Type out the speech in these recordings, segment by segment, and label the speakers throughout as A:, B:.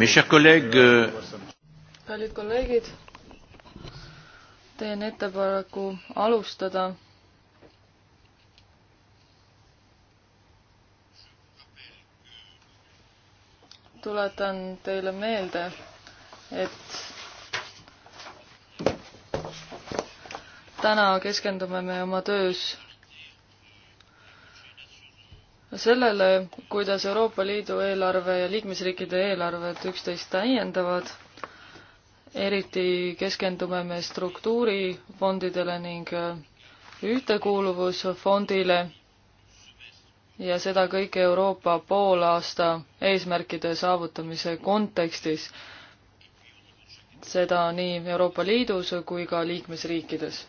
A: Euh,
B: kallid kolleegid, teen ettepaneku alustada tuletan teile meelde, et täna keskendume me oma töös sellele, kuidas Euroopa Liidu eelarve ja liikmesriikide eelarved üksteist täiendavad. eriti keskendume me struktuurifondidele ning äh, ühtekuuluvusfondile ja seda kõike Euroopa poolaasta eesmärkide saavutamise kontekstis. seda nii Euroopa Liidus kui ka liikmesriikides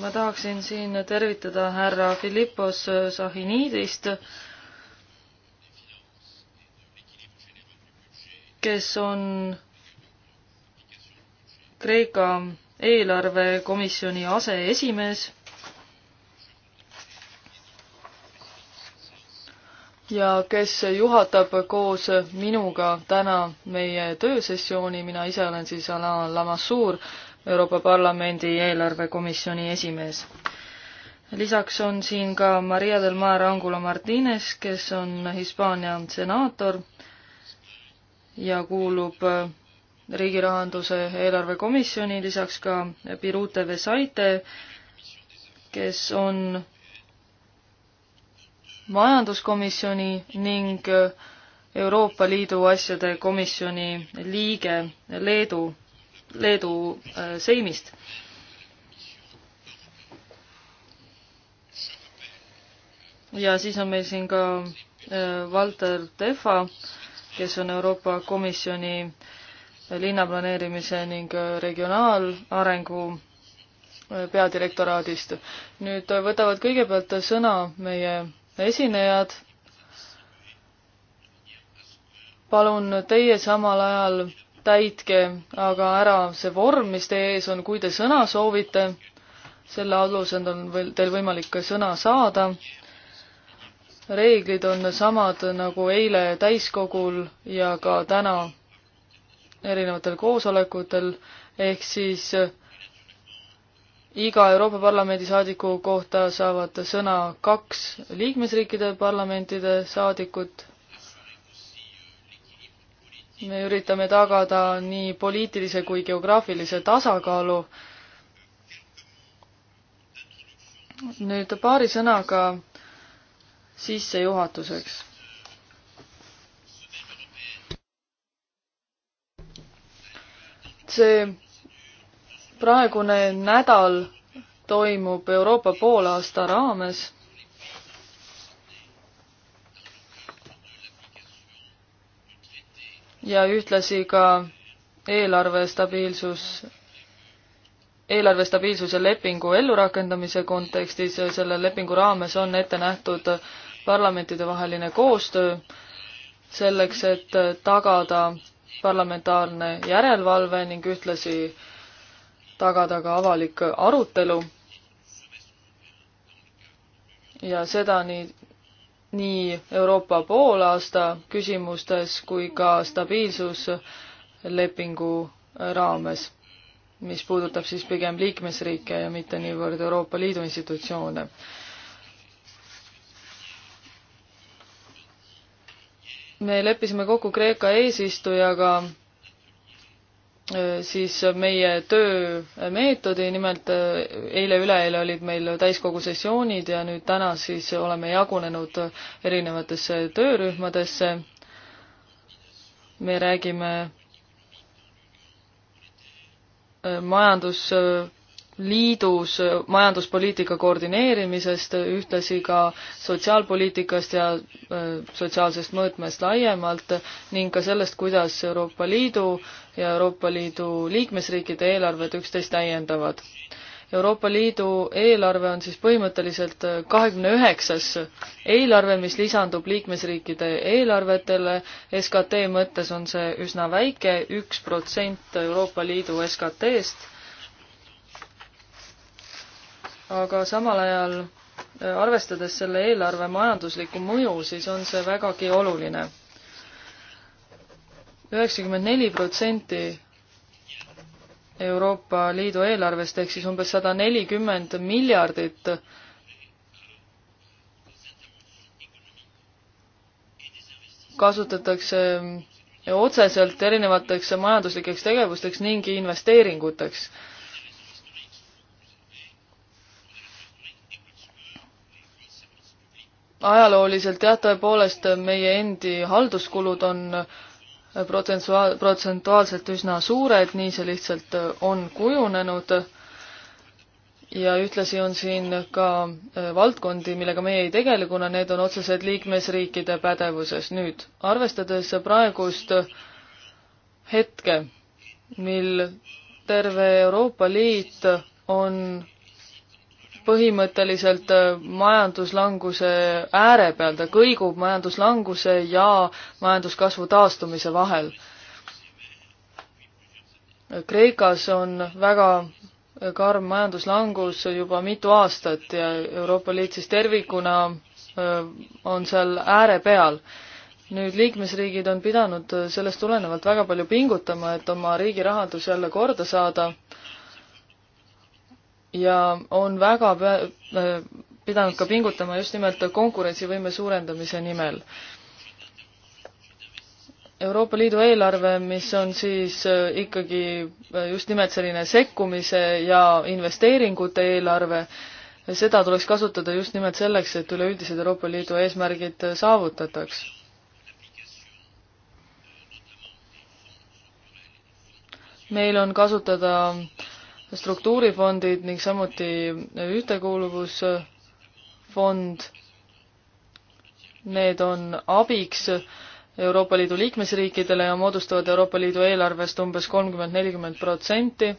B: ma tahaksin siin tervitada härra Filippos Sahinidist, kes on Kreeka eelarvekomisjoni aseesimees ja kes juhatab koos minuga täna meie töösessiooni, mina ise olen siis Alain Lamassoure, Euroopa Parlamendi eelarvekomisjoni esimees. lisaks on siin ka Maria del Mar Angulo Martines, kes on Hispaania senaator ja kuulub äh, riigirahanduse eelarvekomisjoni, lisaks ka Birute Vesaite, kes on majanduskomisjoni ning äh, Euroopa Liidu asjade komisjoni liige Leedu Leedu äh, Seimist. ja siis on meil siin ka Valter äh, Tehva, kes on Euroopa Komisjoni äh, linnaplaneerimise ning regionaalarengu peadirektoraadist. nüüd võtavad kõigepealt sõna meie esinejad. palun teie samal ajal täitke aga ära see vorm, mis teie ees on, kui te sõna soovite. selle alusel on veel teil võimalik ka sõna saada. reeglid on samad nagu eile täiskogul ja ka täna erinevatel koosolekutel, ehk siis iga Euroopa Parlamendi saadiku kohta saavad sõna kaks liikmesriikide parlamentide saadikut me üritame tagada nii poliitilise kui geograafilise tasakaalu. nüüd paari sõnaga sissejuhatuseks. see praegune nädal toimub Euroopa poolaasta raames ja ühtlasi ka eelarve stabiilsus, eelarve stabiilsuse lepingu ellurakendamise kontekstis, selle lepingu raames on ette nähtud parlamentidevaheline koostöö selleks, et tagada parlamentaarne järelevalve ning ühtlasi tagada ka avalik arutelu. ja seda nii nii Euroopa poolaasta küsimustes kui ka stabiilsuslepingu raames, mis puudutab siis pigem liikmesriike ja mitte niivõrd Euroopa Liidu institutsioone. me leppisime kokku Kreeka eesistujaga Äh, siis meie töömeetodi, nimelt äh, eile-üleeile olid meil täiskogu sessioonid ja nüüd täna siis oleme jagunenud erinevatesse töörühmadesse. me räägime äh, majandus liidus majanduspoliitika koordineerimisest, ühtlasi ka sotsiaalpoliitikast ja äh, sotsiaalsest mõõtmest laiemalt ning ka sellest, kuidas Euroopa Liidu ja Euroopa Liidu liikmesriikide eelarved üksteist täiendavad. Euroopa Liidu eelarve on siis põhimõtteliselt kahekümne üheksas eelarve, mis lisandub liikmesriikide eelarvetele, SKT mõttes on see üsna väike, üks protsent Euroopa Liidu SKT-st aga samal ajal äh, arvestades selle eelarve majanduslikku mõju, siis on see vägagi oluline. üheksakümmend neli protsenti Euroopa Liidu eelarvest ehk siis umbes sada nelikümmend miljardit kasutatakse äh, otseselt erinevateks majanduslikeks tegevusteks ning investeeringuteks ajalooliselt jah, tõepoolest meie endi halduskulud on protsentuaal, protsentuaalselt üsna suured, nii see lihtsalt on kujunenud. ja ühtlasi on siin ka äh, valdkondi, millega meie ei tegele, kuna need on otseselt liikmesriikide pädevuses. nüüd, arvestades praegust hetke, mil terve Euroopa Liit on põhimõtteliselt äh, majanduslanguse ääre peal, ta kõigub majanduslanguse ja majanduskasvu taastumise vahel. Kreekas on väga karm majanduslangus juba mitu aastat ja Euroopa Liit siis tervikuna äh, on seal ääre peal. nüüd liikmesriigid on pidanud äh, sellest tulenevalt väga palju pingutama, et oma riigi rahandus jälle korda saada ja on väga äh, pidanud ka pingutama just nimelt konkurentsivõime suurendamise nimel. Euroopa Liidu eelarve, mis on siis äh, ikkagi äh, just nimelt selline sekkumise ja investeeringute eelarve, seda tuleks kasutada just nimelt selleks, et üleüldised Euroopa Liidu eesmärgid saavutataks meil on kasutada struktuurifondid ning samuti ühtekuuluvusfond. Need on abiks Euroopa Liidu liikmesriikidele ja moodustavad Euroopa Liidu eelarvest umbes kolmkümmend, nelikümmend protsenti.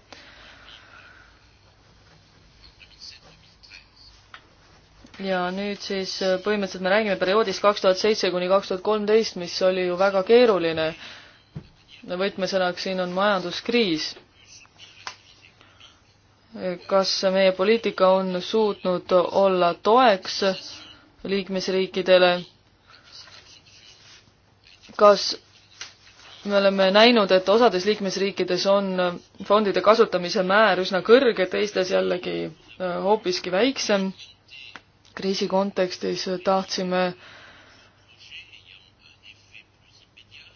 B: ja nüüd siis põhimõtteliselt me räägime perioodist kaks tuhat seitse kuni kaks tuhat kolmteist, mis oli ju väga keeruline. võtmesõnaks siin on majanduskriis kas meie poliitika on suutnud olla toeks liikmesriikidele, kas me oleme näinud, et osades liikmesriikides on fondide kasutamise määr üsna kõrge, teistes jällegi äh, hoopiski väiksem. kriisi kontekstis tahtsime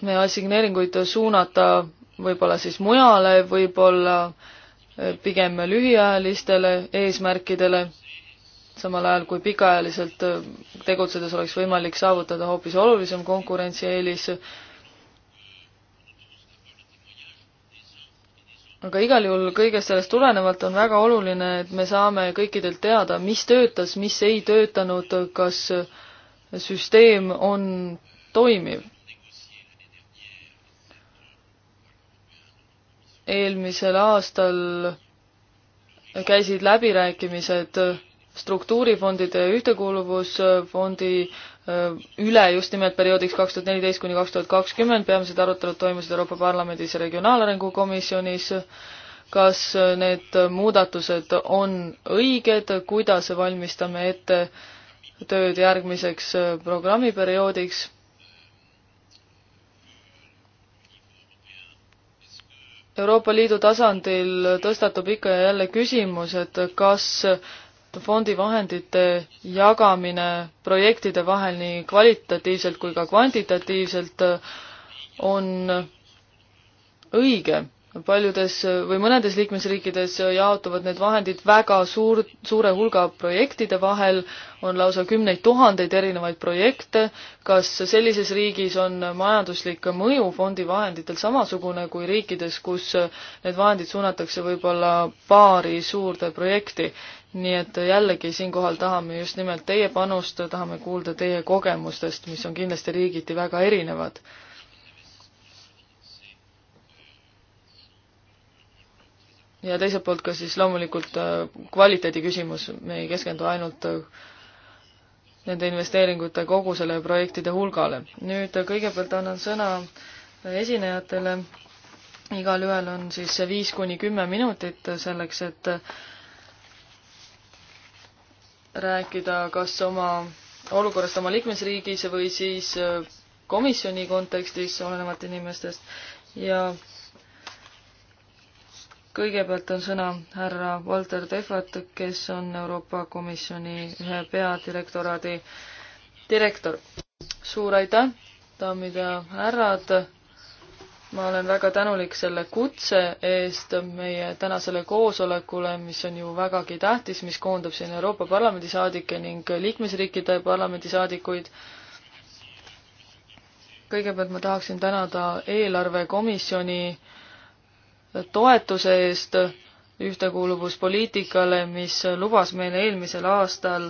B: me assigneeringuid suunata võib-olla siis mujale, võib-olla äh, pigem lühiajalistele eesmärkidele, samal ajal kui pikaajaliselt äh, tegutsedes oleks võimalik saavutada hoopis olulisem konkurentsieelis. aga igal juhul kõigest sellest tulenevalt on väga oluline, et me saame kõikidelt teada, mis töötas, mis ei töötanud, kas süsteem on toimiv eelmisel aastal käisid läbirääkimised struktuurifondide ja ühtekuuluvusfondi äh, üle just nimelt perioodiks kaks tuhat neliteist kuni kaks tuhat kakskümmend, peamised arutelud toimusid Euroopa Parlamendis ja Regionaalarengu Komisjonis, kas need muudatused on õiged, kuidas valmistame ette tööd järgmiseks äh, programmiperioodiks Euroopa Liidu tasandil tõstatub ikka ja jälle küsimus, et kas fondi vahendite jagamine projektide vahel nii kvalitatiivselt kui ka kvantitatiivselt on õige paljudes või mõnedes liikmesriikides jaotuvad need vahendid väga suur, suure hulga projektide vahel, on lausa kümneid tuhandeid erinevaid projekte, kas sellises riigis on majanduslik mõju fondi vahenditel samasugune kui riikides, kus need vahendid suunatakse võib-olla paari suurde projekti? nii et jällegi siinkohal tahame just nimelt teie panust, tahame kuulda teie kogemustest, mis on kindlasti riigiti väga erinevad ja teiselt poolt ka siis loomulikult äh, kvaliteedi küsimus, me ei keskendu ainult äh, nende investeeringute kogusele ja projektide hulgale. nüüd äh, kõigepealt annan sõna esinejatele, igalühel on siis viis kuni kümme minutit selleks, et rääkida kas oma olukorrast oma liikmesriigis või siis komisjoni kontekstis, olenevalt inimestest, ja kõigepealt on sõna härra Walter Tehvat, kes on Euroopa Komisjoni ühe peadirektoraadi direktor. suur aitäh, daamid ja härrad. ma olen väga tänulik selle kutse eest meie tänasele koosolekule, mis on ju vägagi tähtis, mis koondab siin Euroopa Parlamendi saadikke ning liikmesriikide parlamendisaadikuid kõigepealt ma tahaksin tänada eelarvekomisjoni äh, toetuse eest ühtekuuluvuspoliitikale, mis lubas meile eelmisel aastal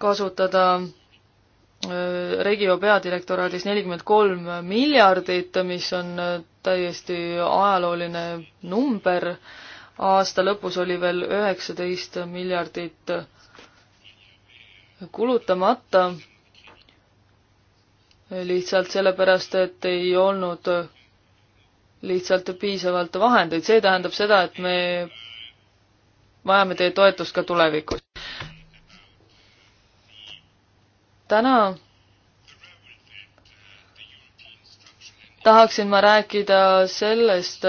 B: kasutada äh, Regio peadirektoraadis nelikümmend kolm miljardit, mis on äh, täiesti ajalooline number. aasta lõpus oli veel üheksateist miljardit kulutamata lihtsalt sellepärast, et ei olnud lihtsalt piisavalt vahendeid, see tähendab seda, et me vajame teie toetust ka tulevikus. täna tahaksin ma rääkida sellest,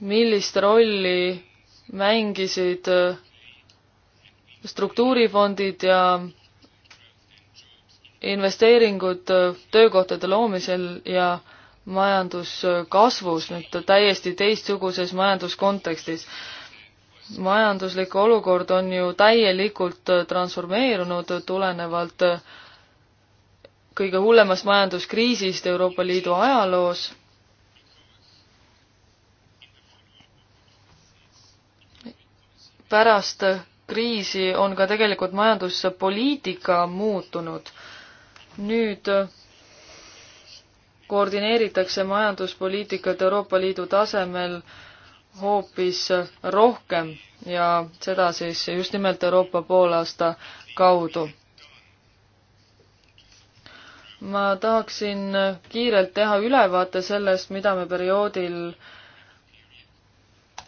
B: millist rolli mängisid struktuurifondid ja investeeringud töökohtade loomisel ja majanduskasvus, nüüd täiesti teistsuguses majanduskontekstis. majanduslik olukord on ju täielikult transformeerunud tulenevalt kõige hullemast majanduskriisist Euroopa Liidu ajaloos. pärast kriisi on ka tegelikult majanduspoliitika muutunud. nüüd koordineeritakse majanduspoliitikat Euroopa Liidu tasemel hoopis rohkem ja seda siis just nimelt Euroopa poolaasta kaudu. ma tahaksin kiirelt teha ülevaate sellest, mida me perioodil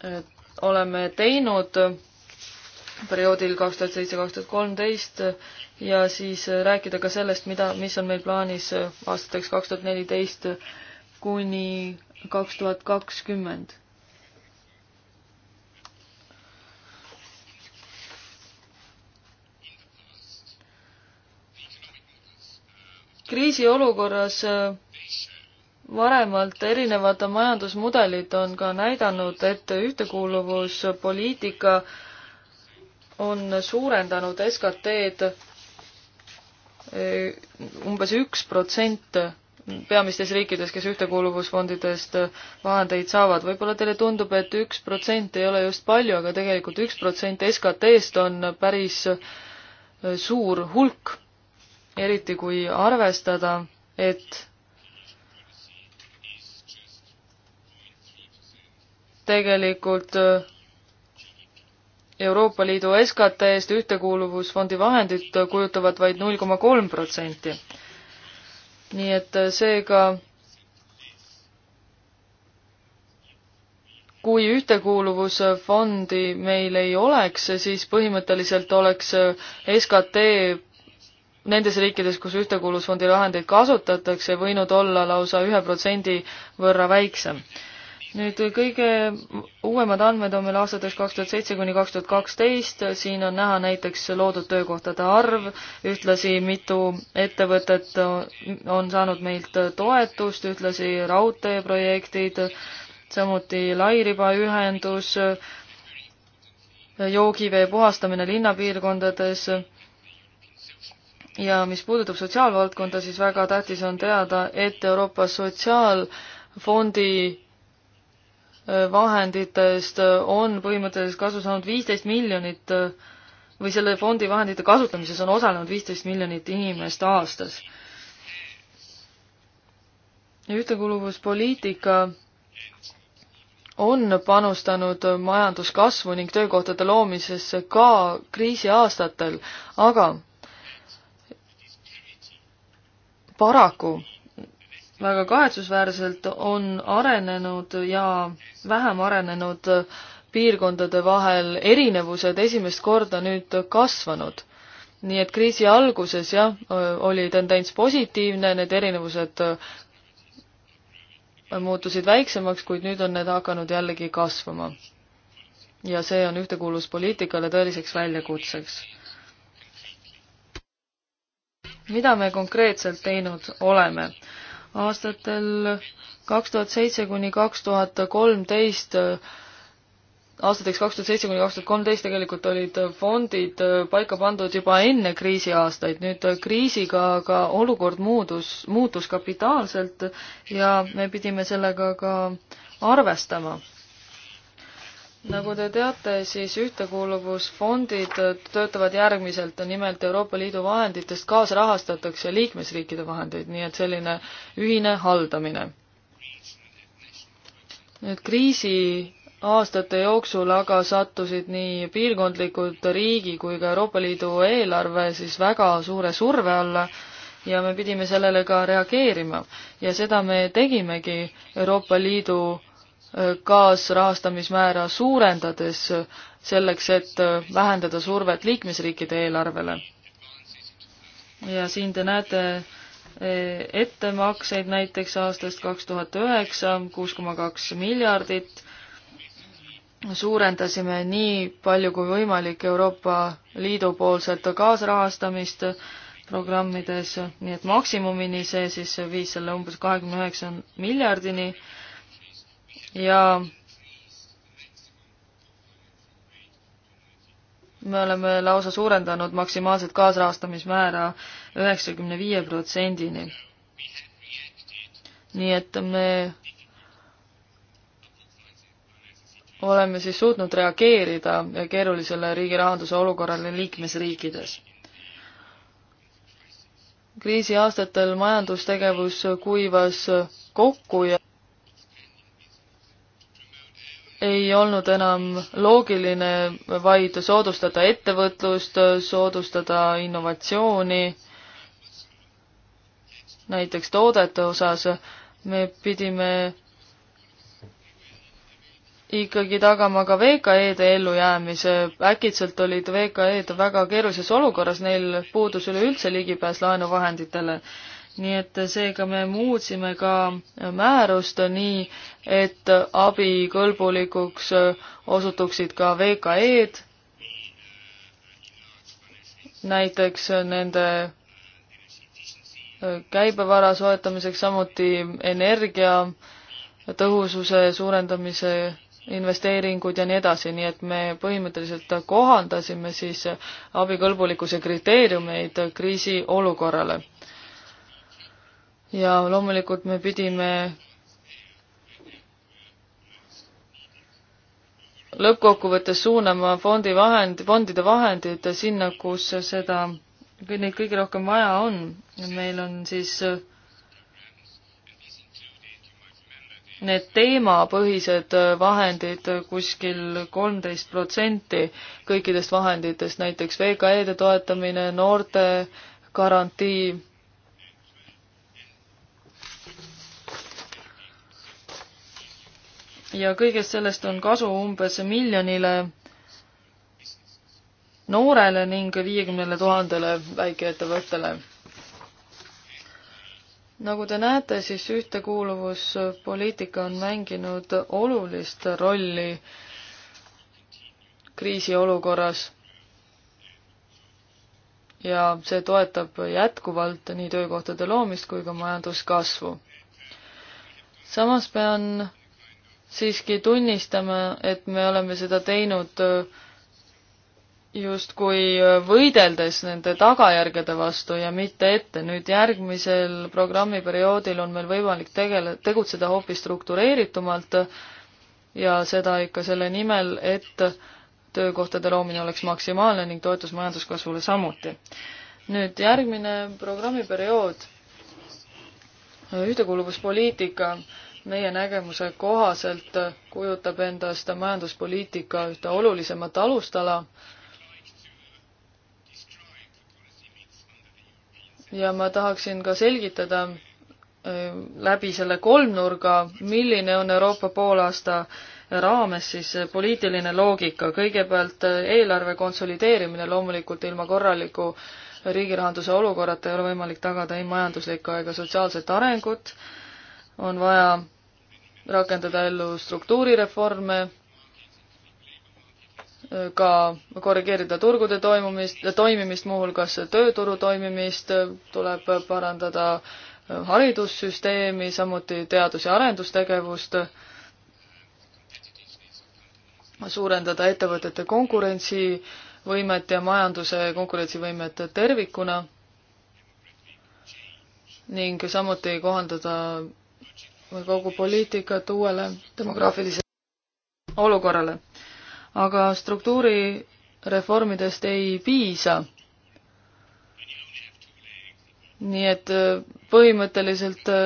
B: eh, oleme teinud perioodil kaks tuhat seitse, kaks tuhat kolmteist ja siis rääkida ka sellest, mida, mis on meil plaanis aastateks kaks tuhat neliteist kuni kaks tuhat kakskümmend. kriisiolukorras varemalt erinevad majandusmudelid on ka näidanud, et ühtekuuluvuspoliitika äh, on suurendanud SKT-d eh, umbes üks protsent peamistes riikides, kes ühtekuuluvusfondidest vahendeid saavad. võib-olla teile tundub, et üks protsent ei ole just palju, aga tegelikult üks protsent SKT-st on päris eh, suur hulk, eriti kui arvestada, et tegelikult eh, Euroopa Liidu SKT-st ühtekuuluvusfondi vahendid kujutavad vaid null koma kolm protsenti. nii et äh, seega kui ühtekuuluvusfondi meil ei oleks, siis põhimõtteliselt oleks äh, SKT nendes riikides, kus ühtekuuluvusfondi vahendeid kasutatakse, võinud olla lausa ühe protsendi võrra väiksem nüüd kõige uuemad andmed on meil aastateks kaks tuhat seitse kuni kaks tuhat kaksteist, siin on näha näiteks loodud töökohtade arv, ühtlasi mitu ettevõtet on saanud meilt toetust, ühtlasi raudteeprojektid, samuti lairibaühendus, joogivee puhastamine linnapiirkondades ja mis puudutab sotsiaalvaldkonda, siis väga tähtis on teada, et Euroopa Sotsiaalfondi vahenditest on põhimõtteliselt kasu saanud viisteist miljonit äh, või selle fondi vahendite kasutamises on osalenud viisteist miljonit inimest aastas. ühtekuuluvuspoliitika on panustanud majanduskasvu ning töökohtade loomisesse ka kriisiaastatel, aga paraku väga kahetsusväärselt on arenenud ja vähem arenenud piirkondade vahel erinevused esimest korda nüüd kasvanud. nii et kriisi alguses jah, oli tendents positiivne, need erinevused muutusid väiksemaks, kuid nüüd on need hakanud jällegi kasvama. ja see on ühtekuuluvuspoliitikale tõeliseks väljakutseks. mida me konkreetselt teinud oleme? aastatel kaks tuhat seitse kuni kaks tuhat kolmteist aastateks kaks tuhat seitse kuni kaks tuhat kolmteist tegelikult olid fondid paika pandud juba enne kriisiaastaid, nüüd kriisiga aga olukord muudus, muutus kapitaalselt ja me pidime sellega ka arvestama nagu te teate, siis ühtekuuluvusfondid töötavad järgmiselt, nimelt Euroopa Liidu vahenditest kaasrahastatakse liikmesriikide vahendeid, nii et selline ühine haldamine. nüüd kriisi aastate jooksul aga sattusid nii piirkondlikud riigi kui ka Euroopa Liidu eelarve siis väga suure surve alla ja me pidime sellele ka reageerima ja seda me tegimegi Euroopa Liidu kaasrahastamismäära suurendades selleks, et vähendada survet liikmesriikide eelarvele. ja siin te näete e, ettemakseid näiteks aastast kaks tuhat üheksa, kuus koma kaks miljardit, suurendasime nii palju kui võimalik Euroopa Liidu poolset kaasrahastamist programmides, nii et maksimumini see siis viis selle umbes kahekümne üheksa miljardini ja me oleme lausa suurendanud maksimaalset kaasrahastamismäära üheksakümne viie protsendini. nii et me oleme siis suutnud reageerida keerulisele riigi rahanduse olukorrale liikmesriikides. kriisiaastatel majandustegevus kuivas kokku ja ei olnud enam loogiline vaid soodustada ettevõtlust, soodustada innovatsiooni, näiteks toodete osas, me pidime ikkagi tagama ka VKE-de ellujäämise, äkitselt olid VKE-d väga keerulises olukorras, neil puudus üleüldse ligipääs laenuvahenditele nii et seega me muutsime ka määrust nii, et abikõlbulikuks osutuksid ka VKE-d, näiteks nende käibevara soetamiseks, samuti energiatõhususe suurendamise investeeringud ja nii edasi, nii et me põhimõtteliselt kohandasime siis abikõlbulikkuse kriteeriumeid kriisiolukorrale ja loomulikult me pidime lõppkokkuvõttes suunama fondi vahend, fondide vahendid sinna, kus seda, neid kõige rohkem vaja on. meil on siis need teemapõhised vahendid kuskil kolmteist protsenti kõikidest vahenditest, näiteks VKE-de toetamine, noorte garantii ja kõigest sellest on kasu umbes miljonile noorele ning viiekümnele tuhandele väikeettevõttele. nagu te näete, siis ühtekuuluvuspoliitika on mänginud olulist rolli kriisiolukorras. ja see toetab jätkuvalt nii töökohtade loomist kui ka majanduskasvu. samas pean siiski tunnistame, et me oleme seda teinud äh, justkui äh, võideldes nende tagajärgede vastu ja mitte ette. nüüd järgmisel programmiperioodil on meil võimalik tegele-, tegutseda hoopis struktureeritumalt ja seda ikka selle nimel, et töökohtade loomine oleks maksimaalne ning toetus majanduskasvule samuti. nüüd järgmine programmiperiood, äh, ühtekuuluvuspoliitika meie nägemuse kohaselt kujutab endast majanduspoliitika ühte olulisemat alustala ja ma tahaksin ka selgitada äh, läbi selle kolmnurga, milline on Euroopa poolaasta raames siis poliitiline loogika, kõigepealt äh, eelarve konsolideerimine loomulikult ilma korraliku riigirahanduse olukorrata ei ole võimalik tagada ei majanduslikku ega sotsiaalset arengut, on vaja rakendada ellu struktuurireforme, ka korrigeerida turgude toimumist, toimimist, muuhulgas tööturu toimimist, tuleb parandada haridussüsteemi, samuti teadus- ja arendustegevust, suurendada ettevõtete konkurentsivõimet ja majanduse konkurentsivõimet tervikuna ning samuti kohandada või kogu poliitikat uuele demograafilisele olukorrale. aga struktuurireformidest ei piisa. nii et äh, põhimõtteliselt äh,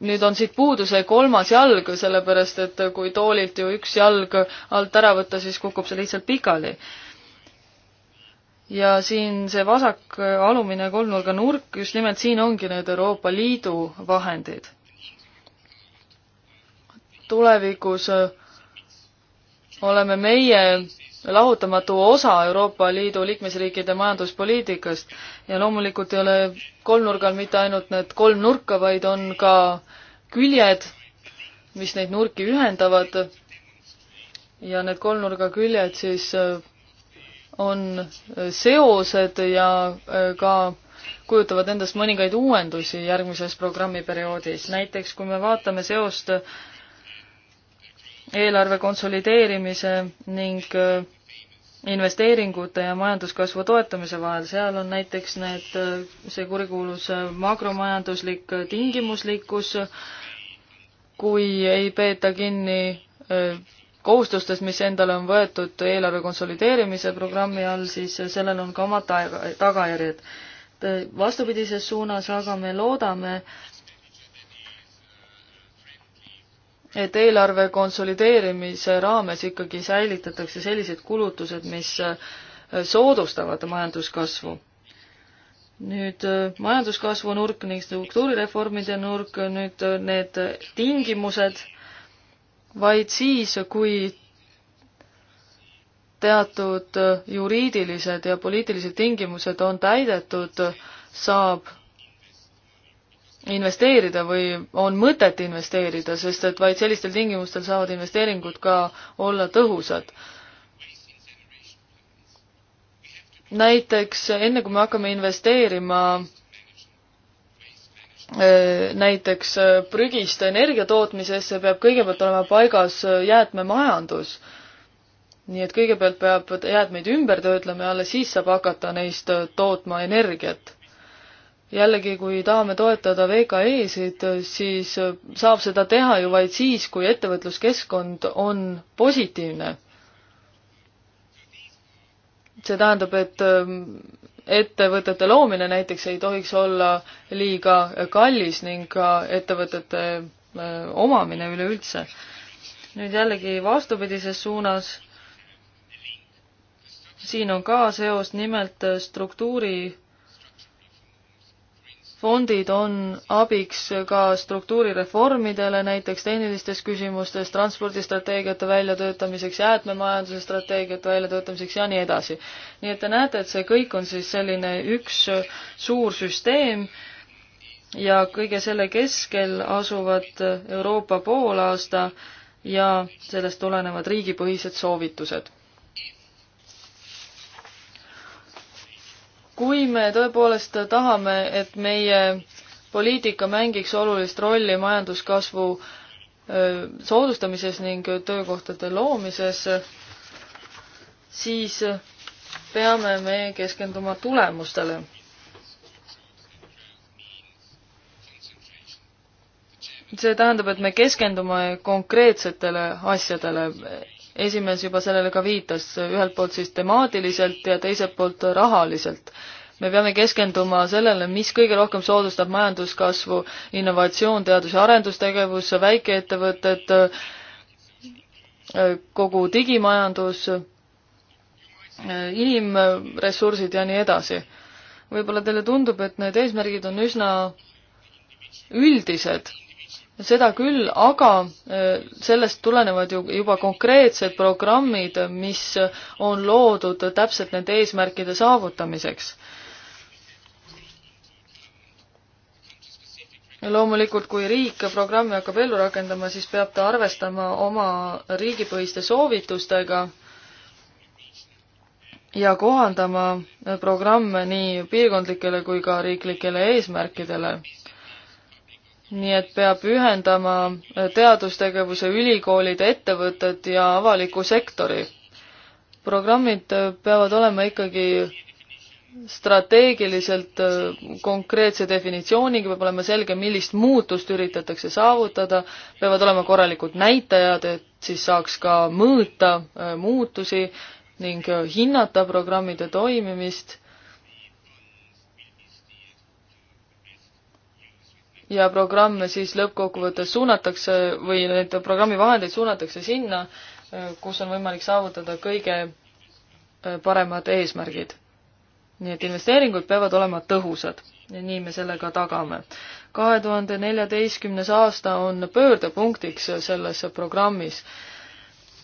B: nüüd on siit puudu see kolmas jalg, sellepärast et äh, kui toolilt ju üks jalg alt ära võtta, siis kukub see lihtsalt pikali. ja siin see vasak alumine kolmnurga nurk, just nimelt siin ongi need Euroopa Liidu vahendid tulevikus äh, oleme meie lahutamatu osa Euroopa Liidu liikmesriikide majanduspoliitikast ja loomulikult ei ole kolmnurgal mitte ainult need kolm nurka, vaid on ka küljed, mis neid nurki ühendavad. ja need kolmnurga küljed siis äh, on äh, seosed ja ka kujutavad endast mõningaid uuendusi järgmises programmiperioodis. näiteks kui me vaatame seost eelarve konsolideerimise ning äh, investeeringute ja majanduskasvu toetamise vahel, seal on näiteks need, äh, see kurikuulus äh, makromajanduslik tingimuslikkus, kui ei peeta kinni kohustustest, mis endale on võetud eelarve konsolideerimise programmi all, siis sellel on ka omad tagajärjed. vastupidises suunas aga me loodame, et eelarve konsolideerimise raames ikkagi säilitatakse sellised kulutused, mis äh, soodustavad majanduskasvu. nüüd äh, majanduskasvu nurk ning struktuurireformide nurk, nüüd äh, need tingimused, vaid siis, kui teatud juriidilised ja poliitilised tingimused on täidetud, saab investeerida või on mõtet investeerida, sest et vaid sellistel tingimustel saavad investeeringud ka olla tõhusad. näiteks enne, kui me hakkame investeerima eh, näiteks eh, prügist energia tootmisesse, peab kõigepealt olema paigas eh, jäätmemajandus. nii et kõigepealt peab jäätmeid ümber töötlema ja alles siis saab hakata neist tootma energiat jällegi, kui tahame toetada VKE-sid, siis saab seda teha ju vaid siis, kui ettevõtluskeskkond on positiivne. see tähendab, et ähm, ettevõtete loomine näiteks ei tohiks olla liiga kallis ning ka ettevõtete äh, omamine üleüldse. nüüd jällegi vastupidises suunas, siin on ka seos nimelt äh, struktuuri fondid on abiks ka struktuurireformidele, näiteks tehnilistes küsimustes, transpordistrateegiate väljatöötamiseks, jäätmemajanduse strateegiate väljatöötamiseks ja nii edasi. nii et te näete, et see kõik on siis selline üks suur süsteem ja kõige selle keskel asuvad Euroopa poolaasta ja sellest tulenevad riigipõhised soovitused. kui me tõepoolest tahame, et meie poliitika mängiks olulist rolli majanduskasvu soodustamises ning töökohtade loomises, siis peame me keskenduma tulemustele. see tähendab, et me keskendume konkreetsetele asjadele, esimees juba sellele ka viitas, ühelt poolt siis temaatiliselt ja teiselt poolt rahaliselt. me peame keskenduma sellele, mis kõige rohkem soodustab majanduskasvu, innovatsioon, teadus- ja arendustegevus, väikeettevõtted, kogu digimajandus, inimressursid ja nii edasi. võib-olla teile tundub, et need eesmärgid on üsna üldised seda küll, aga äh, sellest tulenevad ju juba konkreetsed programmid, mis on loodud täpselt nende eesmärkide saavutamiseks. loomulikult, kui riik programmi hakkab ellu rakendama, siis peab ta arvestama oma riigipõhiste soovitustega ja kohandama programme nii piirkondlikele kui ka riiklikele eesmärkidele nii et peab ühendama äh, teadustegevuse, ülikoolid, ettevõtted ja avaliku sektori. programmid äh, peavad olema ikkagi strateegiliselt äh, konkreetse definitsiooniga, peab olema selge, millist muutust üritatakse saavutada, peavad olema korralikud näitajad, et siis saaks ka mõõta muutusi ning hinnata programmide toimimist ja programme siis lõppkokkuvõttes suunatakse või need programmi vahendeid suunatakse sinna, äh, kus on võimalik saavutada kõige äh, paremad eesmärgid. nii et investeeringud peavad olema tõhusad ja nii me selle ka tagame. kahe tuhande neljateistkümnes aasta on pöördepunktiks selles programmis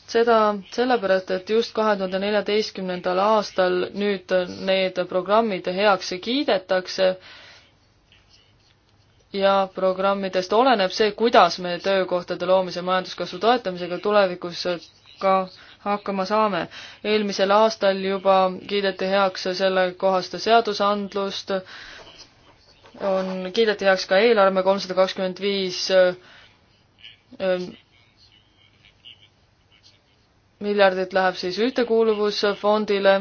B: seda sellepärast, et just kahe tuhande neljateistkümnendal aastal nüüd need programmid heaks kiidetakse ja programmidest oleneb see, kuidas me töökohtade loomise majanduskasvu toetamisega tulevikus ka hakkama saame. eelmisel aastal juba kiideti heaks sellekohaste seadusandlust, on, kiideti heaks ka eelarve kolmsada kakskümmend viis miljardit läheb siis ühtekuuluvusfondile,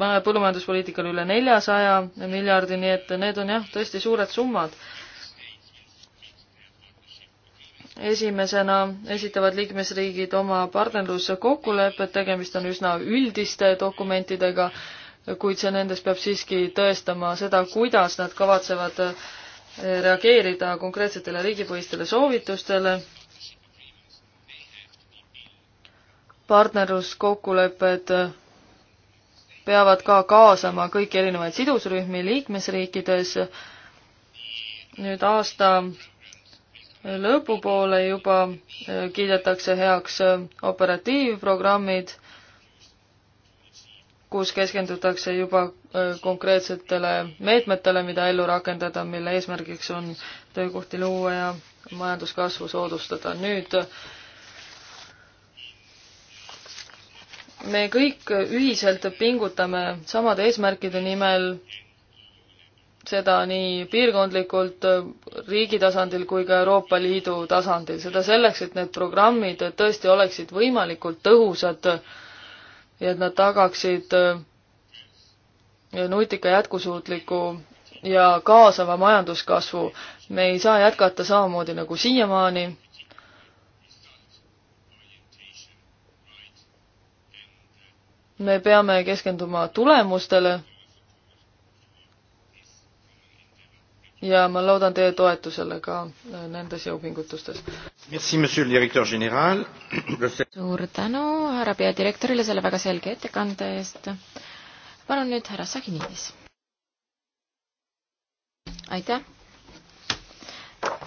B: põllumajanduspoliitikal üle neljasaja miljardi, nii et need on jah, tõesti suured summad. esimesena esitavad liikmesriigid oma partnerluse kokkulepped, tegemist on üsna üldiste dokumentidega, kuid see nendes peab siiski tõestama seda, kuidas nad kavatsevad eh, reageerida konkreetsetele riigipõhistele soovitustele partnerluskokkulepped peavad ka kaasama kõiki erinevaid sidusrühmi liikmesriikides. nüüd aasta lõpupoole juba äh, kiidetakse heaks äh, operatiivprogrammid, kus keskendutakse juba äh, konkreetsetele meetmetele, mida ellu rakendada, mille eesmärgiks on töökohti luua ja majanduskasvu soodustada. nüüd me kõik ühiselt pingutame samade eesmärkide nimel, seda nii piirkondlikult, riigi tasandil kui ka Euroopa Liidu tasandil, seda selleks, et need programmid tõesti oleksid võimalikult tõhusad ja et nad tagaksid nutika jätkusuutliku ja kaasava majanduskasvu. me ei saa jätkata samamoodi nagu siiamaani me peame keskenduma tulemustele. ja ma loodan teie toetusele ka äh, nendes jõupingutustes. suur tänu härra peadirektorile selle väga selge ettekande eest.
C: palun nüüd härra Saginidis. aitäh.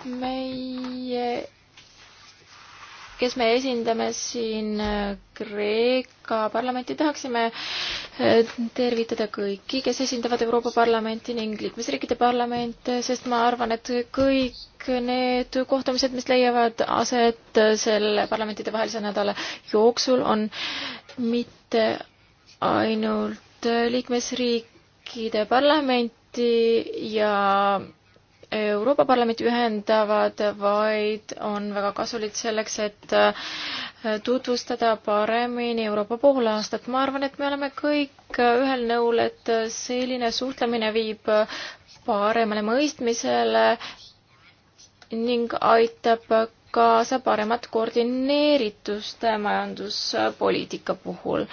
C: meie kes me esindame siin äh, Kreeka parlamenti, tahaksime äh, tervitada kõiki, kes esindavad Euroopa Parlamenti ning liikmesriikide parlamente, sest ma arvan, et kõik need kohtumised, mis leiavad aset äh, selle parlamentidevahelise nädala jooksul, on mitte ainult liikmesriikide parlamenti ja Euroopa Parlamenti ühendavad, vaid on väga kasulik selleks, et äh, tutvustada paremini Euroopa poolaastat. ma arvan, et me oleme kõik ühel nõul, et selline suhtlemine viib paremale mõistmisele ning aitab kaasa paremat koordineeritust majanduspoliitika puhul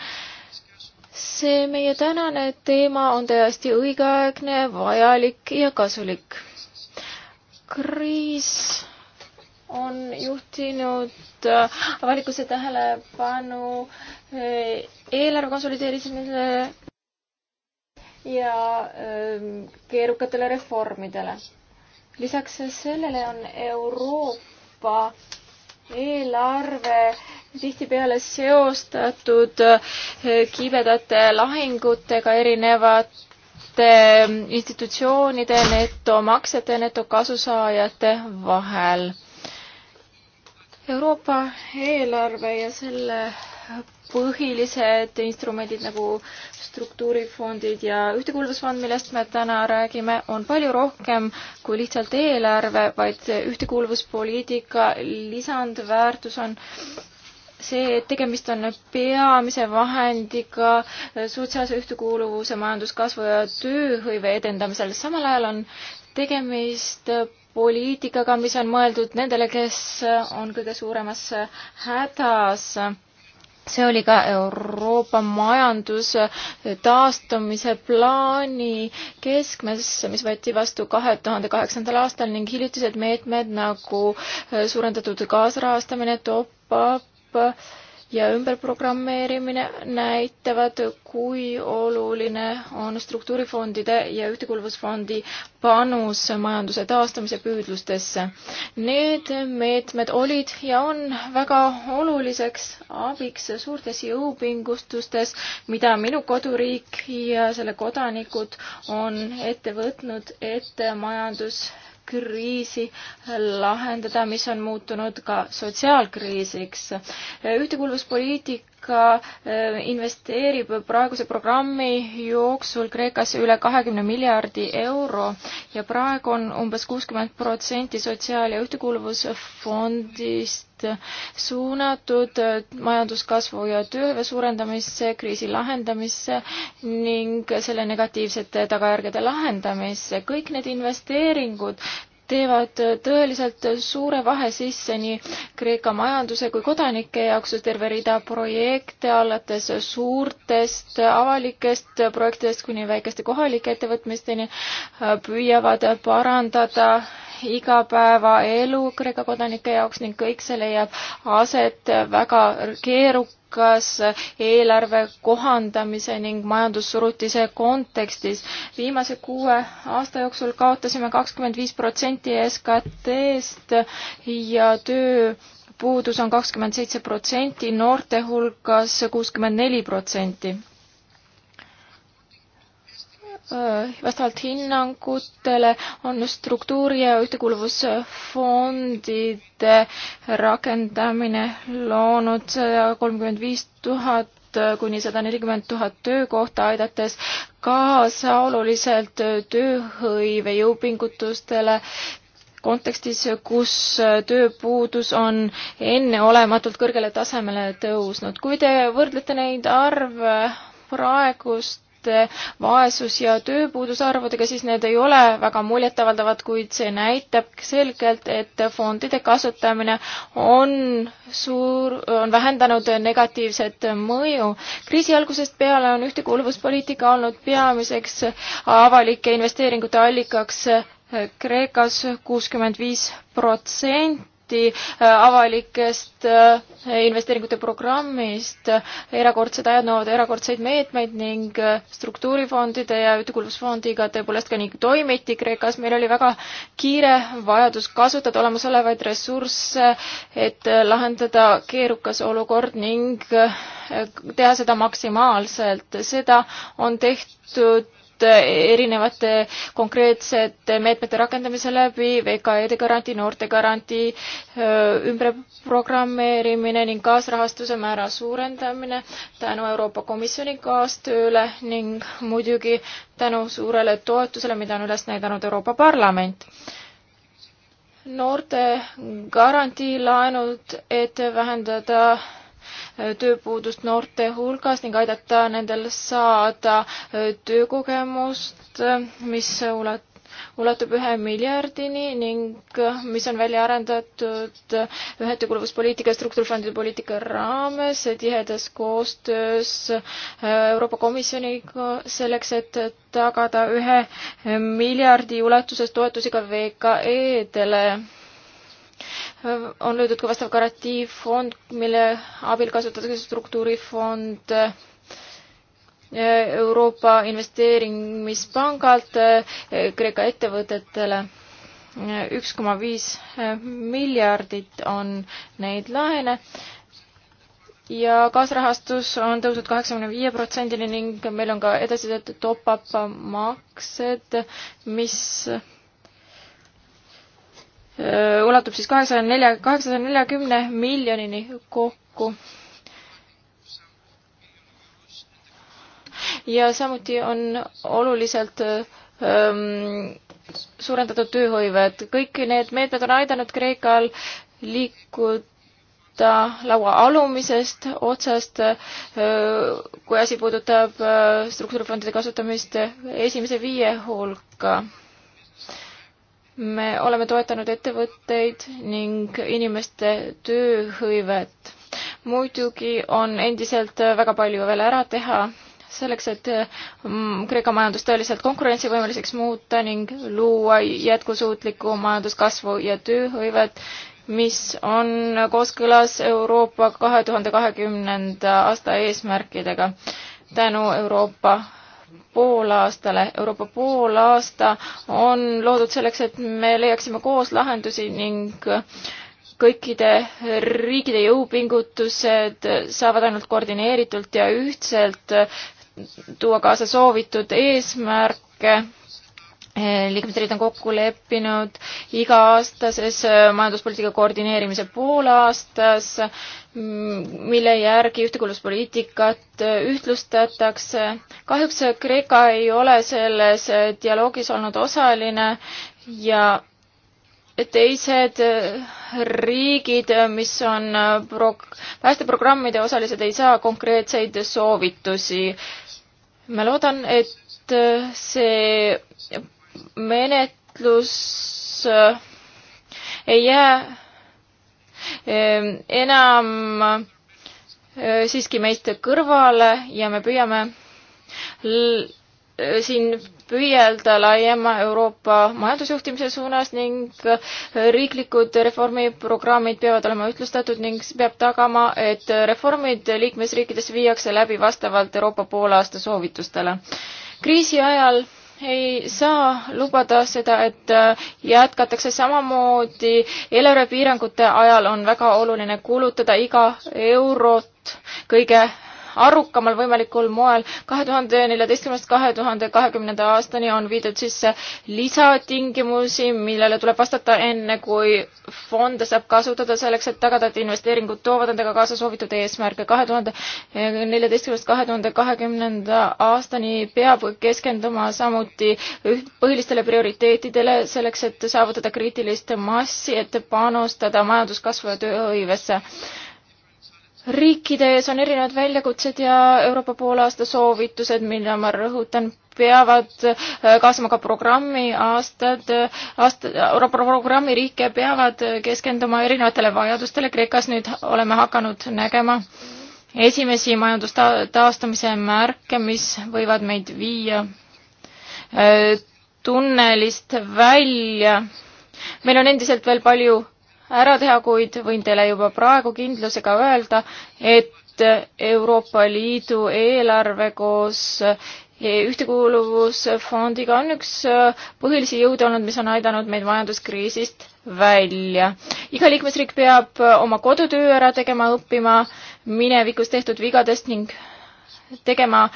C: see meie tänane teema on täiesti õigeaegne, vajalik ja kasulik kriis on juhtinud äh, avalikkuse tähelepanu äh, eelarve konsolideerimisele ja ähm, keerukatele reformidele. lisaks sellele on Euroopa eelarve tihtipeale seostatud äh, kibedate lahingutega erinevate erinevate institutsioonide, netomaksjate, netokasusaajate vahel. Euroopa eelarve ja selle põhilised instrumendid nagu struktuurifondid ja ühtekuuluvusfond, millest me täna räägime, on palju rohkem kui lihtsalt eelarve, vaid ühtekuuluvuspoliitika lisandväärtus on see, et tegemist on peamise vahendiga sotsiaalse ühtekuuluvuse, majanduskasvu ja tööhõive edendamisel, samal ajal on tegemist poliitikaga, mis on mõeldud nendele, kes on kõige suuremas hädas. see oli ka Euroopa majanduse taastumise plaani keskmes, mis võeti vastu kahe tuhande kaheksandal aastal ning hiljutised meetmed nagu suurendatud kaasrahastamine, top-up, ja ümberprogrammeerimine näitavad, kui oluline on struktuurifondide ja ühtekuuluvusfondi panus majanduse taastamise püüdlustesse. Need meetmed olid ja on väga oluliseks abiks suurtes jõupingustustes, mida minu koduriik ja selle kodanikud on ette võtnud, et majandus kriisi lahendada, mis on muutunud ka sotsiaalkriisiks. ühtekuuluvuspoliitika eh, investeerib praeguse programmi jooksul Kreekas üle kahekümne miljardi euro ja praegu on umbes kuuskümmend protsenti sotsiaal- ja ühtekuuluvusfondist suunatud majanduskasvu ja tööhõive suurendamisse, kriisi lahendamisse ning selle negatiivsete tagajärgede lahendamisse. kõik need investeeringud teevad tõeliselt suure vahe sisse nii Kreeka majanduse kui kodanike jaoks terve rida projekte, alates suurtest avalikest projektidest kuni väikeste kohalike ettevõtmisteni, püüavad parandada igapäevaelu Kreeka kodanike jaoks ning kõik see leiab aset väga keerukas arukas eelarve kohandamise ning majandussurutise kontekstis. viimase kuue aasta jooksul kaotasime kakskümmend viis protsenti SKT-st ja tööpuudus on kakskümmend seitse protsenti, noorte hulgas kuuskümmend neli protsenti Äh, vastavalt hinnangutele on struktuuri ja ühtekuuluvusfondide rakendamine loonud sada kolmkümmend viis tuhat kuni sada nelikümmend tuhat töökohta, aidates kaasa oluliselt tööhõive jõupingutustele kontekstis, kus tööpuudus on enneolematult kõrgele tasemele tõusnud. kui te võrdlete neid arve praegust võrdlete eh, vaesus- ja tööpuudusarvudega, siis need ei ole väga muljetavaldavad, kuid see näitab selgelt, et fondide kasutamine on suur, on vähendanud negatiivset mõju. kriisi algusest peale on ühtekuuluvuspoliitika olnud peamiseks avalike investeeringute allikaks Kreekas kuuskümmend viis protsenti eriti äh, avalikest äh, investeeringute programmist. erakordsed ajad nõuavad erakordseid meetmeid ning äh, struktuurifondide ja ühtekuuluvusfondiga tõepoolest ka nii toimiti Kreekas. meil oli väga kiire vajadus kasutada olemasolevaid ressursse, et lahendada keerukas olukord ning teha seda maksimaalselt. seda on tehtud seotud äh, erinevate konkreetsete meetmete rakendamise läbi, VKE-de garantii, noorte garantii, äh, ümberprogrammeerimine ning kaasrahastuse määra suurendamine tänu Euroopa Komisjoni kaastööle ning muidugi tänu suurele toetusele, mida on üles näidanud Euroopa Parlament noorte garantiilaenud, et vähendada tööpuudust noorte hulgas ning aidata nendel saada töökogemust, mis ulat-, ulatub ühe miljardini ning mis on välja arendatud ühetekuuluvuspoliitika ja struktuurifondide poliitika raames tihedas koostöös Euroopa Komisjoniga selleks, et tagada ühe miljardi ulatuses toetusi ka VKE-dele on löödud ka vastav garantiifond, mille abil kasutatakse struktuurifonde eh, Euroopa Investeerimispangalt eh, Kreeka ettevõtetele. Eh, üks koma viis miljardit on neid laene ja kaasrahastus on tõusnud kaheksakümne viie protsendini ning meil on ka edasitöötajad top-up maksed, mis ulatub siis kaheksasaja nelja, kaheksasaja neljakümne miljonini kokku. ja samuti on oluliselt ähm, suurendatud tööhõivet. kõik need meetmed on aidanud Kreekal liikuda laua alumisest otsast, kui asi puudutab struktuurifondide kasutamist esimese viie hulka me oleme toetanud ettevõtteid ning inimeste tööhõivet. muidugi on endiselt väga palju veel ära teha selleks, et mm, Kreeka majandust tõeliselt konkurentsivõimeliseks muuta ning luua jätkusuutlikku majanduskasvu ja tööhõivet, mis on kooskõlas Euroopa kahe tuhande kahekümnenda aasta eesmärkidega. tänu Euroopa poolaastale. Euroopa poolaasta on loodud selleks, et me leiaksime koos lahendusi ning kõikide riikide jõupingutused saavad ainult koordineeritult ja ühtselt tuua kaasa soovitud eesmärke Eh, liikmesriigid on kokku leppinud iga-aastases eh, majanduspoliitika koordineerimise poolaastas, mm, mille järgi ühtekuuluvuspoliitikat eh, ühtlustatakse. kahjuks Kreeka ei ole selles dialoogis olnud osaline ja teised riigid, mis on pro-, päästeprogrammide osalised, ei saa konkreetseid soovitusi. ma loodan, et see menetlus äh, ei jää ähm, enam äh, siiski meist kõrvale ja me püüame äh, siin püüelda laiema Euroopa majandusjuhtimise suunas ning riiklikud reformiprogrammid peavad olema ühtlustatud ning peab tagama, et reformid liikmesriikides viiakse läbi vastavalt Euroopa poolaasta soovitustele. kriisi ajal ei saa lubada seda, et äh, jätkatakse samamoodi. eelarvepiirangute ajal on väga oluline kulutada iga eurot kõige arukamal võimalikul moel. kahe tuhande neljateistkümnest kahe tuhande kahekümnenda aastani on viidud sisse lisatingimusi, millele tuleb vastata enne, kui fonde saab kasutada selleks, et tagada, et investeeringud toovad endaga kaasa soovitud eesmärke. kahe tuhande neljateistkümnest kahe tuhande kahekümnenda aastani peab keskenduma samuti põhilistele prioriteetidele selleks, et saavutada kriitilist massi, et panustada majanduskasvu ja tööhõivesse riikide ees on erinevad väljakutsed ja Euroopa poolaasta soovitused, mida ma rõhutan, peavad äh, kaasama ka programmi aastad, äh, aasta, Euroopa programmi riike peavad keskenduma erinevatele vajadustele, Kreekas nüüd oleme hakanud nägema esimesi majandustaastamise märke, mis võivad meid viia äh, tunnelist välja. meil on endiselt veel palju ära teha, kuid võin teile juba praegu kindlusega öelda, et Euroopa Liidu eelarve koos ühtekuuluvusfondiga on üks põhilisi jõude olnud, mis on aidanud meid majanduskriisist välja. iga liikmesriik peab oma kodutöö ära tegema, õppima minevikus tehtud vigadest ning tegema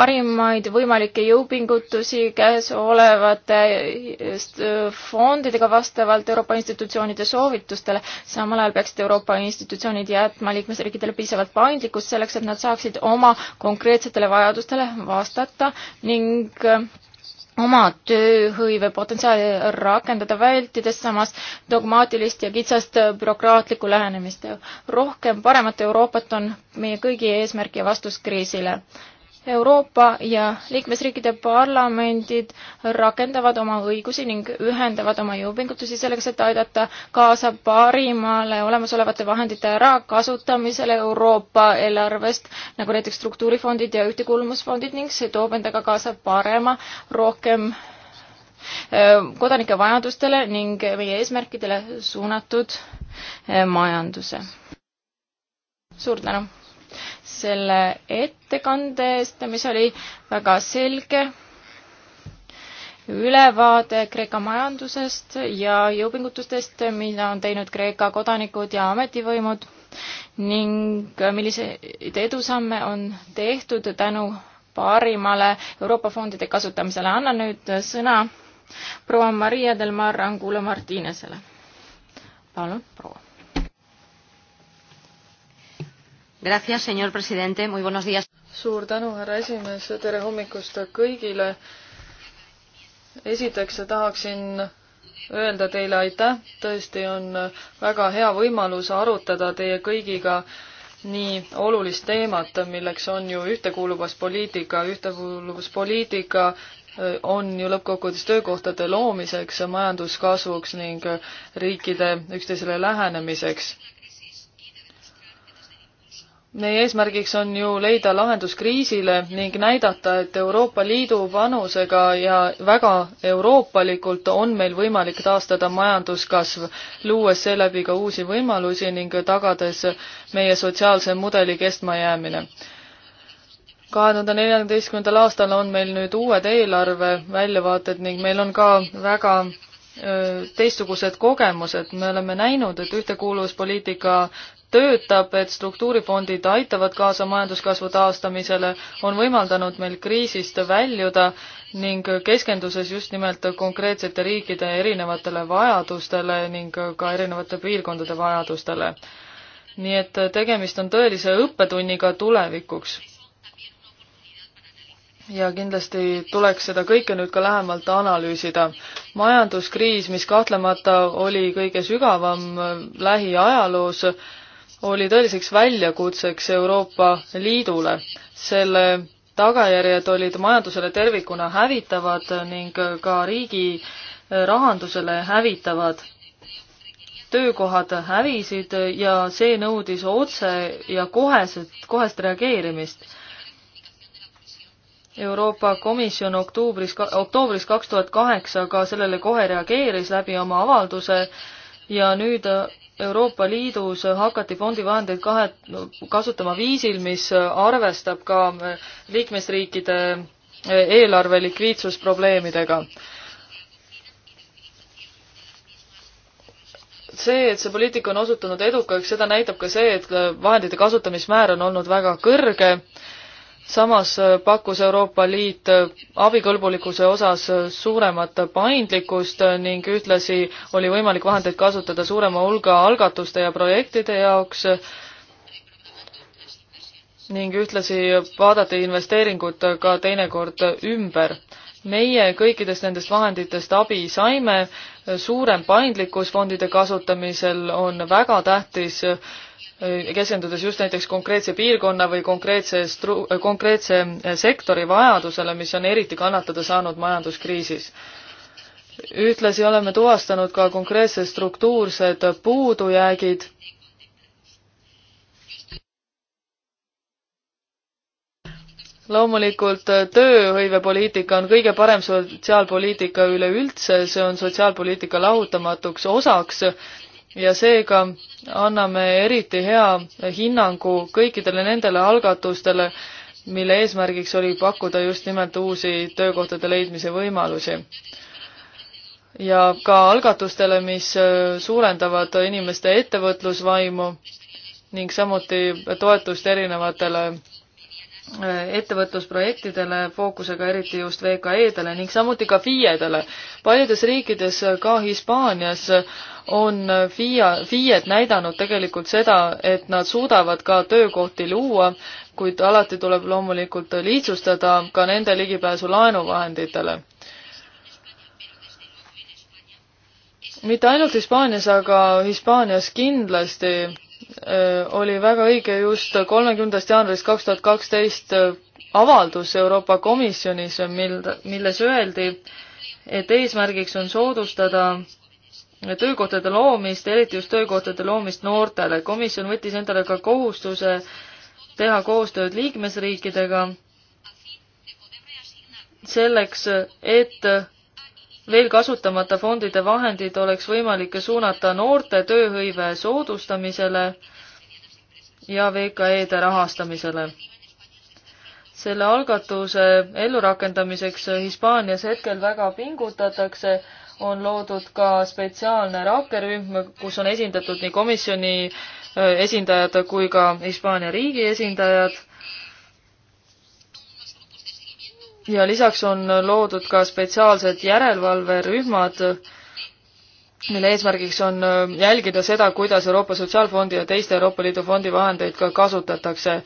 C: parimaid võimalikke jõupingutusi käesolevate äh, fondidega vastavalt Euroopa institutsioonide soovitustele. samal ajal peaksid Euroopa institutsioonid jätma liikmesriikidele piisavalt paindlikkust selleks, et nad saaksid oma konkreetsetele vajadustele vastata ning äh, oma tööhõive potentsiaali rakendada, vältides samas dogmaatilist ja kitsast bürokraatlikku lähenemist. rohkem paremat Euroopat on meie kõigi eesmärk ja vastus kriisile Euroopa ja liikmesriikide parlamendid rakendavad oma õigusi ning ühendavad oma jõupingutusi selleks, et aidata kaasa parimale olemasolevate vahendite ärakasutamisele Euroopa eelarvest, nagu näiteks struktuurifondid ja ühtekuulmusfondid ning see toob endaga kaasa parema, rohkem kodanike vajadustele ning meie eesmärkidele suunatud majanduse. suur tänu! selle ettekande eest, mis oli väga selge ülevaade Kreeka majandusest ja jõupingutustest, mida on teinud Kreeka kodanikud ja ametivõimud ning milliseid edusamme on tehtud tänu parimale Euroopa fondide kasutamisele. annan nüüd sõna proua Maria del Mar Angulo Martinesele. palun, proua Gracias, señor presidente, muy buenos días.
B: suur tänu, härra esimees, tere hommikust kõigile. esiteks tahaksin öelda teile aitäh, tõesti on väga hea võimalus arutada teie kõigiga nii olulist teemat, milleks on ju ühtekuuluvuspoliitika, ühtekuuluvuspoliitika eh, on ju lõppkokkuvõttes töökohtade loomiseks, majanduskasvuks ning riikide üksteisele lähenemiseks meie eesmärgiks on ju leida lahendus kriisile ning näidata, et Euroopa Liidu panusega ja väga euroopalikult on meil võimalik taastada majanduskasv, luues seeläbi ka uusi võimalusi ning tagades meie sotsiaalse mudeli kestmajäämine. kahe tuhande neljateistkümnendal aastal on meil nüüd uued eelarve väljavaated ning meil on ka väga teistsugused kogemused, me oleme näinud, et ühtekuuluvuspoliitika töötab, et struktuurifondid aitavad kaasa majanduskasvu taastamisele, on võimaldanud meil kriisist väljuda ning keskenduses just nimelt konkreetsete riikide erinevatele vajadustele ning ka erinevate piirkondade vajadustele. nii et tegemist on tõelise õppetunniga tulevikuks. ja kindlasti tuleks seda kõike nüüd ka lähemalt analüüsida. majanduskriis, mis kahtlemata oli kõige sügavam lähiajaloos, oli tõeliseks väljakutseks Euroopa Liidule. selle tagajärjed olid majandusele tervikuna hävitavad ning ka riigi rahandusele hävitavad. töökohad hävisid ja see nõudis otse ja koheselt, kohest reageerimist Euroopa Komisjon oktoobris, oktoobris kaks tuhat kaheksa ka sellele kohe reageeris läbi oma avalduse ja nüüd Euroopa Liidus hakati fondivahendeid kahe, kasutama viisil, mis arvestab ka liikmesriikide eelarve likviidsusprobleemidega. see, et see poliitika on osutunud edukaks, seda näitab ka see, et vahendite kasutamismäär on olnud väga kõrge samas äh, pakkus Euroopa Liit äh, abikõlbulikkuse osas äh, suuremat paindlikkust ning ühtlasi oli võimalik vahendeid kasutada suurema hulga algatuste ja projektide jaoks ning ühtlasi vaadati investeeringud ka teinekord ümber. meie kõikidest nendest vahenditest abi saime, suurem paindlikkus fondide kasutamisel on väga tähtis Äh, keskendudes just näiteks konkreetse piirkonna või konkreetse stru-, äh, konkreetse äh, sektori vajadusele, mis on eriti kannatada saanud majanduskriisis. ühtlasi oleme tuvastanud ka konkreetsed struktuursed puudujäägid loomulikult tööhõivepoliitika on kõige parem sotsiaalpoliitika üleüldse, see on sotsiaalpoliitika lahutamatuks osaks ja seega anname eriti hea hinnangu kõikidele nendele algatustele, mille eesmärgiks oli pakkuda just nimelt uusi töökohtade leidmise võimalusi. ja ka algatustele, mis suurendavad inimeste ettevõtlusvaimu ning samuti toetust erinevatele ettevõtlusprojektidele fookusega eriti just VKE-dele ning samuti ka FIE-dele. paljudes riikides, ka Hispaanias, on FIA, FIE-d näidanud tegelikult seda, et nad suudavad ka töökohti luua, kuid alati tuleb loomulikult lihtsustada ka nende ligipääsu laenuvahenditele. mitte ainult Hispaanias, aga Hispaanias kindlasti Äh, oli väga õige just kolmekümnendast jaanuarist kaks tuhat kaksteist äh, avaldus Euroopa Komisjonis, mil, milles öeldi, et eesmärgiks on soodustada töökohtade loomist, eriti just töökohtade loomist noortele. komisjon võttis endale ka kohustuse teha koostööd liikmesriikidega selleks, et veel kasutamata fondide vahendid oleks võimalik suunata noorte tööhõive soodustamisele ja VKE-de rahastamisele. selle algatuse ellurakendamiseks Hispaanias hetkel väga pingutatakse, on loodud ka spetsiaalne rakkerühm, kus on esindatud nii komisjoni äh, esindajad kui ka Hispaania riigi esindajad ja lisaks on loodud ka spetsiaalsed järelevalverühmad, mille eesmärgiks on äh, jälgida seda, kuidas Euroopa Sotsiaalfondi ja teiste Euroopa Liidu fondi vahendeid ka kasutatakse.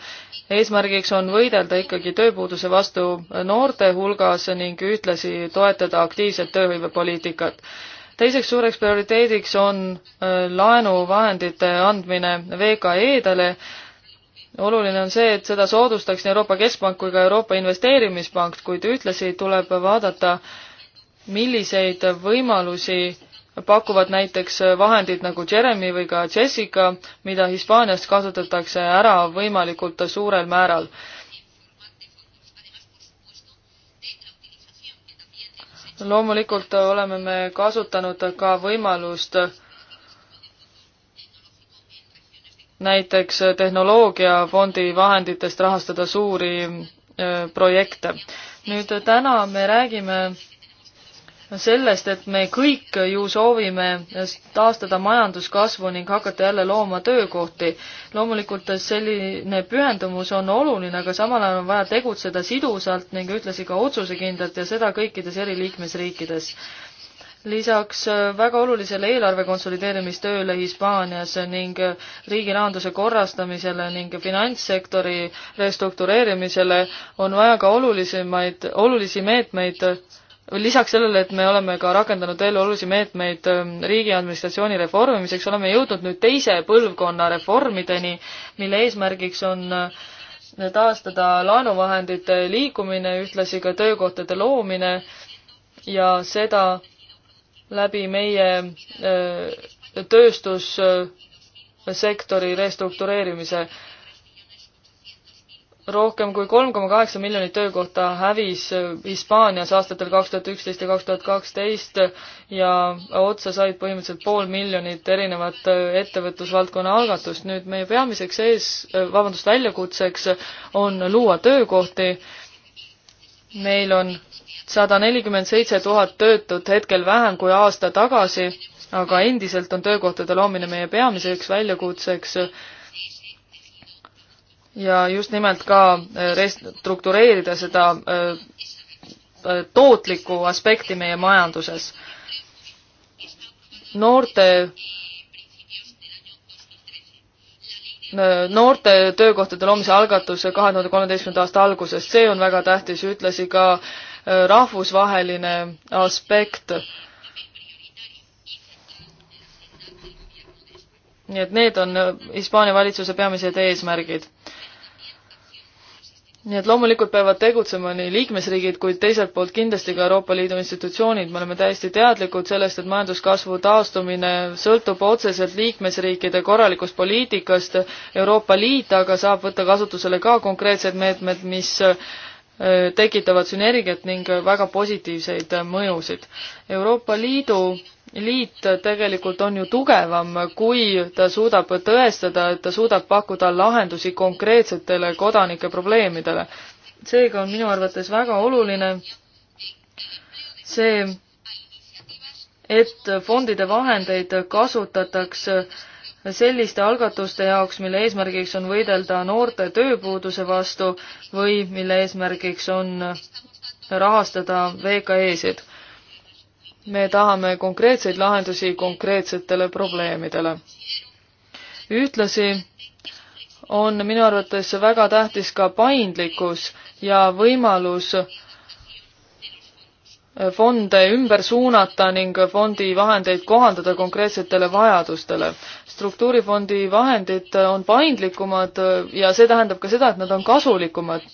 B: eesmärgiks on võidelda ikkagi tööpuuduse vastu noorte hulgas ning ühtlasi toetada aktiivset tööhõivepoliitikat. teiseks suureks prioriteediks on äh, laenuvahendite andmine VKE-dele oluline on see, et seda soodustaks nii Euroopa Keskpank kui ka Euroopa Investeerimispank, kuid ühtlasi tuleb vaadata, milliseid võimalusi pakuvad näiteks vahendid nagu Jeremy või ka Jessica, mida Hispaaniast kasutatakse ära võimalikult suurel määral. loomulikult oleme me kasutanud ka võimalust näiteks Tehnoloogiafondi vahenditest rahastada suuri projekte. nüüd täna me räägime sellest, et me kõik ju soovime taastada majanduskasvu ning hakata jälle looma töökohti. loomulikult selline pühendumus on oluline, aga samal ajal on vaja tegutseda sidusalt ning ühtlasi ka otsusekindlalt ja seda kõikides eri liikmesriikides lisaks äh, väga olulisele eelarve konsolideerimistööle Hispaanias ning äh, riigi rahanduse korrastamisele ning finantssektori restruktureerimisele on vaja ka olulisemaid, olulisi meetmeid, äh, lisaks sellele, et me oleme ka rakendanud veel olulisi meetmeid ähm, riigi administratsiooni reformimiseks, oleme jõudnud nüüd teise põlvkonna reformideni, mille eesmärgiks on taastada laenuvahendite liikumine, ühtlasi ka töökohtade loomine ja seda läbi meie äh, tööstussektori restruktureerimise. rohkem kui kolm koma kaheksa miljonit töökohta hävis äh, Hispaanias aastatel kaks tuhat üksteist ja kaks tuhat kaksteist ja otsa said põhimõtteliselt pool miljonit erinevat äh, ettevõtlusvaldkonna algatust. nüüd meie peamiseks ees, vabandust, väljakutseks on luua töökohti. meil on sada nelikümmend seitse tuhat töötut, hetkel vähem kui aasta tagasi, aga endiselt on töökohtade loomine meie peamiseks väljakutseks ja just nimelt ka äh, restruktureerida seda äh, äh, tootlikku aspekti meie majanduses. noorte, noorte töökohtade loomise algatuse kahe tuhande kolmeteistkümnenda aasta algusest, see on väga tähtis, ühtlasi ka äh, Äh, rahvusvaheline aspekt. nii et need on äh, Hispaania valitsuse peamised eesmärgid nii et loomulikult peavad tegutsema nii liikmesriigid kui teiselt poolt kindlasti ka Euroopa Liidu institutsioonid, me oleme täiesti teadlikud sellest, et majanduskasvu taastumine sõltub otseselt liikmesriikide korralikust poliitikast, Euroopa Liit aga saab võtta kasutusele ka konkreetsed meetmed, mis tekitavad sünergiat ning väga positiivseid mõjusid. Euroopa Liidu liit tegelikult on ju tugevam, kui ta suudab tõestada, et ta suudab pakkuda lahendusi konkreetsetele kodanike probleemidele. seega on minu arvates väga oluline see, et fondide vahendeid kasutatakse selliste algatuste jaoks, mille eesmärgiks on võidelda noorte tööpuuduse vastu või mille eesmärgiks on rahastada VKE-sid. me tahame konkreetseid lahendusi konkreetsetele probleemidele. ühtlasi on minu arvates väga tähtis ka paindlikkus ja võimalus fonde ümber suunata ning fondi vahendeid kohandada konkreetsetele vajadustele struktuurifondi vahendid äh, on paindlikumad äh, ja see tähendab ka seda, et nad on kasulikumad.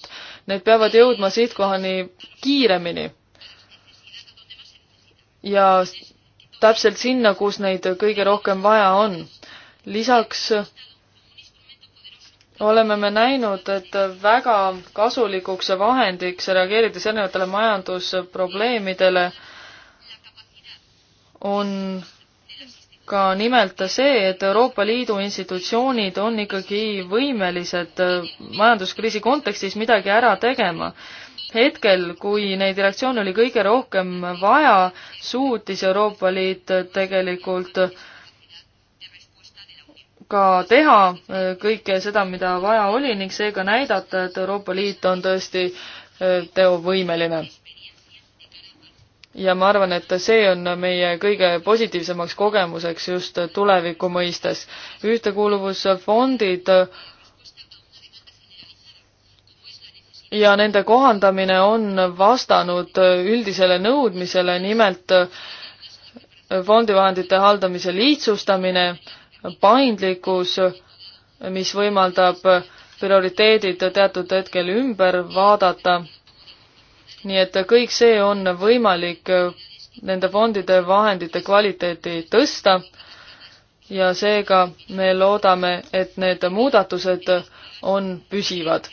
B: Need peavad jõudma sihtkohani kiiremini. ja täpselt sinna, kus neid kõige rohkem vaja on. lisaks äh, oleme me näinud, et väga kasulikuks vahendiks, reageerides erinevatele majandusprobleemidele, on ka nimelt see, et Euroopa Liidu institutsioonid on ikkagi võimelised äh, majanduskriisi kontekstis midagi ära tegema. hetkel, kui neid reaktsioone oli kõige rohkem vaja, suutis Euroopa Liit tegelikult ka teha äh, kõike seda, mida vaja oli ning seega näidata, et Euroopa Liit on tõesti äh, teovõimeline ja ma arvan, et see on meie kõige positiivsemaks kogemuseks just tuleviku mõistes. ühtekuuluvusfondid ja nende kohandamine on vastanud üldisele nõudmisele, nimelt fondivahendite haldamise lihtsustamine, paindlikkus, mis võimaldab prioriteedid teatud hetkel ümber vaadata nii et kõik see on võimalik äh, nende fondide vahendite kvaliteeti tõsta ja seega me loodame, et need muudatused on püsivad.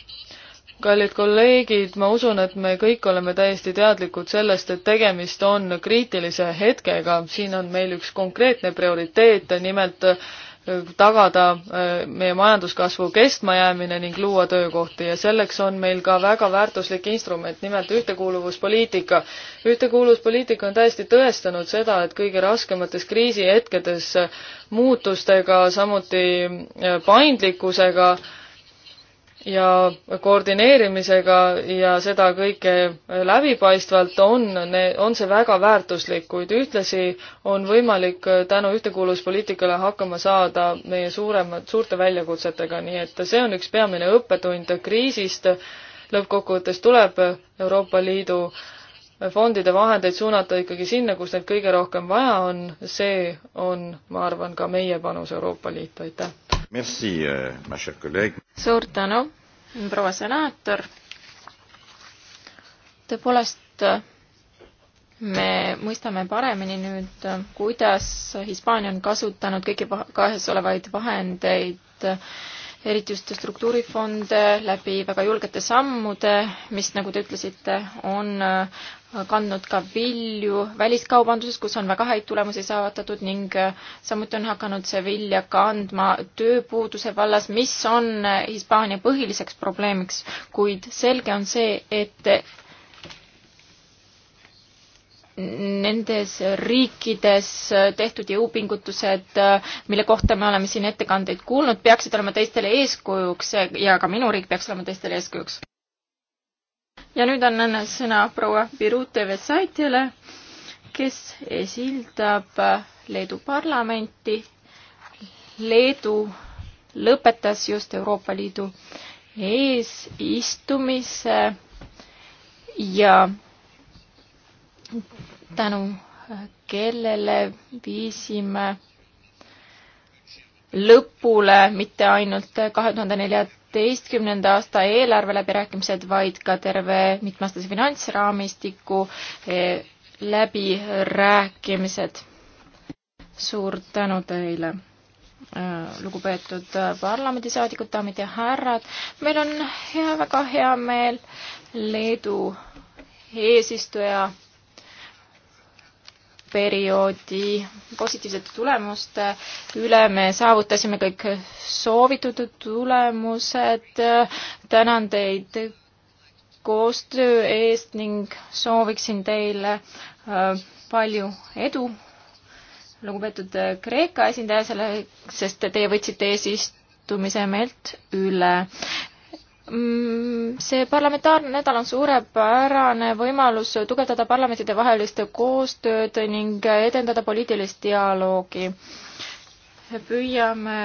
B: kallid kolleegid, ma usun, et me kõik oleme täiesti teadlikud sellest, et tegemist on kriitilise hetkega, siin on meil üks konkreetne prioriteet, nimelt tagada äh, meie majanduskasvu kestmajäämine ning luua töökohti ja selleks on meil ka väga väärtuslik instrument, nimelt ühtekuuluvuspoliitika. ühtekuuluvuspoliitika on täiesti tõestanud seda, et kõige raskemates kriisihetkedes muutustega, samuti äh, paindlikkusega äh, ja koordineerimisega ja seda kõike läbipaistvalt on, on see väga väärtuslik, kuid ühtlasi on võimalik tänu ühtekuuluvuspoliitikale hakkama saada meie suuremad, suurte väljakutsetega, nii et see on üks peamine õppetund kriisist. lõppkokkuvõttes tuleb Euroopa Liidu fondide vahendeid suunata ikkagi sinna, kus neid kõige rohkem vaja on, see on, ma arvan, ka meie panus Euroopa Liitu, aitäh!
A: Merci, euh, ma chère
C: collègue.
B: suur tänu, proua senaator.
C: tõepoolest, me mõistame paremini nüüd, kuidas Hispaania on kasutanud kõiki käesolevaid vahendeid, eriti just struktuurifonde läbi väga julgete sammude, mis, nagu te ütlesite, on kandnud ka vilju väliskaubanduses, kus on väga häid tulemusi saavutatud ning äh, samuti on hakanud see vilja kandma tööpuuduse vallas, mis on äh, Hispaania põhiliseks probleemiks, kuid selge on see, et äh, nendes riikides tehtud jõupingutused, mille kohta me oleme siin ettekandeid kuulnud, peaksid olema teistele eeskujuks ja ka minu riik peaks olema teistele eeskujuks ja nüüd annan sõna proua Birute Vesaitele, kes esildab Leedu parlamenti. Leedu lõpetas just Euroopa Liidu eesistumise ja tänu kellele viisime lõpule mitte ainult kahe tuhande neljat-, üheteistkümnenda aasta eelarve läbirääkimised, vaid ka terve mitmeaastase finantsraamistiku eh, läbirääkimised. suur tänu teile, eh, lugupeetud eh, parlamendisaadikud, daamid ja härrad. meil on hea, väga hea meel Leedu eesistuja perioodi positiivsete tulemuste üle. me saavutasime kõik soovitud tulemused. tänan teid koostöö eest ning sooviksin teile äh, palju edu, lugupeetud äh, Kreeka esindaja, selle, sest teie võtsite eesistumise meilt üle. Mm, see parlamentaarne nädal on suurepärane võimalus tugevdada parlamentide vahelist koostööd ning edendada poliitilist dialoogi. püüame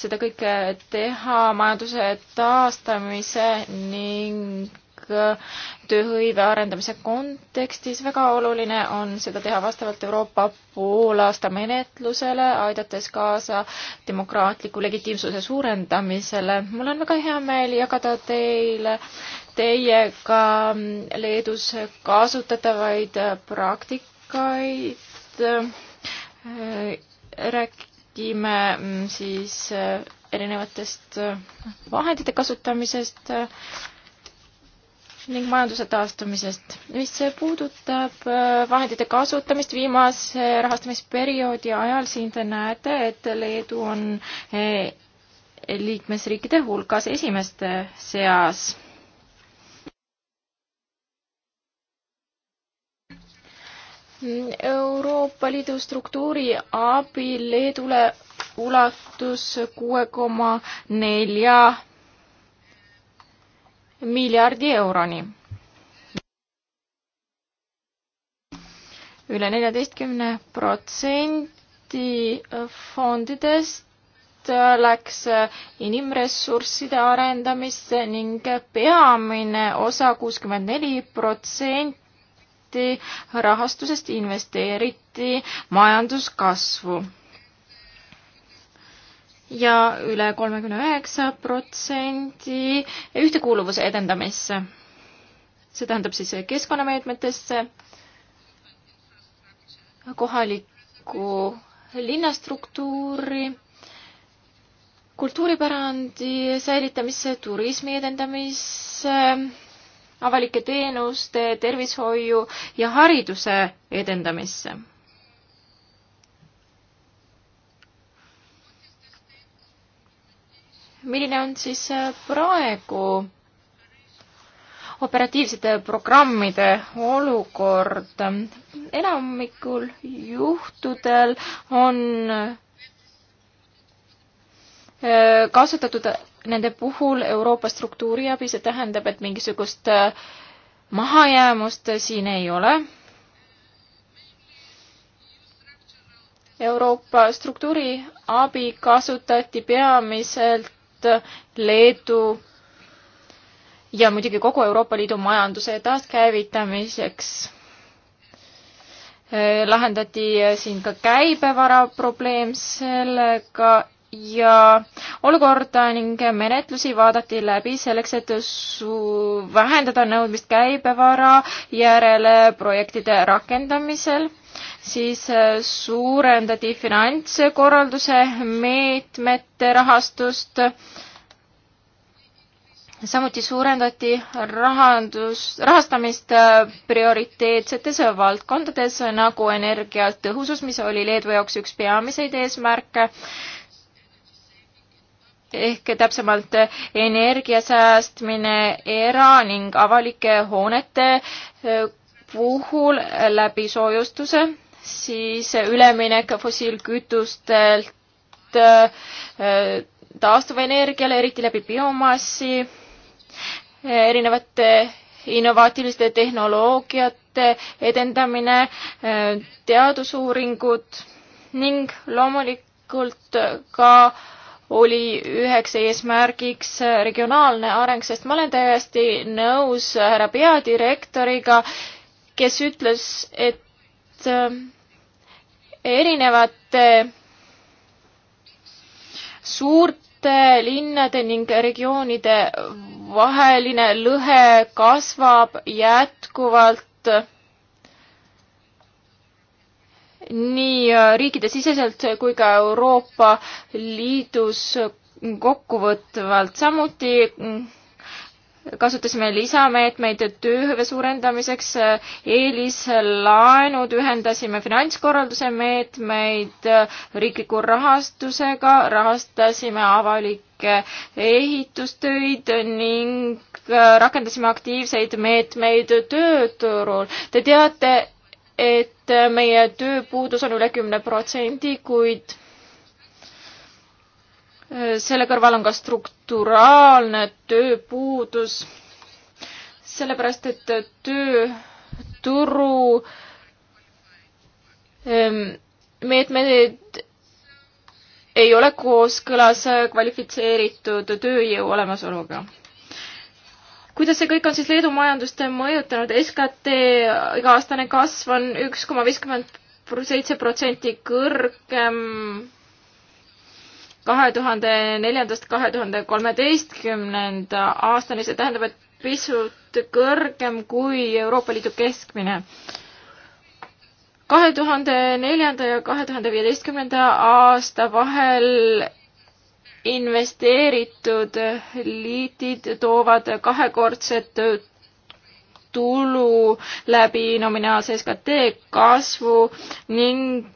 C: seda kõike teha majanduse taastamise ning Äh, tööhõive arendamise kontekstis. väga oluline on seda teha vastavalt Euroopa poolaasta menetlusele, aidates kaasa demokraatliku legitiimsuse suurendamisele. mul on väga hea meel jagada teile teiega mm, Leedus kasutatavaid praktikaid. Äh, räägime mm, siis äh, erinevatest vahendite kasutamisest ning majanduse taastumisest. mis puudutab äh, vahendite kasutamist viimase rahastamisperioodi ajal, siin te näete, et Leedu on äh, liikmesriikide hulgas esimeste seas. Euroopa Liidu struktuuri abil Leedule ulatus kuue koma nelja miljardi euroni. üle neljateistkümne protsendi fondidest läks inimressursside arendamisse ning peamine osa, kuuskümmend neli protsenti rahastusest investeeriti majanduskasvu ja üle kolmekümne üheksa protsendi ühtekuuluvuse edendamisse. see tähendab siis keskkonnameetmetesse, kohalikku linnastruktuuri, kultuuripärandi säilitamisse, turismi edendamisse, avalike teenuste, tervishoiu ja hariduse edendamisse milline on siis äh, praegu operatiivsete programmide olukord? enamikul juhtudel on äh, kasutatud nende puhul Euroopa struktuuriabi, see tähendab, et mingisugust äh, mahajäämust siin ei ole. Euroopa struktuuriabi kasutati peamiselt Leedu ja muidugi kogu Euroopa Liidu majanduse taaskäivitamiseks äh, lahendati äh, siin ka käibevara probleem sellega ja olukorda ning menetlusi vaadati läbi selleks, et vähendada nõudmist käibevara järele projektide rakendamisel siis äh, suurendati finantskorralduse meetmete rahastust, samuti suurendati rahandus, rahastamist äh, prioriteetsetes valdkondades nagu energiatõhusus, mis oli Leedu jaoks üks peamiseid eesmärke ehk täpsemalt äh, energia säästmine era- ning avalike hoonete puhul läbi soojustuse, siis üleminek fossiilkütustelt äh, taastuvenergiale, eriti läbi biomassi, äh, erinevate innovaatiliste tehnoloogiate edendamine, äh, teadusuuringud ning loomulikult ka oli üheks eesmärgiks regionaalne areng, sest ma olen täiesti nõus härra peadirektoriga, kes ütles, et äh, erinevate suurte linnade ning regioonide vaheline lõhe kasvab jätkuvalt nii äh, riikidesiseselt kui ka Euroopa Liidus kokkuvõtvalt. samuti mm, kasutasime lisameetmeid tööhõive suurendamiseks, eelislaenud, ühendasime finantskorralduse meetmeid riikliku rahastusega, rahastasime avalikke ehitustöid ning äh, rakendasime aktiivseid meetmeid tööturul. Te teate, et äh, meie tööpuudus on üle kümne protsendi, kuid selle kõrval on ka strukturaalne tööpuudus, sellepärast et tööturu ähm, meetmed ei ole kooskõlas kvalifitseeritud tööjõu olemasoluga. kuidas see kõik on siis Leedu majandust mõjutanud? SKT iga-aastane kasv on üks koma viiskümmend seitse protsenti kõrgem kahe tuhande neljandast kahe tuhande kolmeteistkümnenda aastani, see tähendab, et pisut kõrgem kui Euroopa Liidu keskmine. kahe tuhande neljanda ja kahe tuhande viieteistkümnenda aasta vahel investeeritud liitid toovad kahekordset tulu läbi nominaalse SKT kasvu ning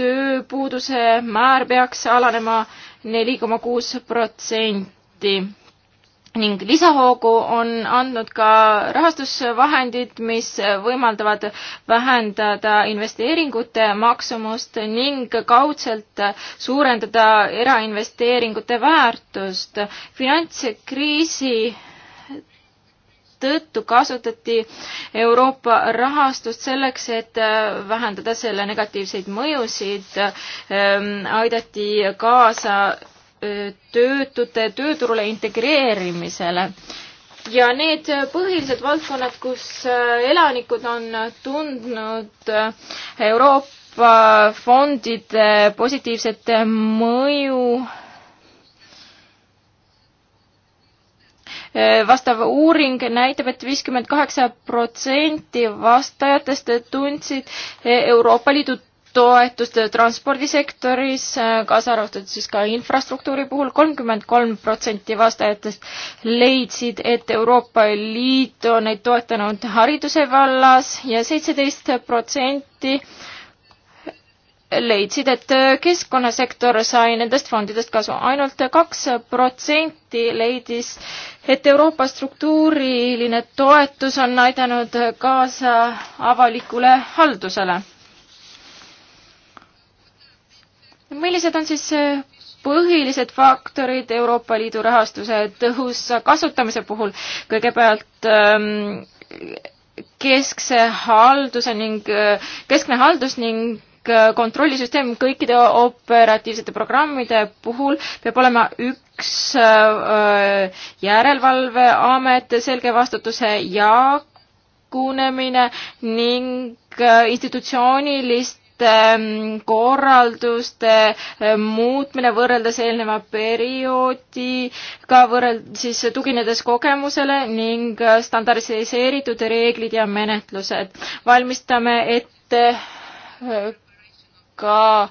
C: tööpuuduse määr peaks alanema neli koma kuus protsenti ning lisahoogu on andnud ka rahastusvahendid, mis võimaldavad vähendada investeeringute maksumust ning kaudselt suurendada erainvesteeringute väärtust. finantskriisi tõttu kasutati Euroopa rahastust selleks, et äh, vähendada selle negatiivseid mõjusid, ähm, aidati kaasa äh, töötute tööturule integreerimisele ja need põhilised valdkonnad, kus äh, elanikud on tundnud Euroopa fondide positiivset mõju vastav uuring näitab et, et viiskümmend kaheksa protsenti vastajatest tundsid Euroopa Liidu toetust transpordisektoris, kaasa arvatud siis ka infrastruktuuri puhul, kolmkümmend kolm protsenti vastajatest leidsid, et Euroopa Liit on neid toetanud hariduse vallas ja seitseteist protsenti leidsid, et äh, keskkonnasektor sai nendest fondidest kasu ainult. ainult kaks protsenti leidis, et Euroopa struktuuriline toetus on aidanud kaasa avalikule haldusele. millised on siis äh, põhilised faktorid Euroopa Liidu rahastuse tõhusa kasutamise puhul? kõigepealt ähm, keskse halduse ning, äh, keskne haldus ning riiklik äh, kontrollisüsteem kõikide operatiivsete programmide puhul peab olema üks äh, järelevalveamet, selge vastutuse jagunemine ning äh, institutsioonilist mm, korralduste muutmine võrreldes eelneva perioodiga, võrreld-, siis tuginedes kogemusele ning standardiseeritud reeglid ja menetlused. valmistame ette ka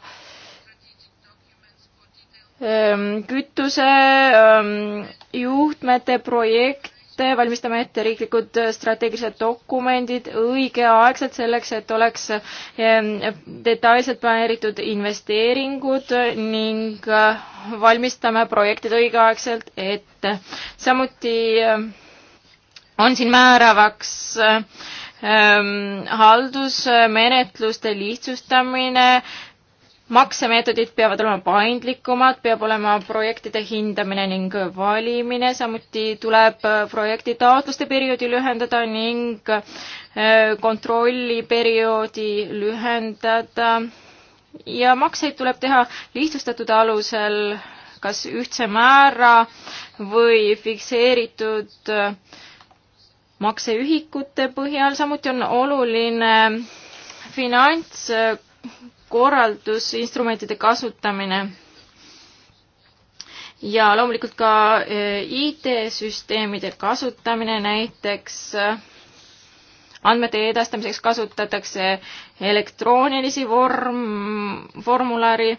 C: ähm, kütuse ähm, juhtmete projekte, valmistame ette riiklikud äh, strateegilised dokumendid õigeaegselt selleks, et oleks ähm, detailselt planeeritud investeeringud ning äh, valmistame projektid õigeaegselt ette. samuti on siin määravaks äh, Ähm, haldusmenetluste lihtsustamine, maksemeetodid peavad olema paindlikumad, peab olema projektide hindamine ning valimine, samuti tuleb projekti taotluste perioodi lühendada ning äh, kontrolliperioodi lühendada ja makseid tuleb teha lihtsustatud alusel, kas ühtse määra või fikseeritud äh, makseühikute põhjal, samuti on oluline finantskorraldusinstrumentide kasutamine ja loomulikult ka eh, IT-süsteemide kasutamine, näiteks eh, andmete edastamiseks kasutatakse elektroonilisi vorm, formulari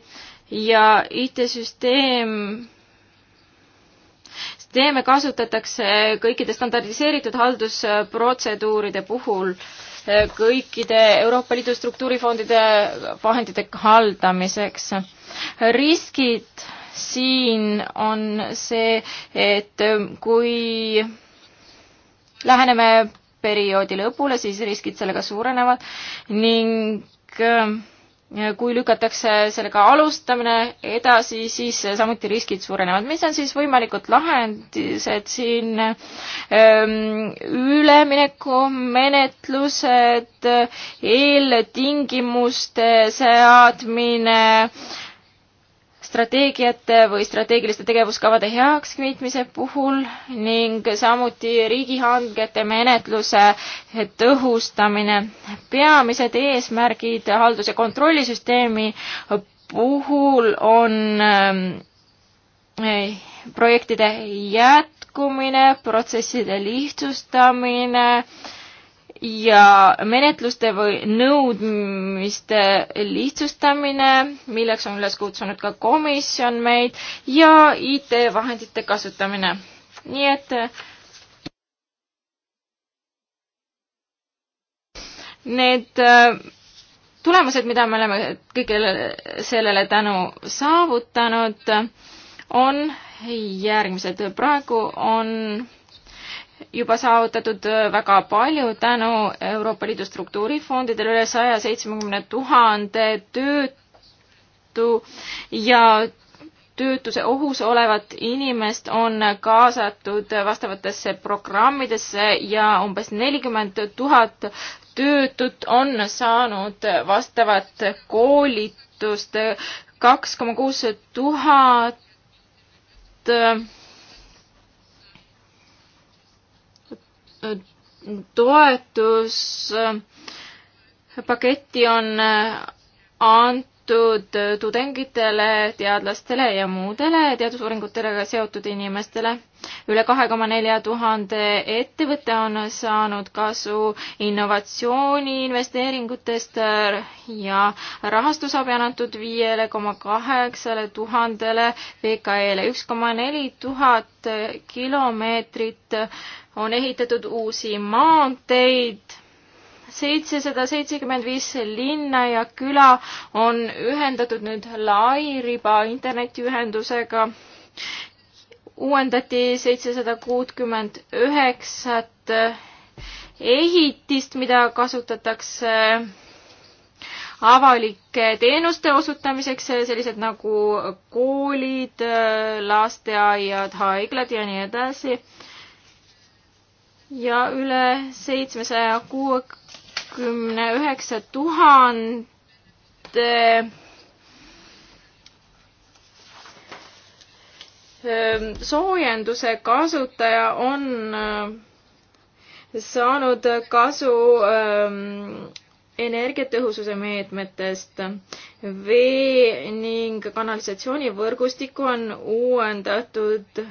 C: ja IT-süsteem teeme, kasutatakse kõikide standardiseeritud haldusprotseduuride puhul eh, kõikide Euroopa Liidu struktuurifondide vahendite haldamiseks. riskid siin on see, et kui läheneme perioodi lõpule, siis riskid sellega suurenevad ning eh, kui lükatakse sellega alustamine edasi, siis samuti riskid suurenevad. mis on siis võimalikud lahendused siin? Ehm, üleminekumenetlused, eeltingimuste seadmine strateegiate või strateegiliste tegevuskavade heakskiitmise puhul ning samuti riigihangete menetluse tõhustamine. peamised eesmärgid haldus- ja kontrollisüsteemi puhul on ähm, projektide jätkumine, protsesside lihtsustamine, ja menetluste või nõudmiste lihtsustamine, milleks on üles kutsunud ka komisjon meid ja IT-vahendite kasutamine. nii et need äh, tulemused, mida me oleme kõigele sellele tänu saavutanud, on järgmised. praegu on juba saavutatud äh, väga palju tänu Euroopa Liidu struktuurifondidele, üle saja seitsmekümne tuhande töötu ja töötuse ohus olevat inimest on kaasatud vastavatesse programmidesse ja umbes nelikümmend tuhat töötut on saanud vastavat koolitust, kaks koma kuus tuhat äh, toetuspaketti on äh, ant-, suunatud tudengitele, teadlastele ja muudele teadusuuringutega seotud inimestele. üle kahe koma nelja tuhande ettevõtte on saanud kasu innovatsiooni investeeringutest ja rahastusabi on antud viiele koma kaheksale tuhandele VKE-le. üks koma neli tuhat kilomeetrit on ehitatud uusi maanteid seitsesada seitsekümmend viis linna ja küla on ühendatud nüüd lairiba internetiühendusega. uuendati seitsesada kuutkümmend üheksat ehitist, mida kasutatakse avalike teenuste osutamiseks, sellised nagu koolid, lasteaiad, haiglad ja nii edasi ja üle seitsmesaja kuue kahekümne üheksa tuhande ehm, soojenduse kasutaja on ehm, saanud kasu ehm, energiatõhususe meetmetest. vee ning kanalisatsioonivõrgustikku on uuendatud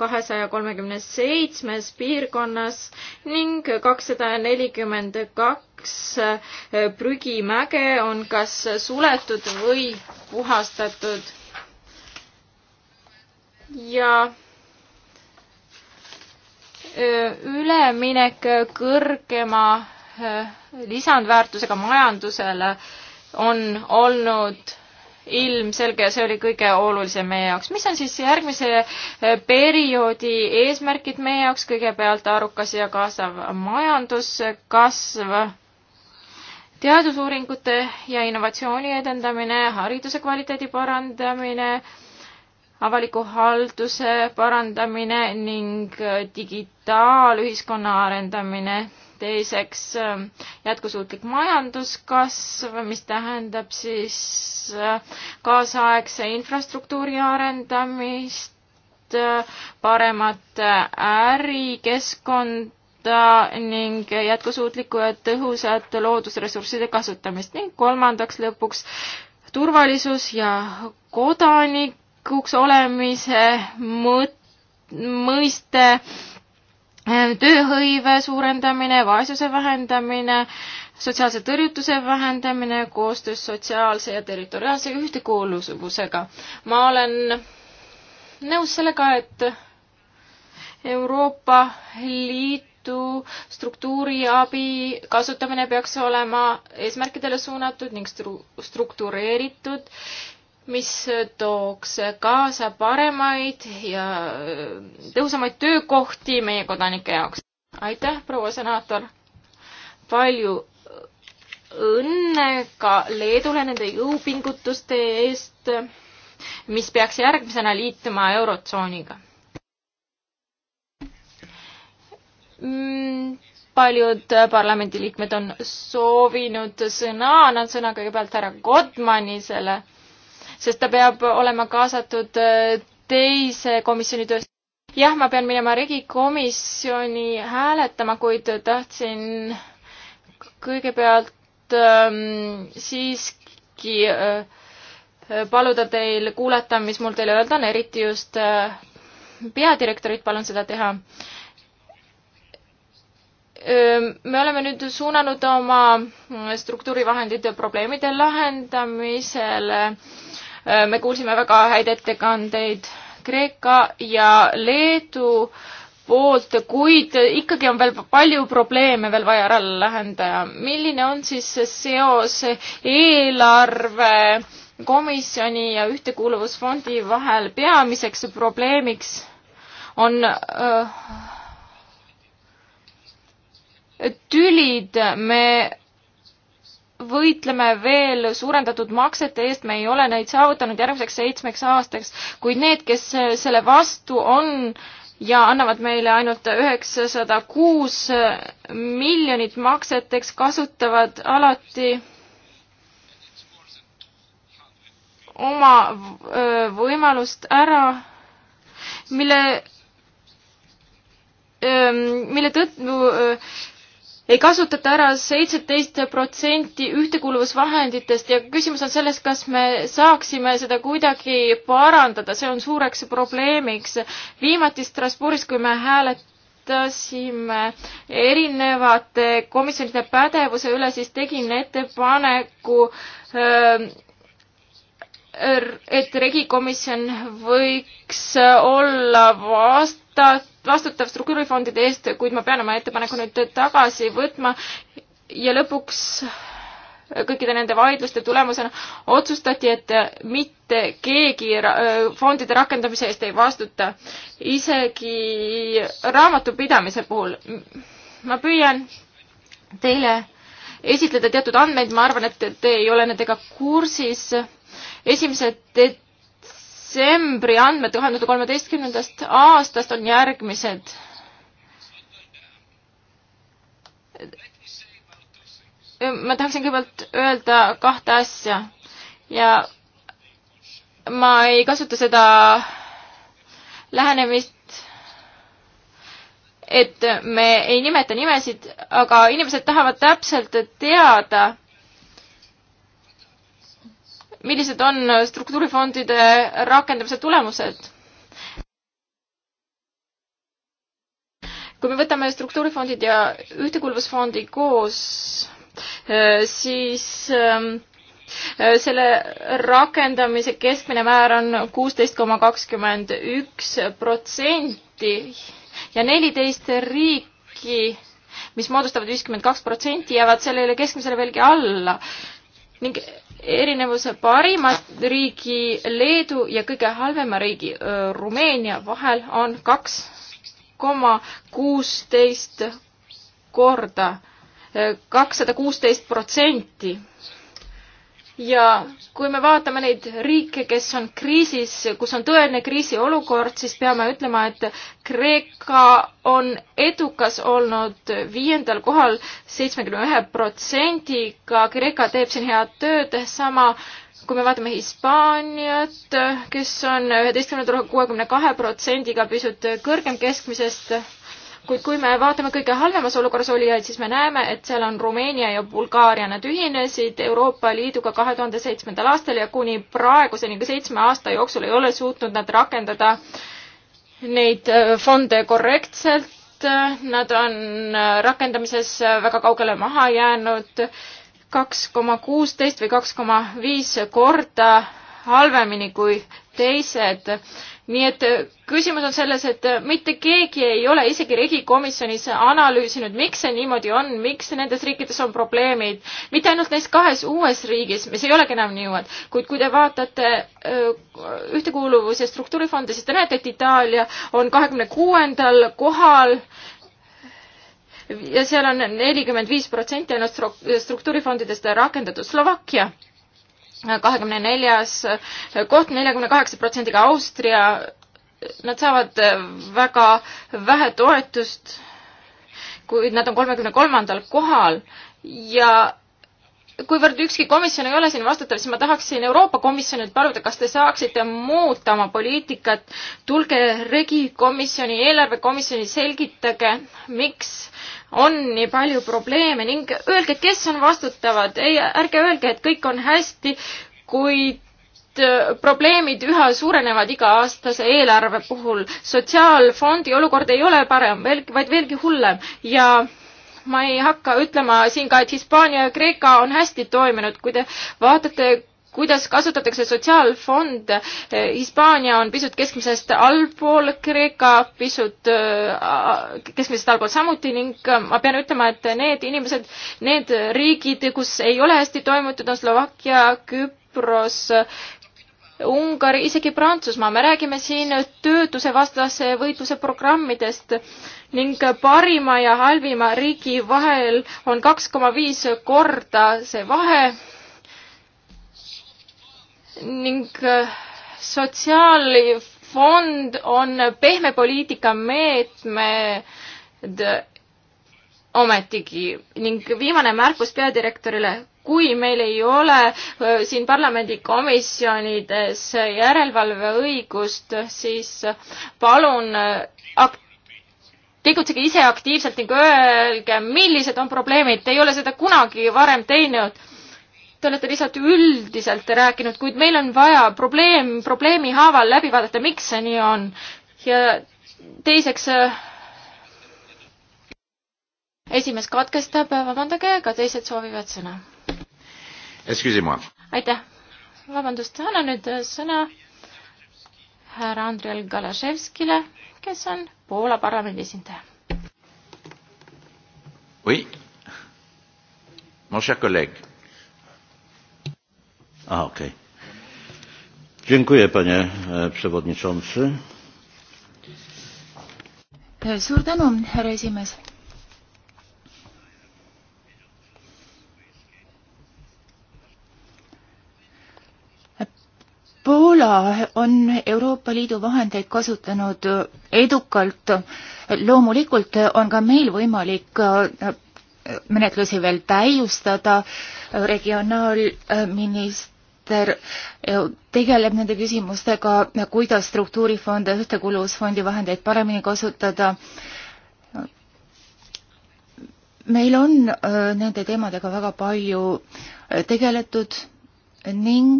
C: kahesaja kolmekümne seitsmes piirkonnas ning kakssada nelikümmend kaks äh, prügimäge on kas suletud või puhastatud. ja äh, üleminek kõrgema äh, lisandväärtusega majandusele on olnud ilmselge ja see oli kõige olulisem meie jaoks. mis on siis järgmise eh, perioodi eesmärgid meie jaoks, kõigepealt arukas ja kaasav majanduskasv, teadusuuringute ja innovatsiooni edendamine, hariduse kvaliteedi parandamine, avaliku halduse parandamine ning digitaalühiskonna arendamine teiseks ähm, jätkusuutlik majanduskasv, mis tähendab siis äh, kaasaegse infrastruktuuri arendamist, äh, paremat äh, ärikeskkonda ning jätkusuutlikku ja tõhusat loodusressursside kasutamist ning kolmandaks lõpuks turvalisus ja kodanikuks olemise mõte mõiste Äh, tööhõive suurendamine, vaesuse vähendamine, sotsiaalse tõrjutuse vähendamine koostöös sotsiaalse ja territoriaalse ühtekuuluvusega. ma olen nõus sellega, et Euroopa Liidu struktuuriabi kasutamine peaks olema eesmärkidele suunatud ning stru-, struktureeritud mis tooks kaasa paremaid ja tõhusamaid töökohti meie kodanike jaoks. aitäh, proua senaator! palju õnne ka Leedule nende jõupingutuste eest, mis peaks järgmisena liituma Eurotsooniga. Mm, paljud parlamendiliikmed on soovinud sõna, annan sõna kõigepealt härra Godmanisele sest ta peab olema kaasatud äh, teise komisjoni töösse. jah, ma pean minema regikomisjoni hääletama, kuid tahtsin kõigepealt ähm, siiski äh, paluda teil kuulata, mis mul teile öelda on, eriti just äh, peadirektorit palun seda teha me oleme nüüd suunanud oma struktuurivahendid probleemide lahendamisele Äh, me kuulsime väga häid ettekandeid Kreeka ja Leedu poolt, kuid ikkagi on veel palju probleeme veel vaja ära lahendada. milline on siis seos eelarve komisjoni ja ühtekuuluvusfondi vahel peamiseks probleemiks on öö, äh, tülid, me võitleme veel suurendatud maksete eest, me ei ole neid saavutanud järgmiseks seitsmeks aastaks, kuid need, kes selle vastu on ja annavad meile ainult üheksasada kuus miljonit makseteks, kasutavad alati oma võimalust ära, mille, mille tõttu ei kasutata ära seitseteist protsenti ühtekuuluvusvahenditest ja küsimus on selles, kas me saaksime seda kuidagi parandada, see on suureks probleemiks. viimati Strasbourgis, kui me hääletasime erinevate komisjonide pädevuse üle, siis tegin ettepaneku öö, ähm, et regikomisjon võiks olla vast-, ta vastutab struktuurifondide eest, kuid ma pean oma ettepaneku nüüd tagasi võtma ja lõpuks kõikide nende vaidluste tulemusena otsustati, et mitte keegi fondide rakendamise eest ei vastuta, isegi raamatupidamise puhul. ma püüan teile esitleda teatud andmeid, ma arvan, et te ei ole nendega kursis. esimese det-, detsembri andmed kahe tuhande kolmeteistkümnendast aastast on järgmised. ma tahaksin kõigepealt öelda kahte asja ja ma ei kasuta seda lähenemist, et me ei nimeta nimesid, aga inimesed tahavad täpselt teada, millised on struktuurifondide rakendamise tulemused? kui me võtame struktuurifondid ja ühtekuuluvusfondi koos, eh, siis ehm, eh, selle rakendamise keskmine määr on kuusteist koma kakskümmend üks protsenti ja neliteist riiki, mis moodustavad viiskümmend kaks protsenti, jäävad sellele keskmisele veelgi alla ning erinevuse parima riigi Leedu ja kõige halvema riigi Rumeenia vahel on kaks koma kuusteist korda, kakssada kuusteist protsenti ja kui me vaatame neid riike, kes on kriisis, kus on tõeline kriisiolukord, siis peame ütlema, et Kreeka on edukas olnud viiendal kohal seitsmekümne ühe protsendiga, Kreeka teeb siin head tööd, sama kui me vaatame Hispaaniat, kes on üheteistkümnendal kuuekümne kahe protsendiga pisut kõrgem keskmisest kuid kui me vaatame kõige halvemas olukorras olijaid, siis me näeme, et seal on Rumeenia ja Bulgaaria, nad ühinesid Euroopa Liiduga kahe tuhande seitsmendal aastal ja kuni praeguseni, ka seitsme aasta jooksul ei ole suutnud nad rakendada neid äh, fonde korrektselt. Nad on äh, rakendamises äh, väga kaugele maha jäänud, kaks koma kuusteist või kaks koma viis korda halvemini kui teised nii et äh, küsimus on selles, et äh, mitte keegi ei ole isegi regikomisjonis analüüsinud, miks see niimoodi on, miks nendes riikides on probleemid, mitte ainult neis kahes uues riigis, mis ei olegi enam nii uued, kuid kui te vaatate äh, ühtekuuluvus- ja struktuurifonde, siis te näete, et Itaalia on kahekümne kuuendal kohal ja seal on nelikümmend viis protsenti ainult struktuurifondidest rakendatud Slovakkia kahekümne neljas koht neljakümne kaheksa protsendiga Austria. Nad saavad väga vähe toetust, kuid nad on kolmekümne kolmandal kohal ja kuivõrd ükski komisjon ei ole siin vastutav, siis ma tahaksin Euroopa Komisjonilt paluda, kas te saaksite muuta oma poliitikat, tulge regi komisjoni, eelarvekomisjoni, selgitage, miks on nii palju probleeme ning öelge, kes on vastutavad, ei, ärge öelge, et kõik on hästi, kuid äh, probleemid üha suurenevad iga-aastase eelarve puhul. sotsiaalfondi olukord ei ole parem, veel, vaid veelgi hullem ja ma ei hakka ütlema siin ka, et Hispaania ja Kreeka on hästi toiminud, kui te vaatate, kuidas kasutatakse sotsiaalfonde. Hispaania on pisut keskmisest allpool, Kreeka pisut äh, keskmisest allpool samuti ning äh, ma pean ütlema, et need inimesed, need riigid, kus ei ole hästi toimutud, on Slovakkia, Küpros, Ungari, isegi Prantsusmaa, me räägime siin töötuse vastase võitluse programmidest ning parima ja halvima riigi vahel on kaks koma viis korda see vahe. ning äh, sotsiaalfond on pehme poliitika meetmed äh, ometigi ning viimane märkus peadirektorile kui meil ei ole äh, siin parlamendikomisjonides järelevalveõigust, siis palun akt-, tegutsege ise aktiivselt ning öelge, millised on probleemid, te ei ole seda kunagi varem teinud. Te olete lihtsalt üldiselt rääkinud, kuid meil on vaja probleem, probleemi haaval läbi vaadata, miks see nii on. ja teiseks, äh, esimees katkestab, vabandage, ka teised soovivad sõna. aitäh. vabandust, annan nüüd äh, sõna härra Andrei Galaševskile, kes on Poola parlamendi esindaja.
A: Oui, mon cher collègue. Ah, okei okay.. Dziękuję, panie e, przewodniczący. E, suur tänu, härra esimees Poola on Euroopa Liidu vahendeid kasutanud edukalt. loomulikult on ka meil võimalik äh, menetlusi veel täiustada. regionaalminister äh, tegeleb nende küsimustega, kuidas struktuurifonde, ühtekuuluvusfondi vahendeid paremini kasutada. meil on äh, nende teemadega väga palju tegeletud ning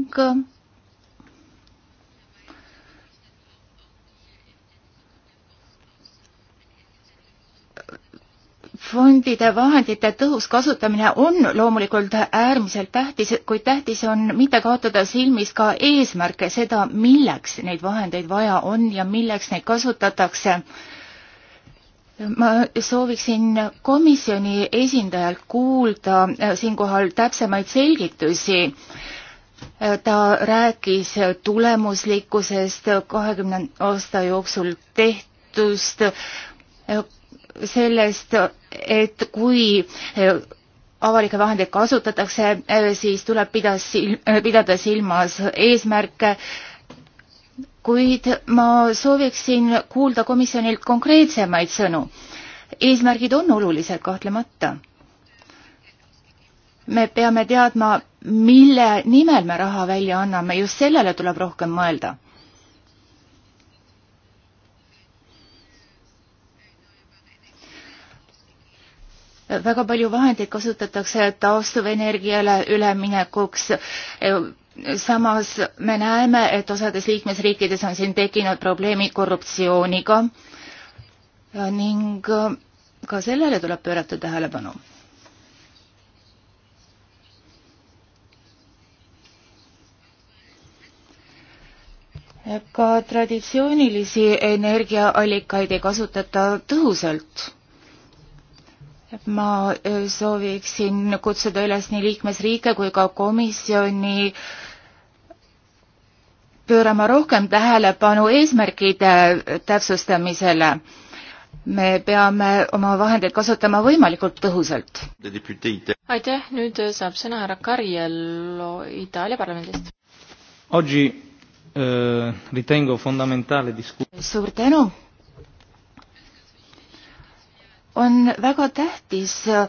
A: fondide vahendite tõhus kasutamine on loomulikult äärmiselt tähtis, kuid tähtis on mitte kaotada silmist ka eesmärke, seda, milleks neid vahendeid vaja on ja milleks neid kasutatakse. ma sooviksin komisjoni esindajalt kuulda siinkohal täpsemaid selgitusi. ta rääkis tulemuslikkusest kahekümne aasta jooksul tehtust sellest, et kui e, avalikke vahendeid kasutatakse, e, siis tuleb pidas, e, pidada silmas eesmärke, kuid ma sooviksin kuulda komisjonilt konkreetsemaid sõnu. eesmärgid on olulised kahtlemata. me peame teadma, mille nimel me raha välja anname, just sellele tuleb rohkem mõelda väga palju vahendeid kasutatakse taastuvenergiale üleminekuks. samas me näeme, et osades liikmesriikides on siin tekkinud probleemid korruptsiooniga ning ka sellele tuleb pöörata tähelepanu ka traditsioonilisi energiaallikaid ei kasutata tõhusalt ma eh, sooviksin kutsuda üles nii liikmesriike kui ka komisjoni pöörama rohkem tähelepanu eesmärgide täpsustamisele. me peame oma vahendeid kasutama võimalikult tõhusalt.
C: aitäh, nüüd saab sõna härra Cariello Itaalia parlamendist.
A: Eh, suur tänu on väga tähtis eh,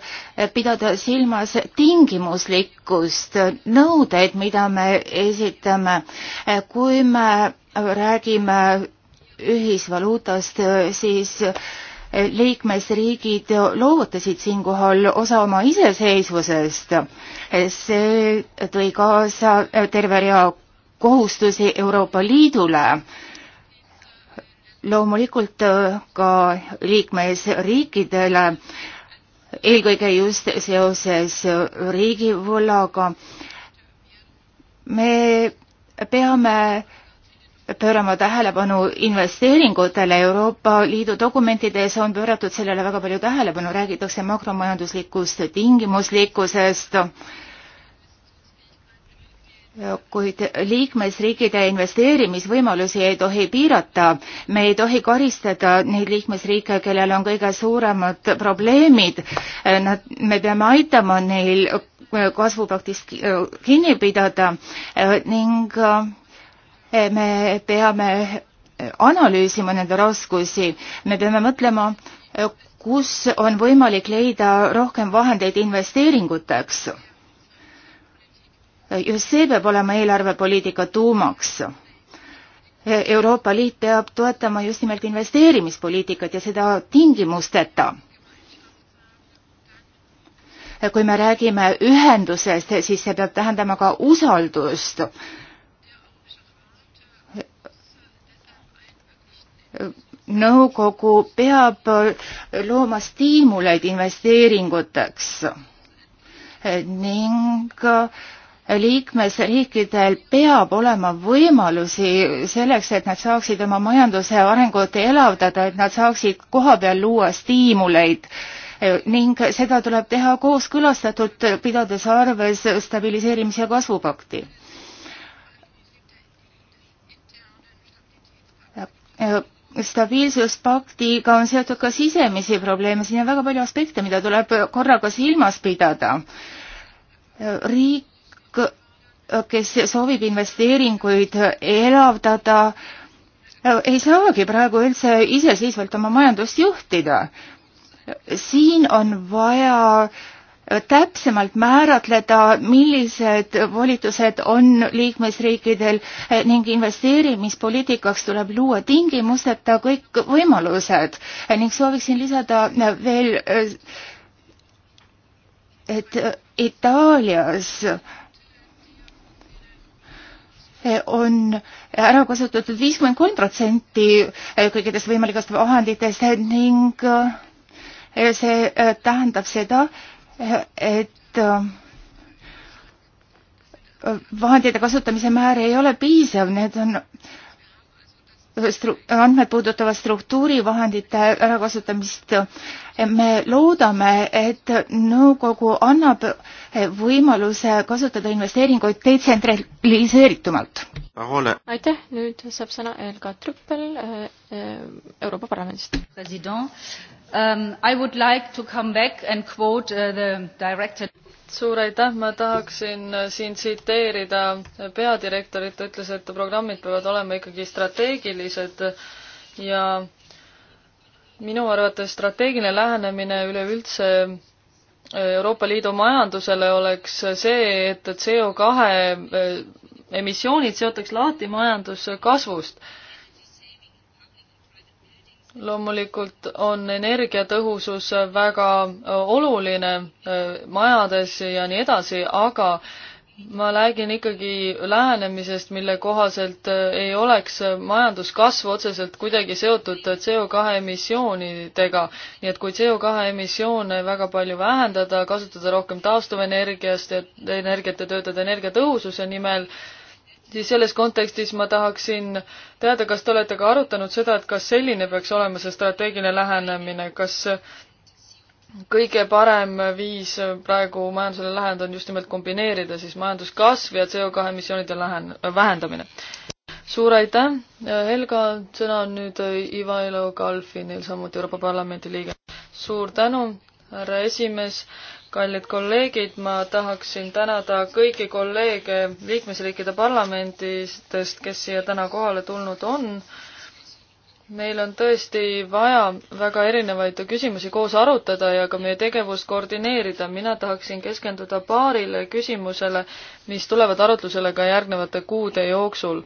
A: pidada silmas tingimuslikkust, nõudeid, mida me esitame. Eh, kui me räägime ühisvaluutast, eh, siis liikmesriigid loovutasid siinkohal osa oma iseseisvusest. see tõi kaasa terve rea kohustusi Euroopa Liidule loomulikult äh, ka liikmesriikidele, eelkõige just seoses äh, riigivõlaga. me peame pöörama tähelepanu investeeringutele, Euroopa Liidu dokumentides on pööratud sellele väga palju tähelepanu, räägitakse makromajanduslikust tingimuslikkusest äh, kuid liikmesriikide investeerimisvõimalusi ei tohi piirata. me ei tohi karistada neid liikmesriike, kellel on kõige suuremad probleemid. Nad, me peame aitama neil kasvupaktist kinni pidada ning eh, me peame analüüsima nende raskusi, me peame mõtlema, kus on võimalik leida rohkem vahendeid investeeringuteks just see peab olema eelarvepoliitika tuumaks. E, Euroopa Liit peab toetama just nimelt investeerimispoliitikat ja seda tingimusteta e, kui me räägime ühendusest, siis see peab tähendama ka usaldust. E, nõukogu peab looma stiimuleid investeeringuteks ning liikmesriikidel peab olema võimalusi selleks, et nad saaksid oma majanduse arengut elavdada, et nad saaksid kohapeal luua stiimuleid ning seda tuleb teha kooskõlastatult, pidades arves stabiliseerimise ja kasvupakti. stabiilsuspaktiga on seotud ka sisemisi probleeme, siin on väga palju aspekte, mida tuleb korraga silmas pidada. riik kes soovib investeeringuid elavdada, ei saagi praegu üldse iseseisvalt oma majandust juhtida. siin on vaja täpsemalt määratleda, millised volitused on liikmesriikidel ning investeerimispoliitikaks tuleb luua tingimusteta kõik võimalused ning sooviksin lisada veel, et Itaalias äh, on ära kasutatud viiskümmend kolm protsenti eh, kõikidest võimalikest vahenditest ning eh, see eh, tähendab seda, et vahendite kasutamise määr ei ole piisav, need on andmed puudutavad struktuurivahendite ärakasutamist. me loodame, et nõukogu annab võimaluse kasutada investeeringuid detsentraliseeritumalt.
C: aitäh, nüüd saab sõna Helga Trüppel äh, äh, Euroopa Parlamendist.
B: president Um, I would like to come back and quote uh, the director. suur aitäh, ma tahaksin äh, siin tsiteerida peadirektorit, ta ütles, et programmid peavad olema ikkagi strateegilised ja minu arvates strateegiline lähenemine üleüldse äh, Euroopa Liidu majandusele oleks see, et CO kahe äh, emissioonid seotaks lahti majanduskasvust loomulikult on energiatõhusus väga oluline majades ja nii edasi, aga ma räägin ikkagi lähenemisest, mille kohaselt ei oleks majanduskasv otseselt kuidagi seotud CO2 emissioonidega. nii et kui CO2 emissioone väga palju vähendada, kasutada rohkem taastuvenergiast ja energiat ja töötada energiatõhususe nimel, siis selles kontekstis ma tahaksin teada, kas te olete ka arutanud seda, et kas selline peaks olema see strateegiline lähenemine, kas kõige parem viis praegu majandusele läheneda on just nimelt kombineerida siis majanduskasv ja CO2 emissioonide lähen-, vähendamine. suur aitäh, Helga, sõna on nüüd Ivailo Kalfinil, samuti Euroopa Parlamendi liige. suur tänu, härra esimees, kallid kolleegid, ma tahaksin tänada kõiki kolleege liikmesriikide parlamentidest, kes siia täna kohale tulnud on. meil on tõesti vaja väga erinevaid küsimusi koos arutada ja ka meie tegevust koordineerida. mina tahaksin keskenduda paarile küsimusele, mis tulevad arutlusele ka järgnevate kuude jooksul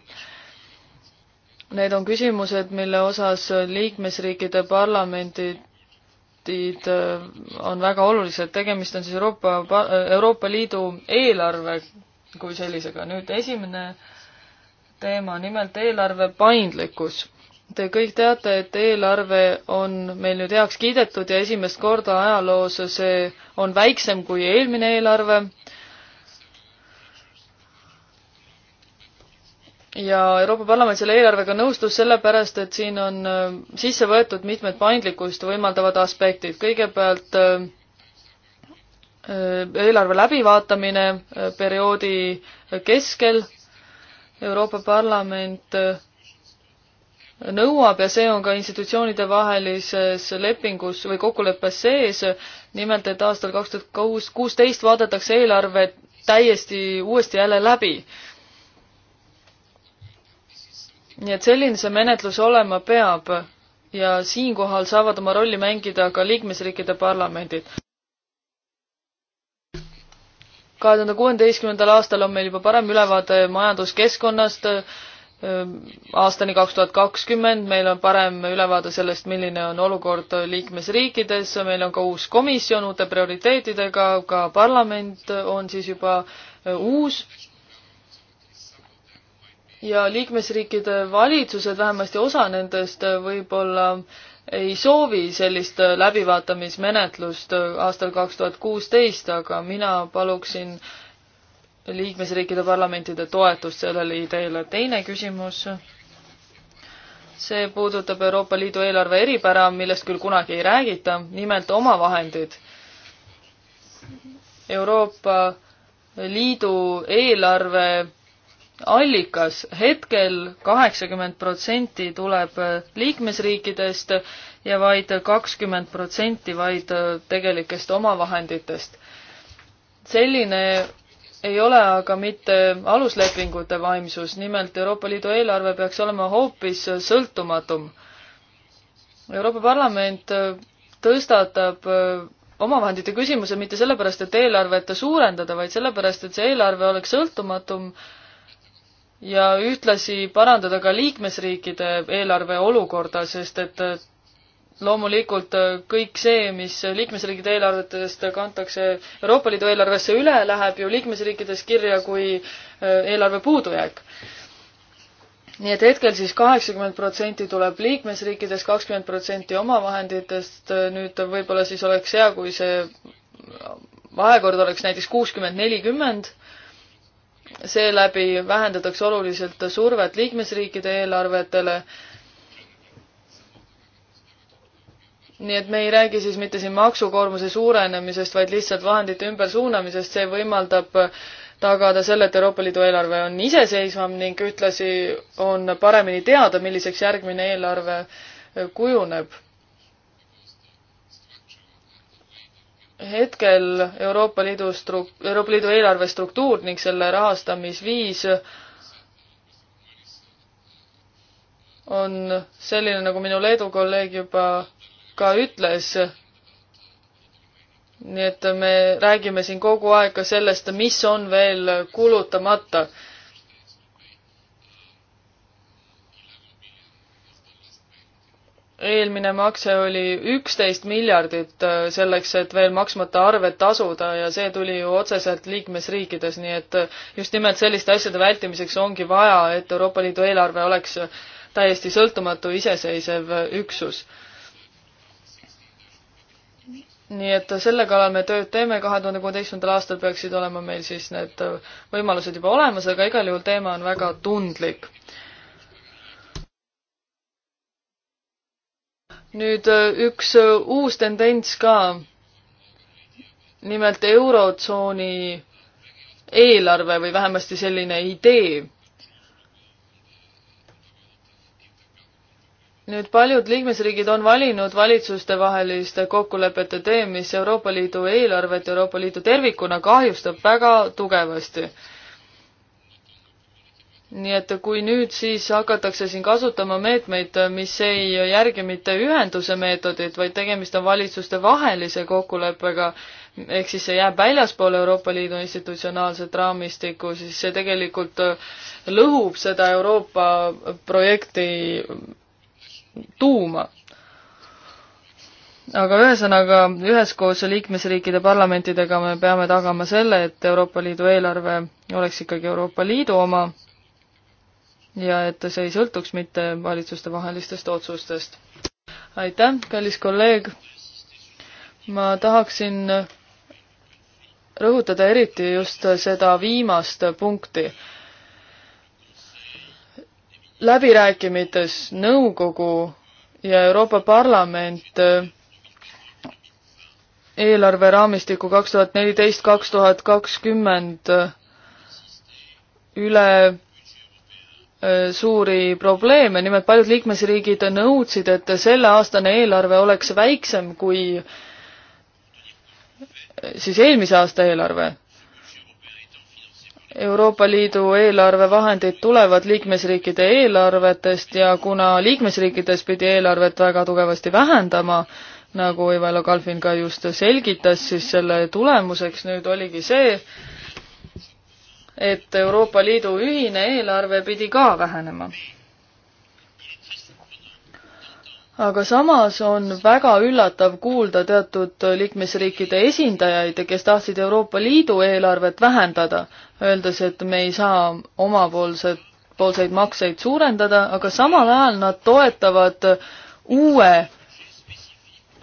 B: Need on küsimused, mille osas liikmesriikide parlamendid aspektid äh, on väga olulised, tegemist on siis Euroopa, Euroopa Liidu eelarve kui sellisega. nüüd esimene teema, nimelt eelarve paindlikkus. Te kõik teate, et eelarve on meil nüüd heaks kiidetud ja esimest korda ajaloos see on väiksem kui eelmine eelarve ja Euroopa Parlament selle eelarvega nõustus sellepärast, et siin on äh, sisse võetud mitmed paindlikkust võimaldavad aspektid. kõigepealt äh, äh, eelarve läbivaatamine perioodi keskel. Euroopa Parlament nõuab ja see on ka institutsioonide vahelises lepingus või kokkuleppes sees, nimelt et aastal kaks tuhat kuus, kuusteist vaadatakse eelarve täiesti uuesti jälle läbi nii et selline see menetlus olema peab ja siinkohal saavad oma rolli mängida ka liikmesriikide parlamendid. kahe tuhande kuueteistkümnendal aastal on meil juba parem ülevaade majanduskeskkonnast, ehm, aastani kaks tuhat kakskümmend meil on parem ülevaade sellest, milline on olukord liikmesriikides, meil on ka uus komisjon uute prioriteetidega, ka parlament on siis juba ehm, uus ja liikmesriikide valitsused, vähemasti osa nendest võib-olla ei soovi sellist läbivaatamismenetlust aastal kaks tuhat kuusteist, aga mina paluksin liikmesriikide parlamentide toetust sellele ideele. teine küsimus, see puudutab Euroopa Liidu eelarve eripära, millest küll kunagi ei räägita, nimelt omavahendid. Euroopa Liidu eelarve allikas hetkel kaheksakümmend protsenti tuleb äh, liikmesriikidest ja vaid kakskümmend protsenti vaid äh, tegelikest omavahenditest. selline ei ole aga mitte aluslepingute vaimsus, nimelt Euroopa Liidu eelarve peaks olema hoopis äh, sõltumatum. Euroopa Parlament tõstatab omavahendite küsimuse mitte sellepärast, et eelarvet suurendada, vaid sellepärast, et see eelarve oleks sõltumatum äh, ja ühtlasi parandada ka liikmesriikide eelarve olukorda, sest et loomulikult kõik see, mis liikmesriikide eelarvetest kantakse Euroopa Liidu eelarvesse üle, läheb ju liikmesriikides kirja kui äh, eelarve puudujääk. nii et hetkel siis kaheksakümmend protsenti tuleb liikmesriikidest, kakskümmend protsenti omavahenditest, nüüd võib-olla siis oleks hea, kui see vahekord oleks näiteks kuuskümmend, nelikümmend seeläbi vähendatakse oluliselt survet liikmesriikide eelarvetele. nii et me ei räägi siis mitte siin maksukoormuse suurenemisest, vaid lihtsalt vahendite ümbersuunamisest, see võimaldab tagada selle, et Euroopa Liidu eelarve on iseseisvam ning ühtlasi on paremini teada, milliseks järgmine eelarve kujuneb hetkel Euroopa Liidu stru-, Euroopa Liidu eelarve struktuur ning selle rahastamisviis on selline, nagu minu Leedu kolleeg juba ka ütles, nii et me räägime siin kogu aeg ka sellest, mis on veel kulutamata eelmine makse oli üksteist miljardit äh, selleks, et veel maksmata arved tasuda ja see tuli ju otseselt liikmesriikides, nii et äh, just nimelt selliste asjade vältimiseks ongi vaja, et Euroopa Liidu eelarve oleks äh, täiesti sõltumatu iseseisev üksus. nii et selle kallal me tööd teeme, kahe tuhande kuueteistkümnendal aastal peaksid olema meil siis need võimalused juba olemas, aga igal juhul teema on väga tundlik nüüd äh, üks äh, uus tendents ka. nimelt Eurotsooni eelarve või vähemasti selline idee. nüüd paljud liikmesriigid on valinud valitsustevaheliste kokkulepete tee, mis Euroopa Liidu eelarvet, Euroopa Liitu tervikuna kahjustab väga tugevasti nii et kui nüüd siis hakatakse siin kasutama meetmeid, mis ei järgi mitte ühenduse meetodit, vaid tegemist on valitsustevahelise kokkuleppega, ehk siis see jääb väljaspoole Euroopa Liidu institutsionaalset raamistikku, siis see tegelikult lõhub seda Euroopa projekti tuuma. aga ühesõnaga, üheskoos liikmesriikide parlamentidega me peame tagama selle, et Euroopa Liidu eelarve oleks ikkagi Euroopa Liidu oma ja et see ei sõltuks mitte valitsustevahelistest otsustest. aitäh, kallis kolleeg! ma tahaksin rõhutada eriti just seda viimast punkti. läbirääkimites nõukogu ja Euroopa Parlament eelarveraamistiku kaks tuhat neliteist, kaks tuhat kakskümmend üle Äh, suuri probleeme, nimelt paljud liikmesriigid nõudsid, et selleaastane eelarve oleks väiksem kui äh, siis eelmise aasta eelarve. Euroopa Liidu eelarvevahendid tulevad liikmesriikide eelarvetest ja kuna liikmesriikides pidi eelarvet väga tugevasti vähendama, nagu Ivalo Kalfin ka just selgitas, siis selle tulemuseks nüüd oligi see, et Euroopa Liidu ühine eelarve pidi ka vähenema. aga samas on väga üllatav kuulda teatud liikmesriikide esindajaid, kes tahtsid Euroopa Liidu eelarvet vähendada, öeldes, et me ei saa omapoolset, poolseid makseid suurendada, aga samal ajal nad toetavad uue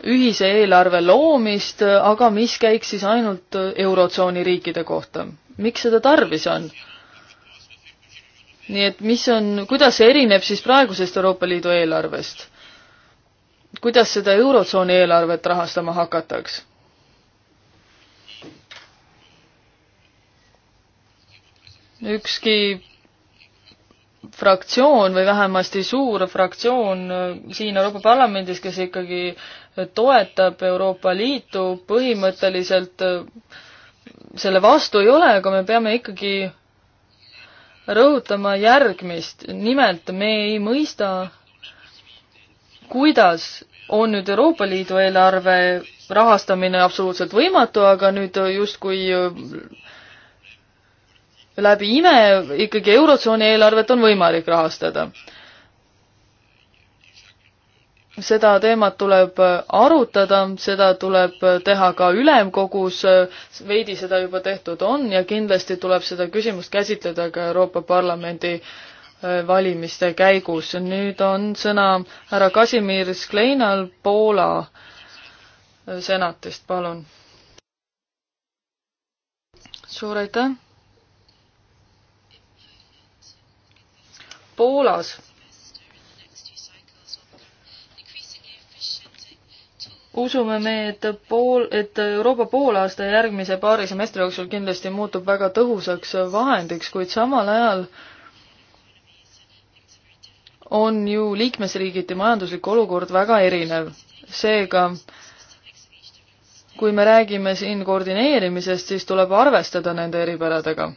B: ühise eelarve loomist, aga mis käiks siis ainult Eurotsooni riikide kohta miks seda tarvis on? nii et mis on, kuidas see erineb siis praegusest Euroopa Liidu eelarvest? kuidas seda Eurotsooni eelarvet rahastama hakataks? ükski fraktsioon või vähemasti suur fraktsioon siin Euroopa Parlamendis, kes ikkagi toetab Euroopa Liitu põhimõtteliselt äh, selle vastu ei ole, aga me peame ikkagi rõhutama järgmist, nimelt me ei mõista, kuidas on nüüd Euroopa Liidu eelarve rahastamine absoluutselt võimatu, aga nüüd justkui läbi ime ikkagi Eurotsooni eelarvet on võimalik rahastada seda teemat tuleb äh, arutada, seda tuleb äh, teha ka ülemkogus, äh, veidi seda juba tehtud on ja kindlasti tuleb seda küsimust käsitleda ka Euroopa Parlamendi valimiste käigus. nüüd on sõna härra Kasimir Skleinal Poola senatist, palun. suur aitäh. Poolas usume me, et pool, et Euroopa poolaasta järgmise paari semestri jooksul kindlasti muutub väga tõhusaks vahendiks, kuid samal ajal on ju liikmesriigiti majanduslik olukord väga erinev. seega kui me räägime siin koordineerimisest, siis tuleb arvestada nende eripäradega.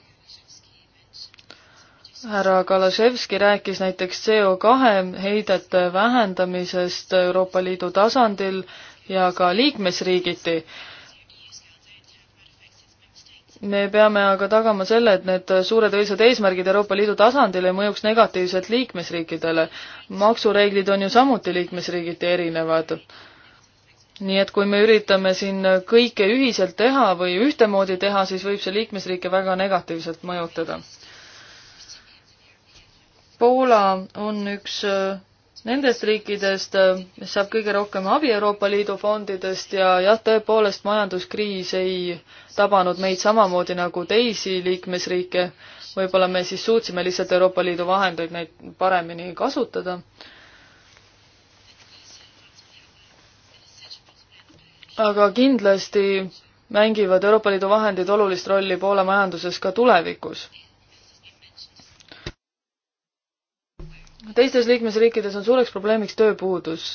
B: härra Kalaševski rääkis näiteks CO kahe heidete vähendamisest Euroopa Liidu tasandil, ja ka liikmesriigiti. me peame aga tagama selle, et need suured õilsad eesmärgid Euroopa Liidu tasandil ei mõjuks negatiivselt liikmesriikidele. maksureeglid on ju samuti liikmesriigiti erinevad nii et kui me üritame siin kõike ühiselt teha või ühtemoodi teha, siis võib see liikmesriike väga negatiivselt mõjutada. Poola on üks nendest riikidest, mis saab kõige rohkem abi Euroopa Liidu fondidest ja jah, tõepoolest majanduskriis ei tabanud meid samamoodi nagu teisi liikmesriike. võib-olla me siis suutsime lihtsalt Euroopa Liidu vahendeid neid paremini kasutada. aga kindlasti mängivad Euroopa Liidu vahendid olulist rolli Poola majanduses ka tulevikus teistes liikmesriikides on suureks probleemiks tööpuudus.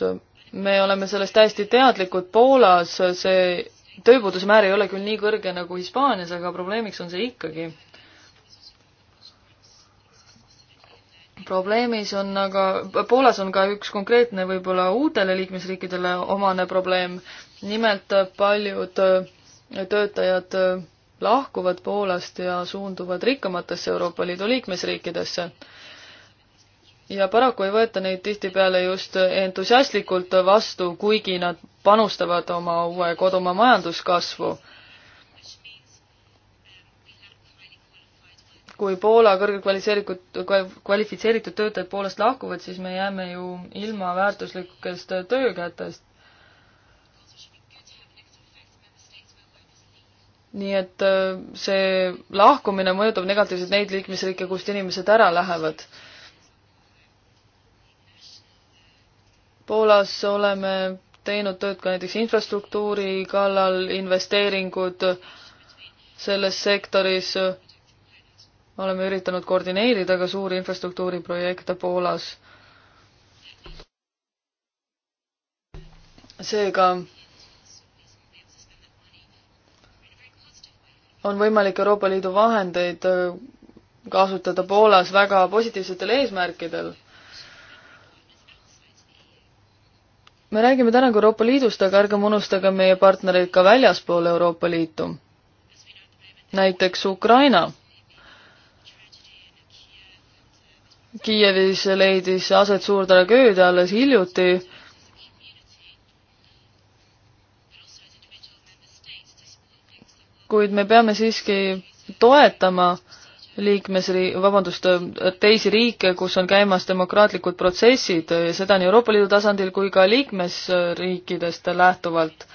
B: me oleme sellest täiesti teadlikud, Poolas see tööpuuduse määr ei ole küll nii kõrge nagu Hispaanias, aga probleemiks on see ikkagi. probleemis on aga, Poolas on ka üks konkreetne võib-olla uutele liikmesriikidele omane probleem, nimelt paljud töötajad lahkuvad Poolast ja suunduvad rikkamatesse Euroopa Liidu liikmesriikidesse ja paraku ei võeta neid tihtipeale just entusiastlikult vastu, kuigi nad panustavad oma uue kodumaa majanduskasvu. kui Poola kõrgekvalifitseeritud, kvalifitseeritud töötajad Poolast lahkuvad, siis me jääme ju ilma väärtuslikest töökätest. nii et äh, see lahkumine mõjutab negatiivselt neid liikmesriike, kust inimesed ära lähevad Poolas oleme teinud tööd ka näiteks infrastruktuuri kallal, investeeringud selles sektoris. oleme üritanud koordineerida ka suuri infrastruktuuriprojekte Poolas. seega on võimalik Euroopa Liidu vahendeid kasutada Poolas väga positiivsetel eesmärkidel me räägime täna ka Euroopa Liidust, aga ärgem unustage meie partnereid ka väljaspool Euroopa Liitu. näiteks Ukraina. Kiievis leidis aset suur tragöödia alles hiljuti kuid me peame siiski toetama liikmesri-, vabandust, teisi riike, kus on käimas demokraatlikud protsessid ja seda nii Euroopa Liidu tasandil kui ka liikmesriikidest lähtuvalt.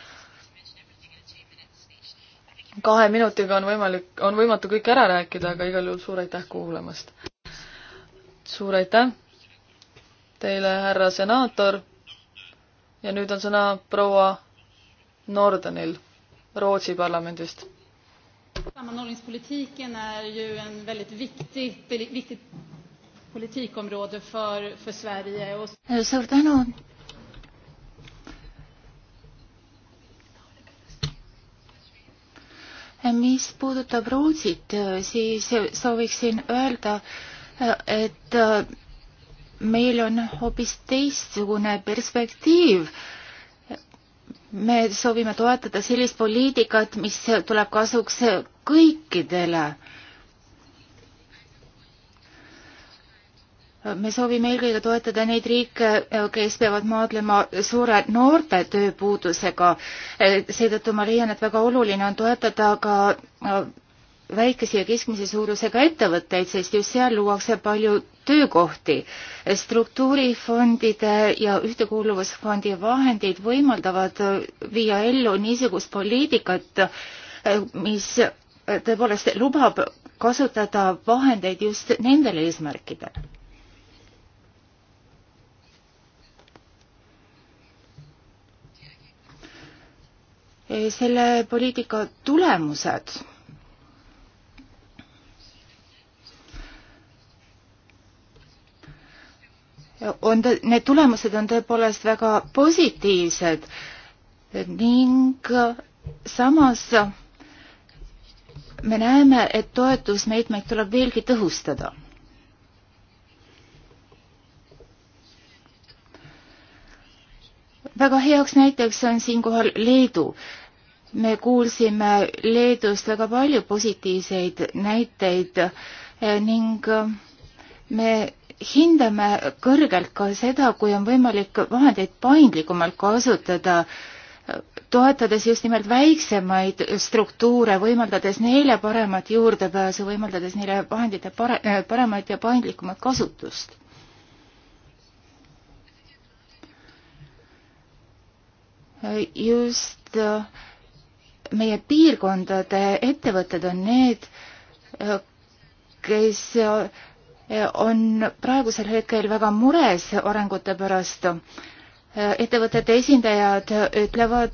B: kahe minutiga on võimalik, on võimatu kõik ära rääkida, aga igal juhul suur aitäh kuulamast! suur aitäh teile, härra senaator, ja nüüd on sõna proua Nordenil Rootsi parlamendist
A: sammanhållningspolitiken är ju en väldigt viktig, viktigt
C: politikområde för, för Sverige. Och...
A: Suur tänu. mis puudutab Rootsit, siis sooviksin öelda, et meil on hoopis teistsugune perspektiiv äh, me soovime toetada sellist poliitikat, mis tuleb kasuks kõikidele. me soovime eelkõige toetada neid riike, kes peavad maadlema suure noorte tööpuudusega. seetõttu ma leian, et väga oluline on toetada ka väikese ja keskmise suurusega ettevõtteid, sest just seal luuakse palju töökohti. struktuurifondide ja ühtekuuluvusfondi vahendid võimaldavad viia ellu niisugust poliitikat, mis tõepoolest lubab kasutada vahendeid just nendel eesmärkidel. selle poliitika tulemused on, need tulemused on tõepoolest väga positiivsed ning samas me näeme, et toetusmeetmeid tuleb veelgi tõhustada. väga heaks näiteks on siinkohal Leedu. me kuulsime Leedust väga palju positiivseid näiteid ning me hindame kõrgelt ka seda, kui on võimalik vahendeid paindlikumalt kasutada, toetades just nimelt väiksemaid struktuure, võimaldades neile paremat juurdepääsu, võimaldades neile vahendite pare-, äh, paremat ja paindlikumat kasutust. just äh, meie piirkondade ettevõtted on need, äh, kes on praegusel hetkel väga mures arengute pärast. ettevõtete esindajad ütlevad,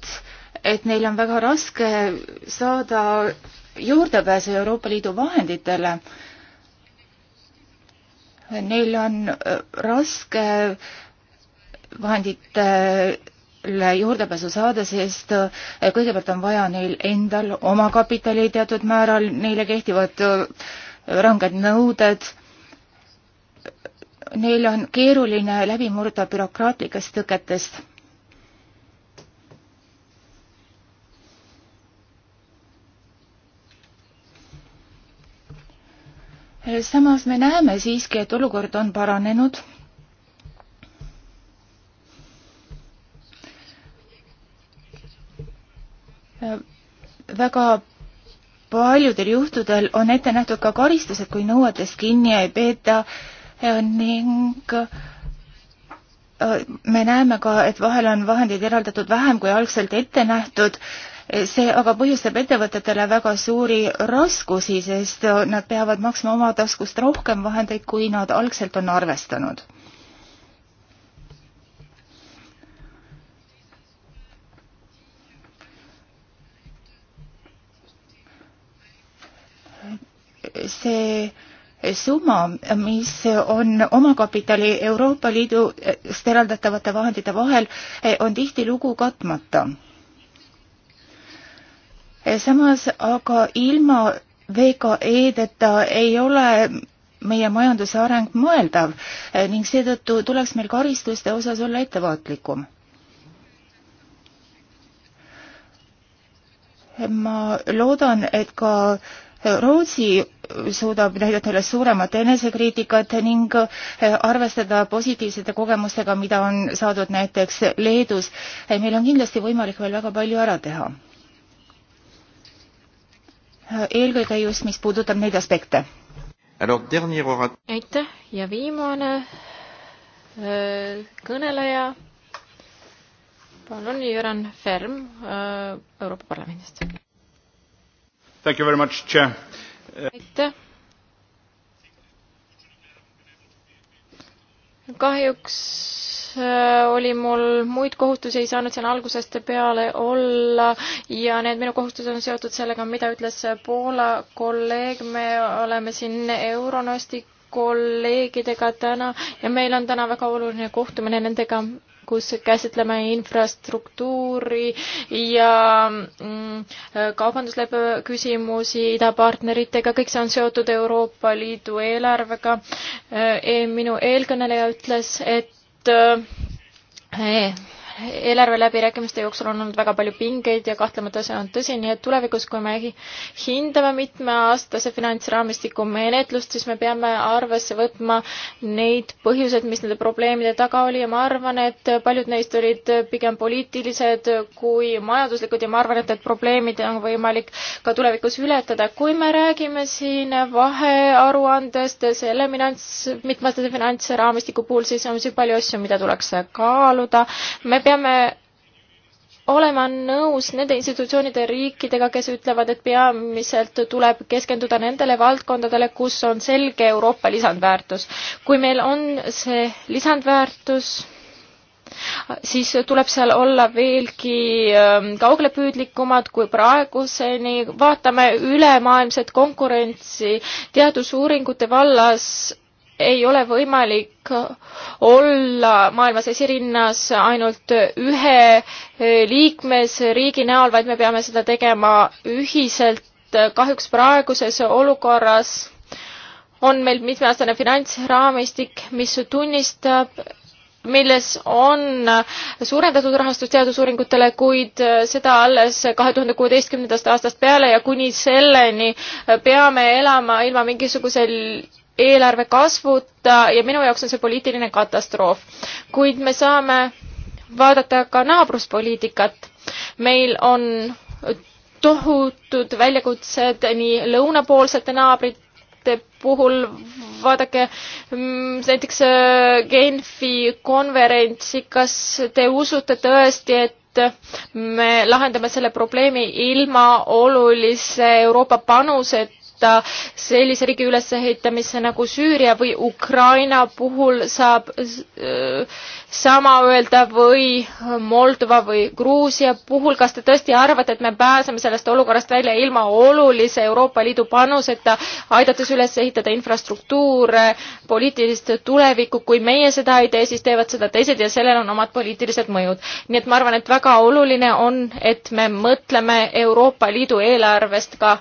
A: et neil on väga raske saada juurdepääsu Euroopa Liidu vahenditele. Neil on raske vahenditele juurdepääsu saada, sest kõigepealt on vaja neil endal omakapitali teatud määral, neile kehtivad ranged nõuded neil on keeruline läbi murda bürokraatlikest tõketest. samas me näeme siiski, et olukord on paranenud. väga paljudel juhtudel on ette nähtud ka karistused, kui nõuetest kinni ei peeta äh, ning äh, me näeme ka, et vahel on vahendeid eraldatud vähem kui algselt ette nähtud. see aga põhjustab ettevõtetele väga suuri raskusi, sest nad peavad maksma oma taskust rohkem vahendeid, kui nad algselt on arvestanud. see summa, mis on omakapitali Euroopa Liidust eraldatavate vahendite vahel, on tihtilugu katmata. samas aga ilma VKE-deta ei ole meie majanduse areng mõeldav ning seetõttu tuleks meil karistuste osas olla ettevaatlikum. ma loodan, et ka äh, Rootsi suudab näidata üles suuremat enesekriitikat ning eh, arvestada positiivsete kogemustega, mida on saadud näiteks Leedus. Eh, meil on kindlasti võimalik veel väga palju ära teha. Eh,
C: eelkõige just, mis puudutab neid aspekte. aitäh ja viimane kõneleja palun, Jüran Ferm Euroopa Parlamendist
A: aitäh.
C: kahjuks äh, oli mul muid kohustusi, ei saanud siin algusest peale olla ja need minu kohustused on seotud sellega, mida ütles Poola kolleeg, me oleme siin Euronosti kolleegidega täna ja meil on täna väga oluline kohtumine nendega kus käsitleme infrastruktuuri ja mm, kaubandusleppe küsimusi idapartneritega, kõik see on seotud Euroopa Liidu eelarvega. minu eelkõneleja ütles, et eh, eelarve läbirääkimiste jooksul on olnud väga palju pingeid ja kahtlemata see on tõsi, nii et tulevikus, kui me hindame mitmeaastase finantsraamistiku menetlust, siis me peame arvesse võtma neid põhjuseid, mis nende probleemide taga oli ja ma arvan, et paljud neist olid pigem poliitilised kui majanduslikud ja ma arvan, et need probleemid on võimalik ka tulevikus ületada. kui me räägime siin vahearuandest selle finants, mitmeaastase finantsraamistiku puhul, siis on siin palju asju, mida tuleks kaaluda. me me peame olema nõus nende institutsioonide ja riikidega, kes ütlevad, et peamiselt tuleb keskenduda nendele valdkondadele, kus on selge Euroopa lisandväärtus. kui meil on see lisandväärtus, siis tuleb seal olla veelgi ähm, kaugelepüüdlikumad kui praeguseni. vaatame ülemaailmset konkurentsi teadusuuringute vallas ei ole võimalik olla maailmas esirinnas ainult ühe liikmesriigi näol, vaid me peame seda tegema ühiselt. kahjuks praeguses olukorras on meil mitmeaastane finantsraamistik, mis tunnistab, milles on suurendatud rahastus teadusuuringutele, kuid seda alles kahe tuhande kuueteistkümnendast aastast peale ja kuni selleni peame elama ilma mingisugusel eelarve kasvuta äh, ja minu jaoks on see poliitiline katastroof. kuid me saame vaadata ka naabruspoliitikat. meil on tohutud väljakutsed nii lõunapoolsete naabrite puhul, vaadake mm, näiteks äh, Genfi konverentsi, kas te usute tõesti, et me lahendame selle probleemi ilma olulise Euroopa panuseta? võtta sellise riigi ülesehitamisse nagu Süüria või Ukraina puhul saab äh, sama öelda või Moldova või Gruusia puhul, kas te tõesti arvate, et me pääseme sellest olukorrast välja ilma olulise Euroopa Liidu panuseta, aidates üles ehitada infrastruktuure, poliitilist tulevikku, kui meie seda ei tee, siis teevad seda teised ja sellel on omad poliitilised mõjud. nii et ma arvan, et väga oluline on, et me mõtleme Euroopa Liidu eelarvest ka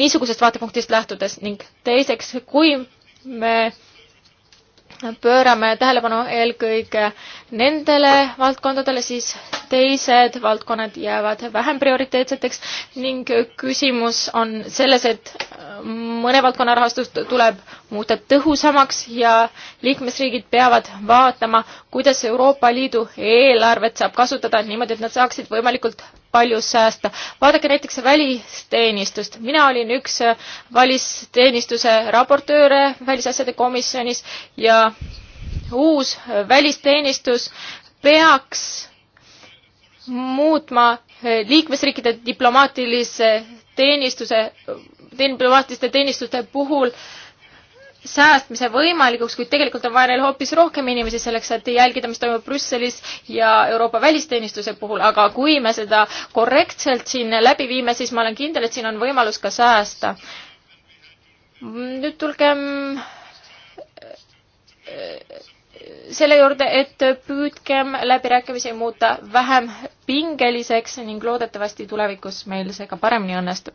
C: niisugusest vaatepunktist lähtudes ning teiseks, kui me pöörame tähelepanu eelkõige nendele valdkondadele, siis teised valdkonnad jäävad vähem prioriteetseteks ning küsimus on selles, et mõne valdkonna rahastust tuleb muuta tõhusamaks ja liikmesriigid peavad vaatama, kuidas Euroopa Liidu eelarvet saab kasutada niimoodi, et nad saaksid võimalikult palju säästa. vaadake näiteks välisteenistust. mina olin üks äh, välisteenistuse raportööre välisasjade komisjonis ja uus äh, välisteenistus peaks muutma äh, liikmesriikide diplomaatilise teenistuse, diplomaatiliste teenistuste puhul äh, säästmise võimalikuks, kuid tegelikult on vaja neil hoopis rohkem inimesi selleks, et jälgida, mis toimub Brüsselis ja Euroopa välisteenistuse puhul, aga kui me seda korrektselt siin läbi viime, siis ma olen kindel, et siin on võimalus ka säästa. nüüd tulgem äh, selle juurde, et püüdkem läbirääkimisi muuta vähem pingeliseks ning loodetavasti tulevikus meil see ka paremini õnnestub.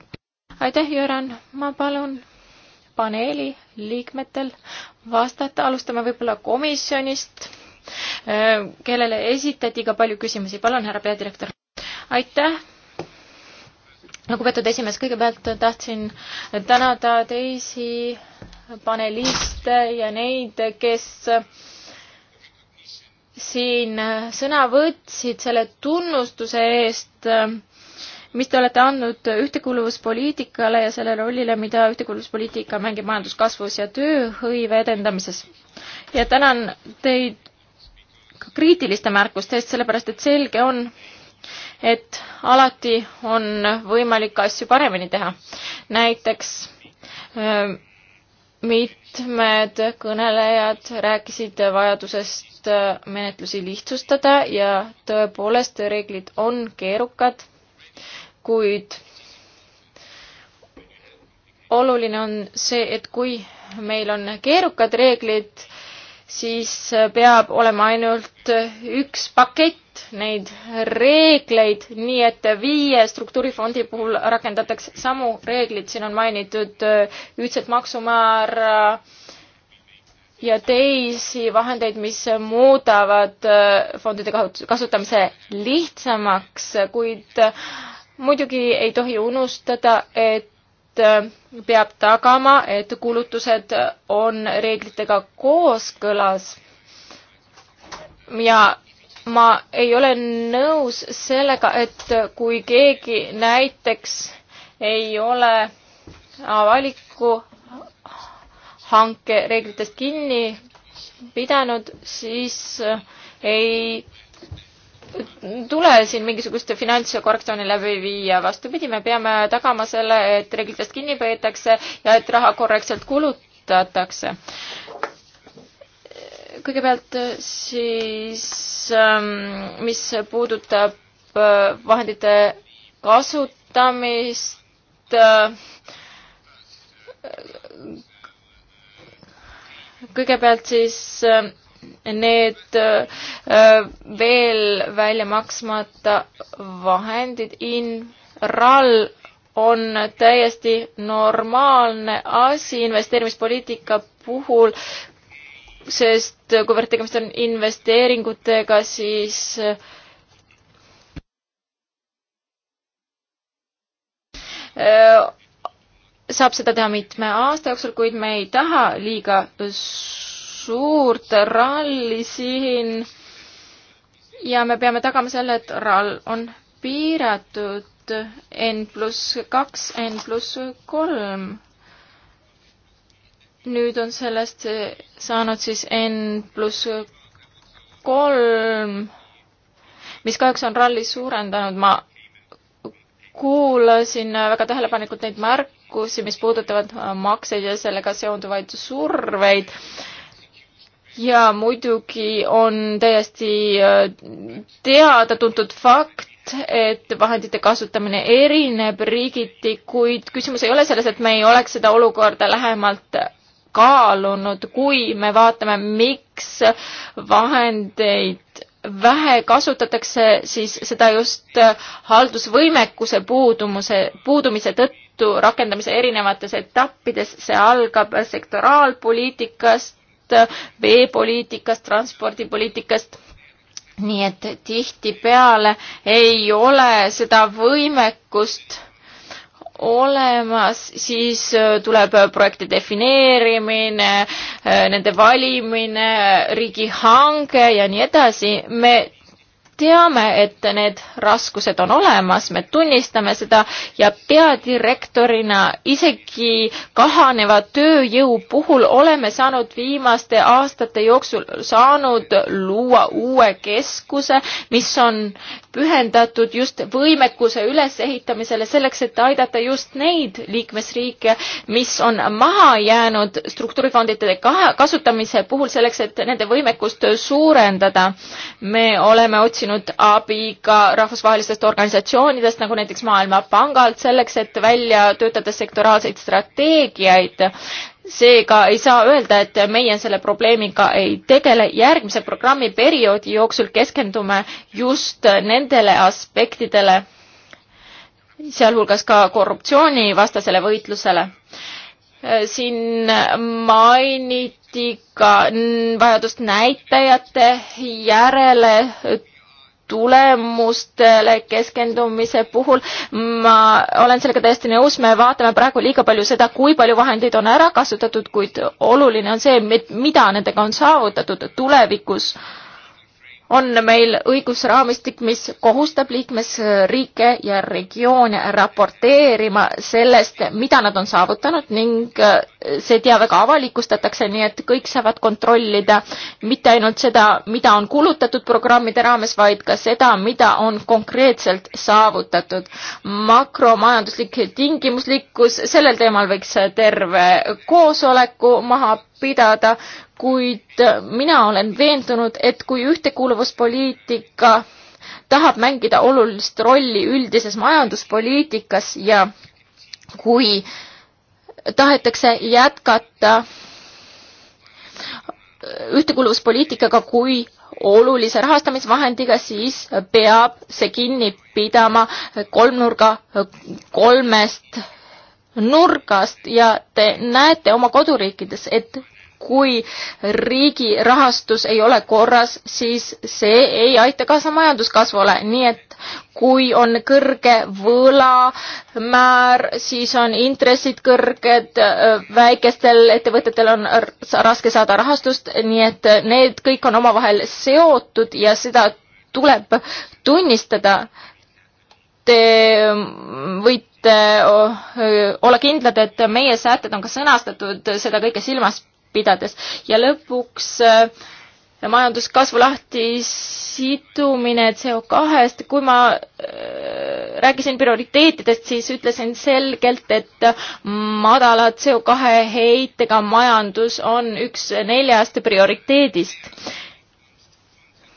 C: aitäh, Jüran, ma palun paneeli liikmetel vastata, alustame võib-olla komisjonist, äh, kellele esitati ka palju küsimusi, palun, härra peadirektor. aitäh, lugupeetud esimees, kõigepealt tahtsin tänada teisi paneliste ja neid, kes siin sõna võtsid selle tunnustuse eest mis te olete andnud ühtekuuluvuspoliitikale ja sellele rollile, mida ühtekuuluvuspoliitika mängib majanduskasvus ja tööhõive edendamises. ja tänan teid ka kriitiliste märkuste eest, sellepärast et selge on, et alati on võimalik asju paremini teha. näiteks äh, mitmed kõnelejad rääkisid vajadusest äh, menetlusi lihtsustada ja tõepoolest reeglid on keerukad kuid oluline on see, et kui meil on keerukad reeglid, siis peab olema ainult üks pakett neid reegleid, nii et viie struktuurifondi puhul rakendatakse samu reeglid, siin on mainitud äh, ühtset maksumäära ja teisi vahendeid, mis muudavad äh, fondide kasutamise lihtsamaks, kuid muidugi ei tohi unustada, et äh, peab tagama, et kulutused on reeglitega kooskõlas. ja ma ei ole nõus sellega, et kui keegi näiteks ei ole avaliku hanke reeglitest kinni pidanud, siis äh, ei tule siin mingisugust finantskorrektsiooni läbi viia, vastupidi, me peame tagama selle, et reeglitest kinni peetakse ja et raha korrektselt kulutatakse. kõigepealt siis, ähm, mis puudutab äh, vahendite kasutamist äh, kõigepealt siis äh, need äh, veel välja maksmata vahendid in RAL on täiesti normaalne asi investeerimispoliitika puhul, sest kuivõrd tegemist on investeeringutega, siis äh, saab seda teha mitme aasta jooksul, kuid me ei taha liiga suurt ralli siin ja me peame tagama selle, et rall on piiratud N pluss kaks, N pluss kolm. nüüd on sellest saanud siis N pluss kolm, mis kahjuks on ralli suurendanud, ma kuulasin väga tähelepanelikult neid märkusi, mis puudutavad makseid ja sellega seonduvaid surveid ja muidugi on täiesti äh, teada-tuntud fakt, et vahendite kasutamine erineb riigiti, kuid küsimus ei ole selles, et me ei oleks seda olukorda lähemalt kaalunud, kui me vaatame, miks vahendeid vähe kasutatakse, siis seda just äh, haldusvõimekuse puudumuse, puudumise tõttu rakendamise erinevates etappides, see algab sektoraalpoliitikast, teavet äh, veepoliitikast, transpordipoliitikast nii et tihtipeale ei ole seda võimekust olemas, siis äh, tuleb äh, projekti defineerimine, nende valimine, riigihange ja nii edasi. me teame, et need raskused on olemas, me tunnistame seda ja peadirektorina isegi kahaneva tööjõu puhul oleme saanud viimaste aastate jooksul saanud luua uue keskuse, mis on pühendatud just võimekuse ülesehitamisele selleks, et aidata just neid liikmesriike, mis on maha jäänud struktuurifondide kasutamise puhul selleks, et nende võimekust suurendada. me oleme otsinud otsinud abi ka rahvusvahelistest organisatsioonidest, nagu näiteks Maailmapangalt, selleks, et välja töötada sektoraalseid strateegiaid. seega ei saa öelda, et meie selle probleemiga ei tegele. järgmise programmiperioodi jooksul keskendume just nendele aspektidele, sealhulgas ka korruptsioonivastasele võitlusele siin mainiti ka vajadust näitajate järele tulemustele keskendumise puhul ma olen sellega täiesti nõus, me vaatame praegu liiga palju seda, kui palju vahendeid on ära kasutatud, kuid oluline on see, mida nendega on saavutatud tulevikus äh, on meil õigusraamistik, mis kohustab liikmesriike ja regioone raporteerima sellest, mida nad on saavutanud ning äh, see teave ka avalikustatakse, nii et kõik saavad kontrollida mitte ainult seda, mida on kulutatud programmide raames, vaid ka seda, mida on konkreetselt saavutatud. makromajanduslik tingimuslikkus, sellel teemal võiks terve koosoleku maha pidada, kuid äh, mina olen veendunud, et kui ühtekuuluvuspoliitika tahab mängida olulist rolli üldises majanduspoliitikas ja kui tahetakse jätkata ühtekuuluvuspoliitikaga kui olulise rahastamisvahendiga, siis peab see kinni pidama kolmnurga kolmest nurgast ja te näete oma koduriikides, et kui riigi rahastus ei ole korras, siis see ei aita kaasa majanduskasvule, nii et kui on kõrge võlamäär, siis on intressid kõrged, väikestel ettevõtetel on raske saada rahastust, nii et need kõik on omavahel seotud ja seda tuleb tunnistada. Te võite oh, olla kindlad, et meie sätted on ka sõnastatud seda kõike silmas pidades. ja lõpuks äh, majanduskasvu lahti sidumine CO2-st, kui ma äh, rääkisin prioriteetidest, siis ütlesin selgelt, et madala CO2 heitega majandus on üks neljast prioriteedist.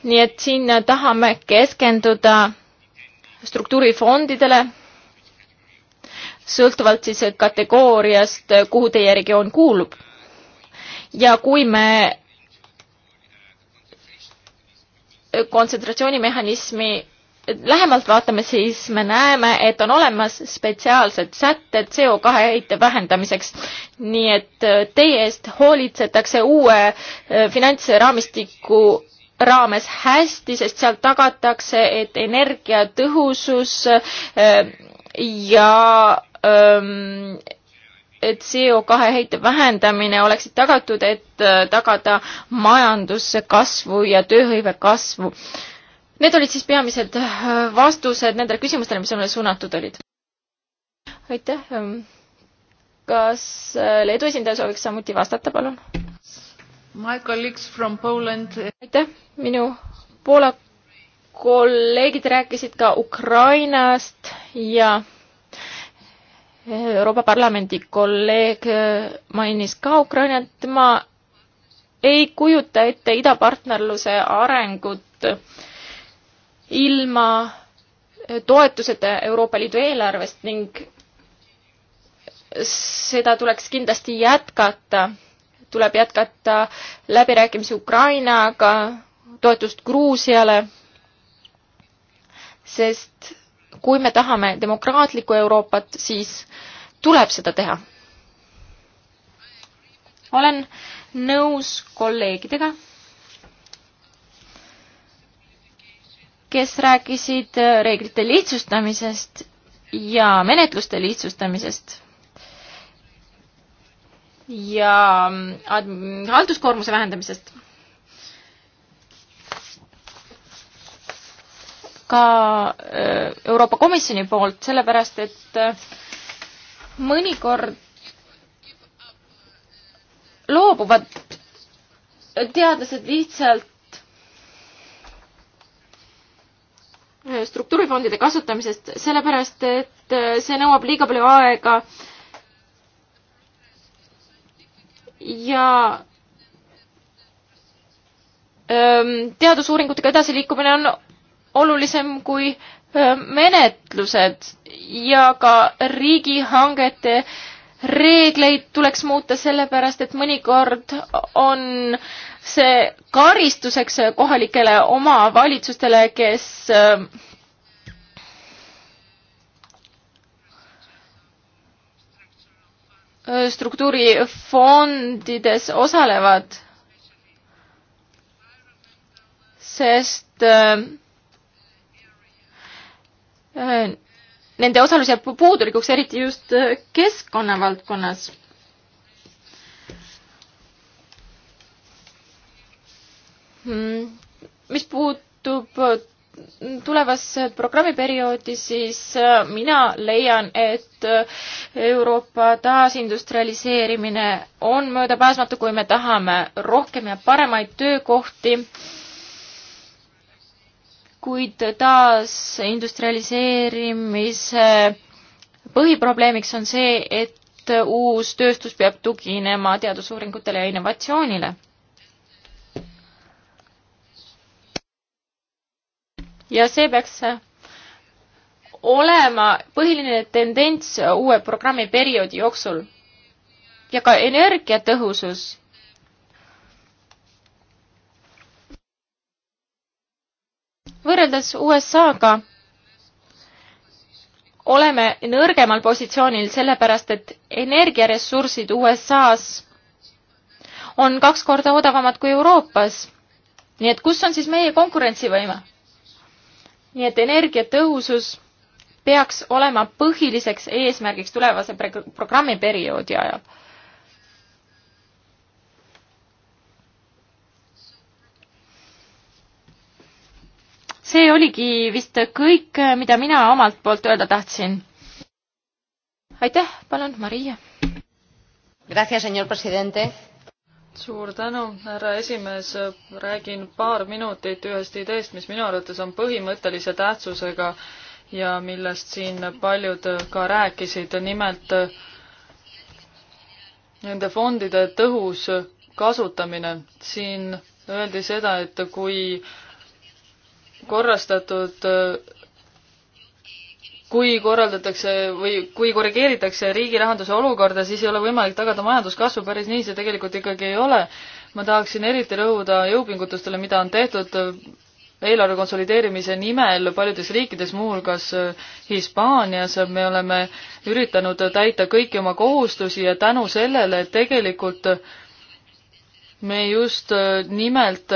C: nii et siin tahame keskenduda struktuurifondidele, sõltuvalt siis kategooriast, kuhu teie regioon kuulub ja kui me kontsentratsioonimehhanismi lähemalt vaatame, siis me näeme, et on olemas spetsiaalsed sätted CO2 heite vähendamiseks. nii et äh, teie eest hoolitsetakse uue äh, finantsraamistiku raames hästi, sest seal tagatakse, et energiatõhusus äh, ja ähm, et CO2 heite vähendamine oleksid tagatud, et äh, tagada majanduskasvu ja tööhõive kasvu. Need olid siis peamised äh, vastused nendele küsimustele, mis mulle suunatud olid. aitäh. Ähm, kas äh, Leedu esindaja sooviks samuti vastata, palun? aitäh, minu Poola kolleegid rääkisid ka Ukrainast ja Euroopa Parlamendi kolleeg mainis ka Ukrainat, ma ei kujuta ette idapartnerluse arengut ilma toetuseta Euroopa Liidu eelarvest ning seda tuleks kindlasti jätkata. tuleb jätkata läbirääkimisi Ukrainaga, toetust Gruusiale, sest kui me tahame demokraatlikku Euroopat, siis tuleb seda teha. olen nõus kolleegidega, kes rääkisid äh, reeglite lihtsustamisest ja menetluste lihtsustamisest ja mm, halduskoormuse vähendamisest ka äh, Euroopa Komisjoni poolt, sellepärast et äh, mõnikord loobuvad teadlased lihtsalt äh, struktuurifondide kasutamisest, sellepärast et see nõuab liiga palju aega ja ähm, teadusuuringutega edasiliikumine on olulisem kui menetlused ja ka riigihangete reegleid tuleks muuta sellepärast, et mõnikord on see karistuseks kohalikele omavalitsustele, kes struktuurifondides osalevad, sest äh, Äh, nende osalus jääb puudulikuks, eriti just äh, keskkonna valdkonnas. Hmm. mis puutub äh, tulevasse programmiperioodi, siis mina leian, et Euroopa taasindustrialiseerimine on möödapääsmatu, kui me tahame rohkem ja paremaid töökohti kuid taasindustrialiseerimise põhiprobleemiks on see, et uus tööstus peab tuginema teadusuuringutele ja innovatsioonile. ja see peaks olema põhiline tendents uue programmi perioodi jooksul ja ka energiatõhusus võrreldes USA-ga oleme nõrgemal positsioonil, sellepärast et energiaressursid USA-s on kaks korda odavamad kui Euroopas. nii et kus on siis meie konkurentsivõime? nii et energiatõhusus peaks olema põhiliseks eesmärgiks tulevase programmi perioodi ajal see oligi vist kõik, mida mina omalt poolt öelda tahtsin. aitäh, palun, Maria.
B: suur tänu, härra esimees. räägin paar minutit ühest ideest, mis minu arvates on põhimõttelise tähtsusega ja millest siin paljud ka rääkisid, nimelt nende fondide tõhus kasutamine. siin öeldi seda, et kui äh, korrastatud, kui korraldatakse või kui korrigeeritakse riigi rahanduse olukorda, siis ei ole võimalik tagada majanduskasvu, päris nii see tegelikult ikkagi ei ole. ma tahaksin eriti rõhuda jõupingutustele, mida on tehtud eelarve konsolideerimise nimel paljudes riikides, muuhulgas Hispaanias, me oleme üritanud täita kõiki oma kohustusi ja tänu sellele tegelikult me just nimelt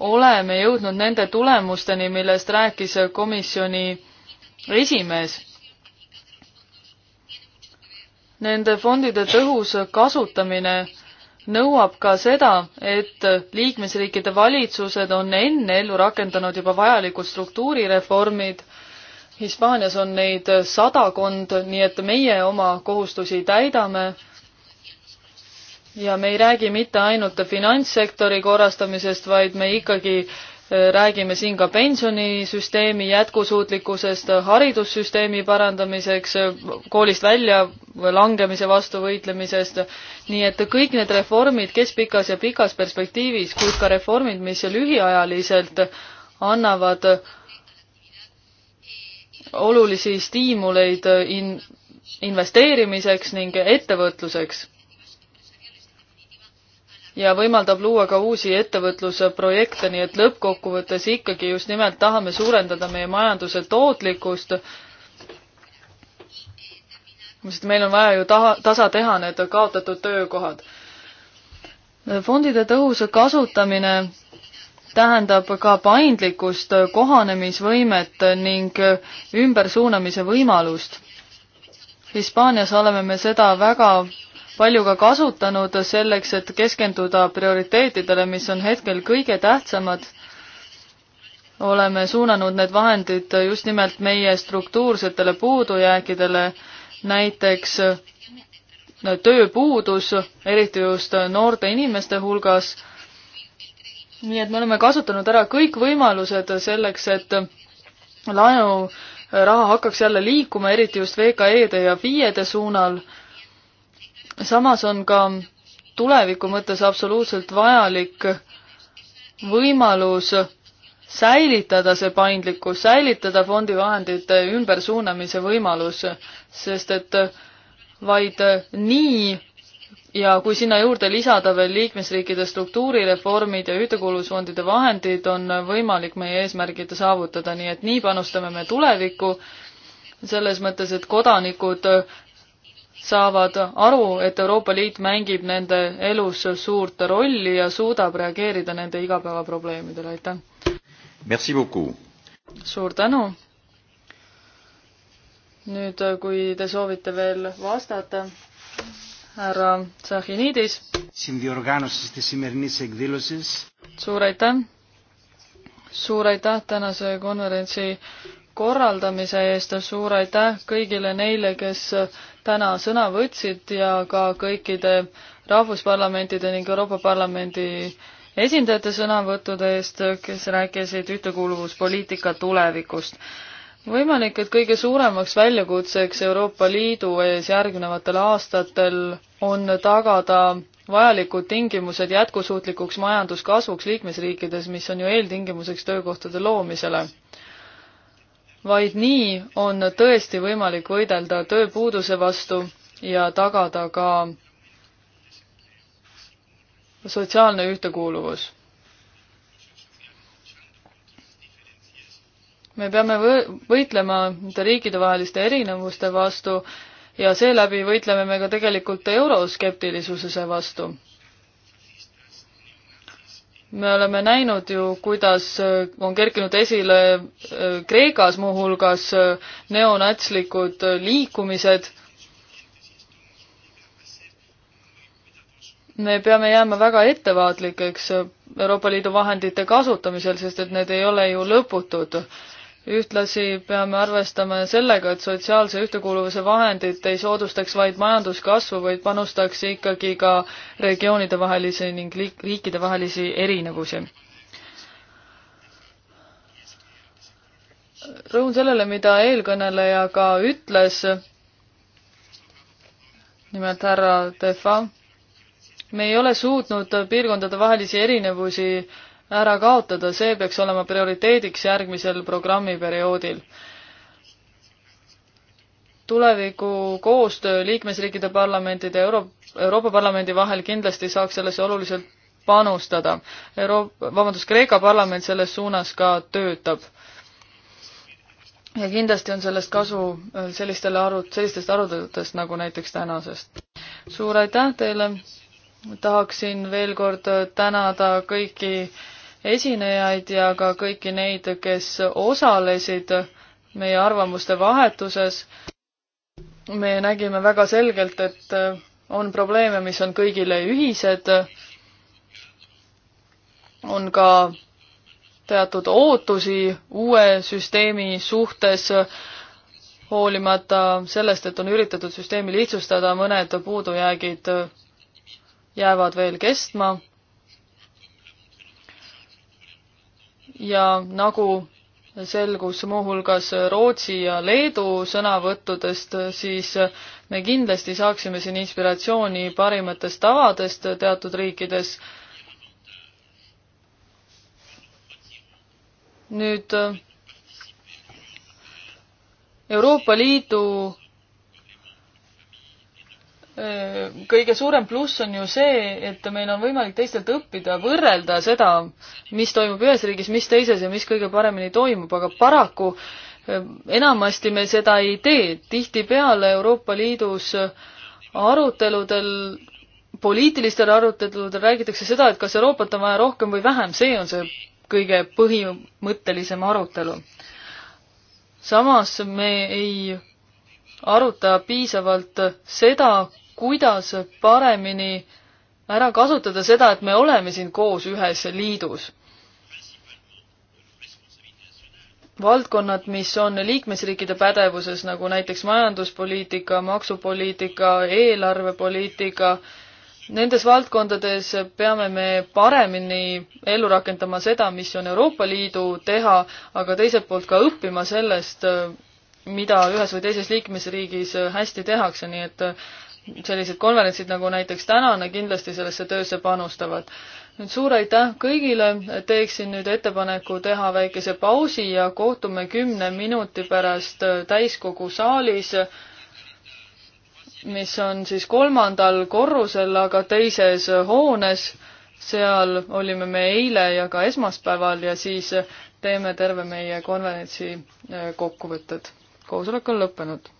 B: oleme jõudnud nende tulemusteni, millest rääkis komisjoni esimees. Nende fondide tõhus kasutamine nõuab ka seda, et liikmesriikide valitsused on enne ellu rakendanud juba vajalikud struktuurireformid. Hispaanias on neid sadakond, nii et meie oma kohustusi täidame ja me ei räägi mitte ainult finantssektori korrastamisest, vaid me ikkagi äh, räägime siin ka pensionisüsteemi jätkusuutlikkusest, haridussüsteemi parandamiseks, koolist välja langemise vastu võitlemisest, nii et kõik need reformid keskpikas ja pikas perspektiivis, kuid ka reformid, mis lühiajaliselt annavad olulisi stiimuleid in-, investeerimiseks ning ettevõtluseks ja võimaldab luua ka uusi ettevõtlusprojekte, nii et lõppkokkuvõttes ikkagi just nimelt tahame suurendada meie majanduse tootlikkust, sest meil on vaja ju taha, tasa teha need kaotatud töökohad. fondide tõhus kasutamine tähendab ka paindlikkust, kohanemisvõimet ning ümbersuunamise võimalust. Hispaanias oleme me seda väga palju ka kasutanud selleks, et keskenduda prioriteetidele, mis on hetkel kõige tähtsamad. oleme suunanud need vahendid just nimelt meie struktuursetele puudujääkidele, näiteks tööpuudus, eriti just noorte inimeste hulgas. nii et me oleme kasutanud ära kõik võimalused selleks, et laenu raha hakkaks jälle liikuma, eriti just VKE-de ja FIE-de suunal samas on ka tuleviku mõttes absoluutselt vajalik võimalus säilitada see paindlikkus, säilitada fondivahendite ümbersuunamise võimalus, sest et vaid nii ja kui sinna juurde lisada veel liikmesriikide struktuurireformid ja ühtekuuluvusfondide vahendid, on võimalik meie eesmärgid saavutada, nii et nii panustame me tulevikku, selles mõttes, et kodanikud saavad aru, et Euroopa Liit mängib nende elus suurt rolli ja suudab reageerida nende igapäevaprobleemidele, aitäh!
A: Merci beaucoup!
B: suur tänu! nüüd, kui te soovite veel vastata, härra Tsahinidis. suur aitäh! suur aitäh tänase konverentsi korraldamise eest ja suur aitäh kõigile neile, kes täna sõna võtsid ja ka kõikide rahvusparlamentide ning Euroopa Parlamendi esindajate sõnavõttude eest, kes rääkisid ühtekuuluvuspoliitika tulevikust. võimalik, et kõige suuremaks väljakutseks Euroopa Liidu ees järgnevatel aastatel on tagada vajalikud tingimused jätkusuutlikuks majanduskasvuks liikmesriikides, mis on ju eeltingimuseks töökohtade loomisele vaid nii on tõesti võimalik võidelda tööpuuduse vastu ja tagada ka sotsiaalne ühtekuuluvus. me peame võitlema nende riikidevaheliste erinevuste vastu ja seeläbi võitleme me ka tegelikult euroskeptilisuse vastu me oleme näinud ju, kuidas äh, on kerkinud esile äh, Kreekas muuhulgas äh, neonatslikud liikumised. me peame jääma väga ettevaatlikeks Euroopa Liidu vahendite kasutamisel, sest et need ei ole ju lõputud ühtlasi peame arvestama sellega, et sotsiaalse ühtekuuluvuse vahendid ei soodustaks vaid majanduskasvu, vaid panustaks ikkagi ka regioonidevahelisi ning riikidevahelisi erinevusi. rõhun sellele, mida eelkõneleja ka ütles, nimelt härra Defa, me ei ole suutnud piirkondade vahelisi erinevusi äh, ära kaotada, see peaks olema prioriteediks järgmisel programmiperioodil. tuleviku koostöö liikmesriikide parlamentide Euro, Euroopa Parlamendi vahel kindlasti saaks sellesse oluliselt panustada. Euro-, vabandust, Kreeka parlament selles suunas ka töötab. ja kindlasti on sellest kasu äh, sellistele arut-, sellistest aruteludest, nagu näiteks tänasest. suur aitäh teile, tahaksin veel kord äh, tänada kõiki äh, esinejaid ja ka kõiki neid, kes osalesid meie arvamuste vahetuses. me nägime väga selgelt, et on probleeme, mis on kõigile ühised. on ka teatud ootusi uue süsteemi suhtes, hoolimata sellest, et on üritatud süsteemi lihtsustada, mõned puudujäägid jäävad veel kestma ja nagu selgus muuhulgas Rootsi ja Leedu sõnavõttudest, siis me kindlasti saaksime siin inspiratsiooni parimatest tavadest teatud riikides. nüüd Euroopa Liidu kõige suurem pluss on ju see, et meil on võimalik teistelt õppida, võrrelda seda, mis toimub ühes riigis, mis teises ja mis kõige paremini toimub, aga paraku eh, enamasti me seda ei tee. tihtipeale Euroopa Liidus aruteludel, poliitilistel aruteludel räägitakse seda, et kas Euroopat on vaja rohkem või vähem, see on see kõige põhimõttelisem arutelu. samas me ei aruta piisavalt seda, kuidas paremini ära kasutada seda, et me oleme siin koos ühes liidus. valdkonnad, mis on liikmesriikide pädevuses, nagu näiteks majanduspoliitika, maksupoliitika, eelarvepoliitika, nendes valdkondades peame me paremini ellu rakendama seda, mis on Euroopa Liidu teha, aga teiselt poolt ka õppima sellest, mida ühes või teises liikmesriigis hästi tehakse, nii et sellised konverentsid nagu näiteks tänane kindlasti sellesse töösse panustavad. nüüd suur aitäh kõigile, teeksin nüüd ettepaneku teha väikese pausi ja kohtume kümne minuti pärast äh, täiskogu saalis, mis on siis kolmandal korrusel, aga teises hoones. seal olime me eile ja ka esmaspäeval ja siis teeme terve meie konverentsi äh, kokkuvõtted. koosolek on lõppenud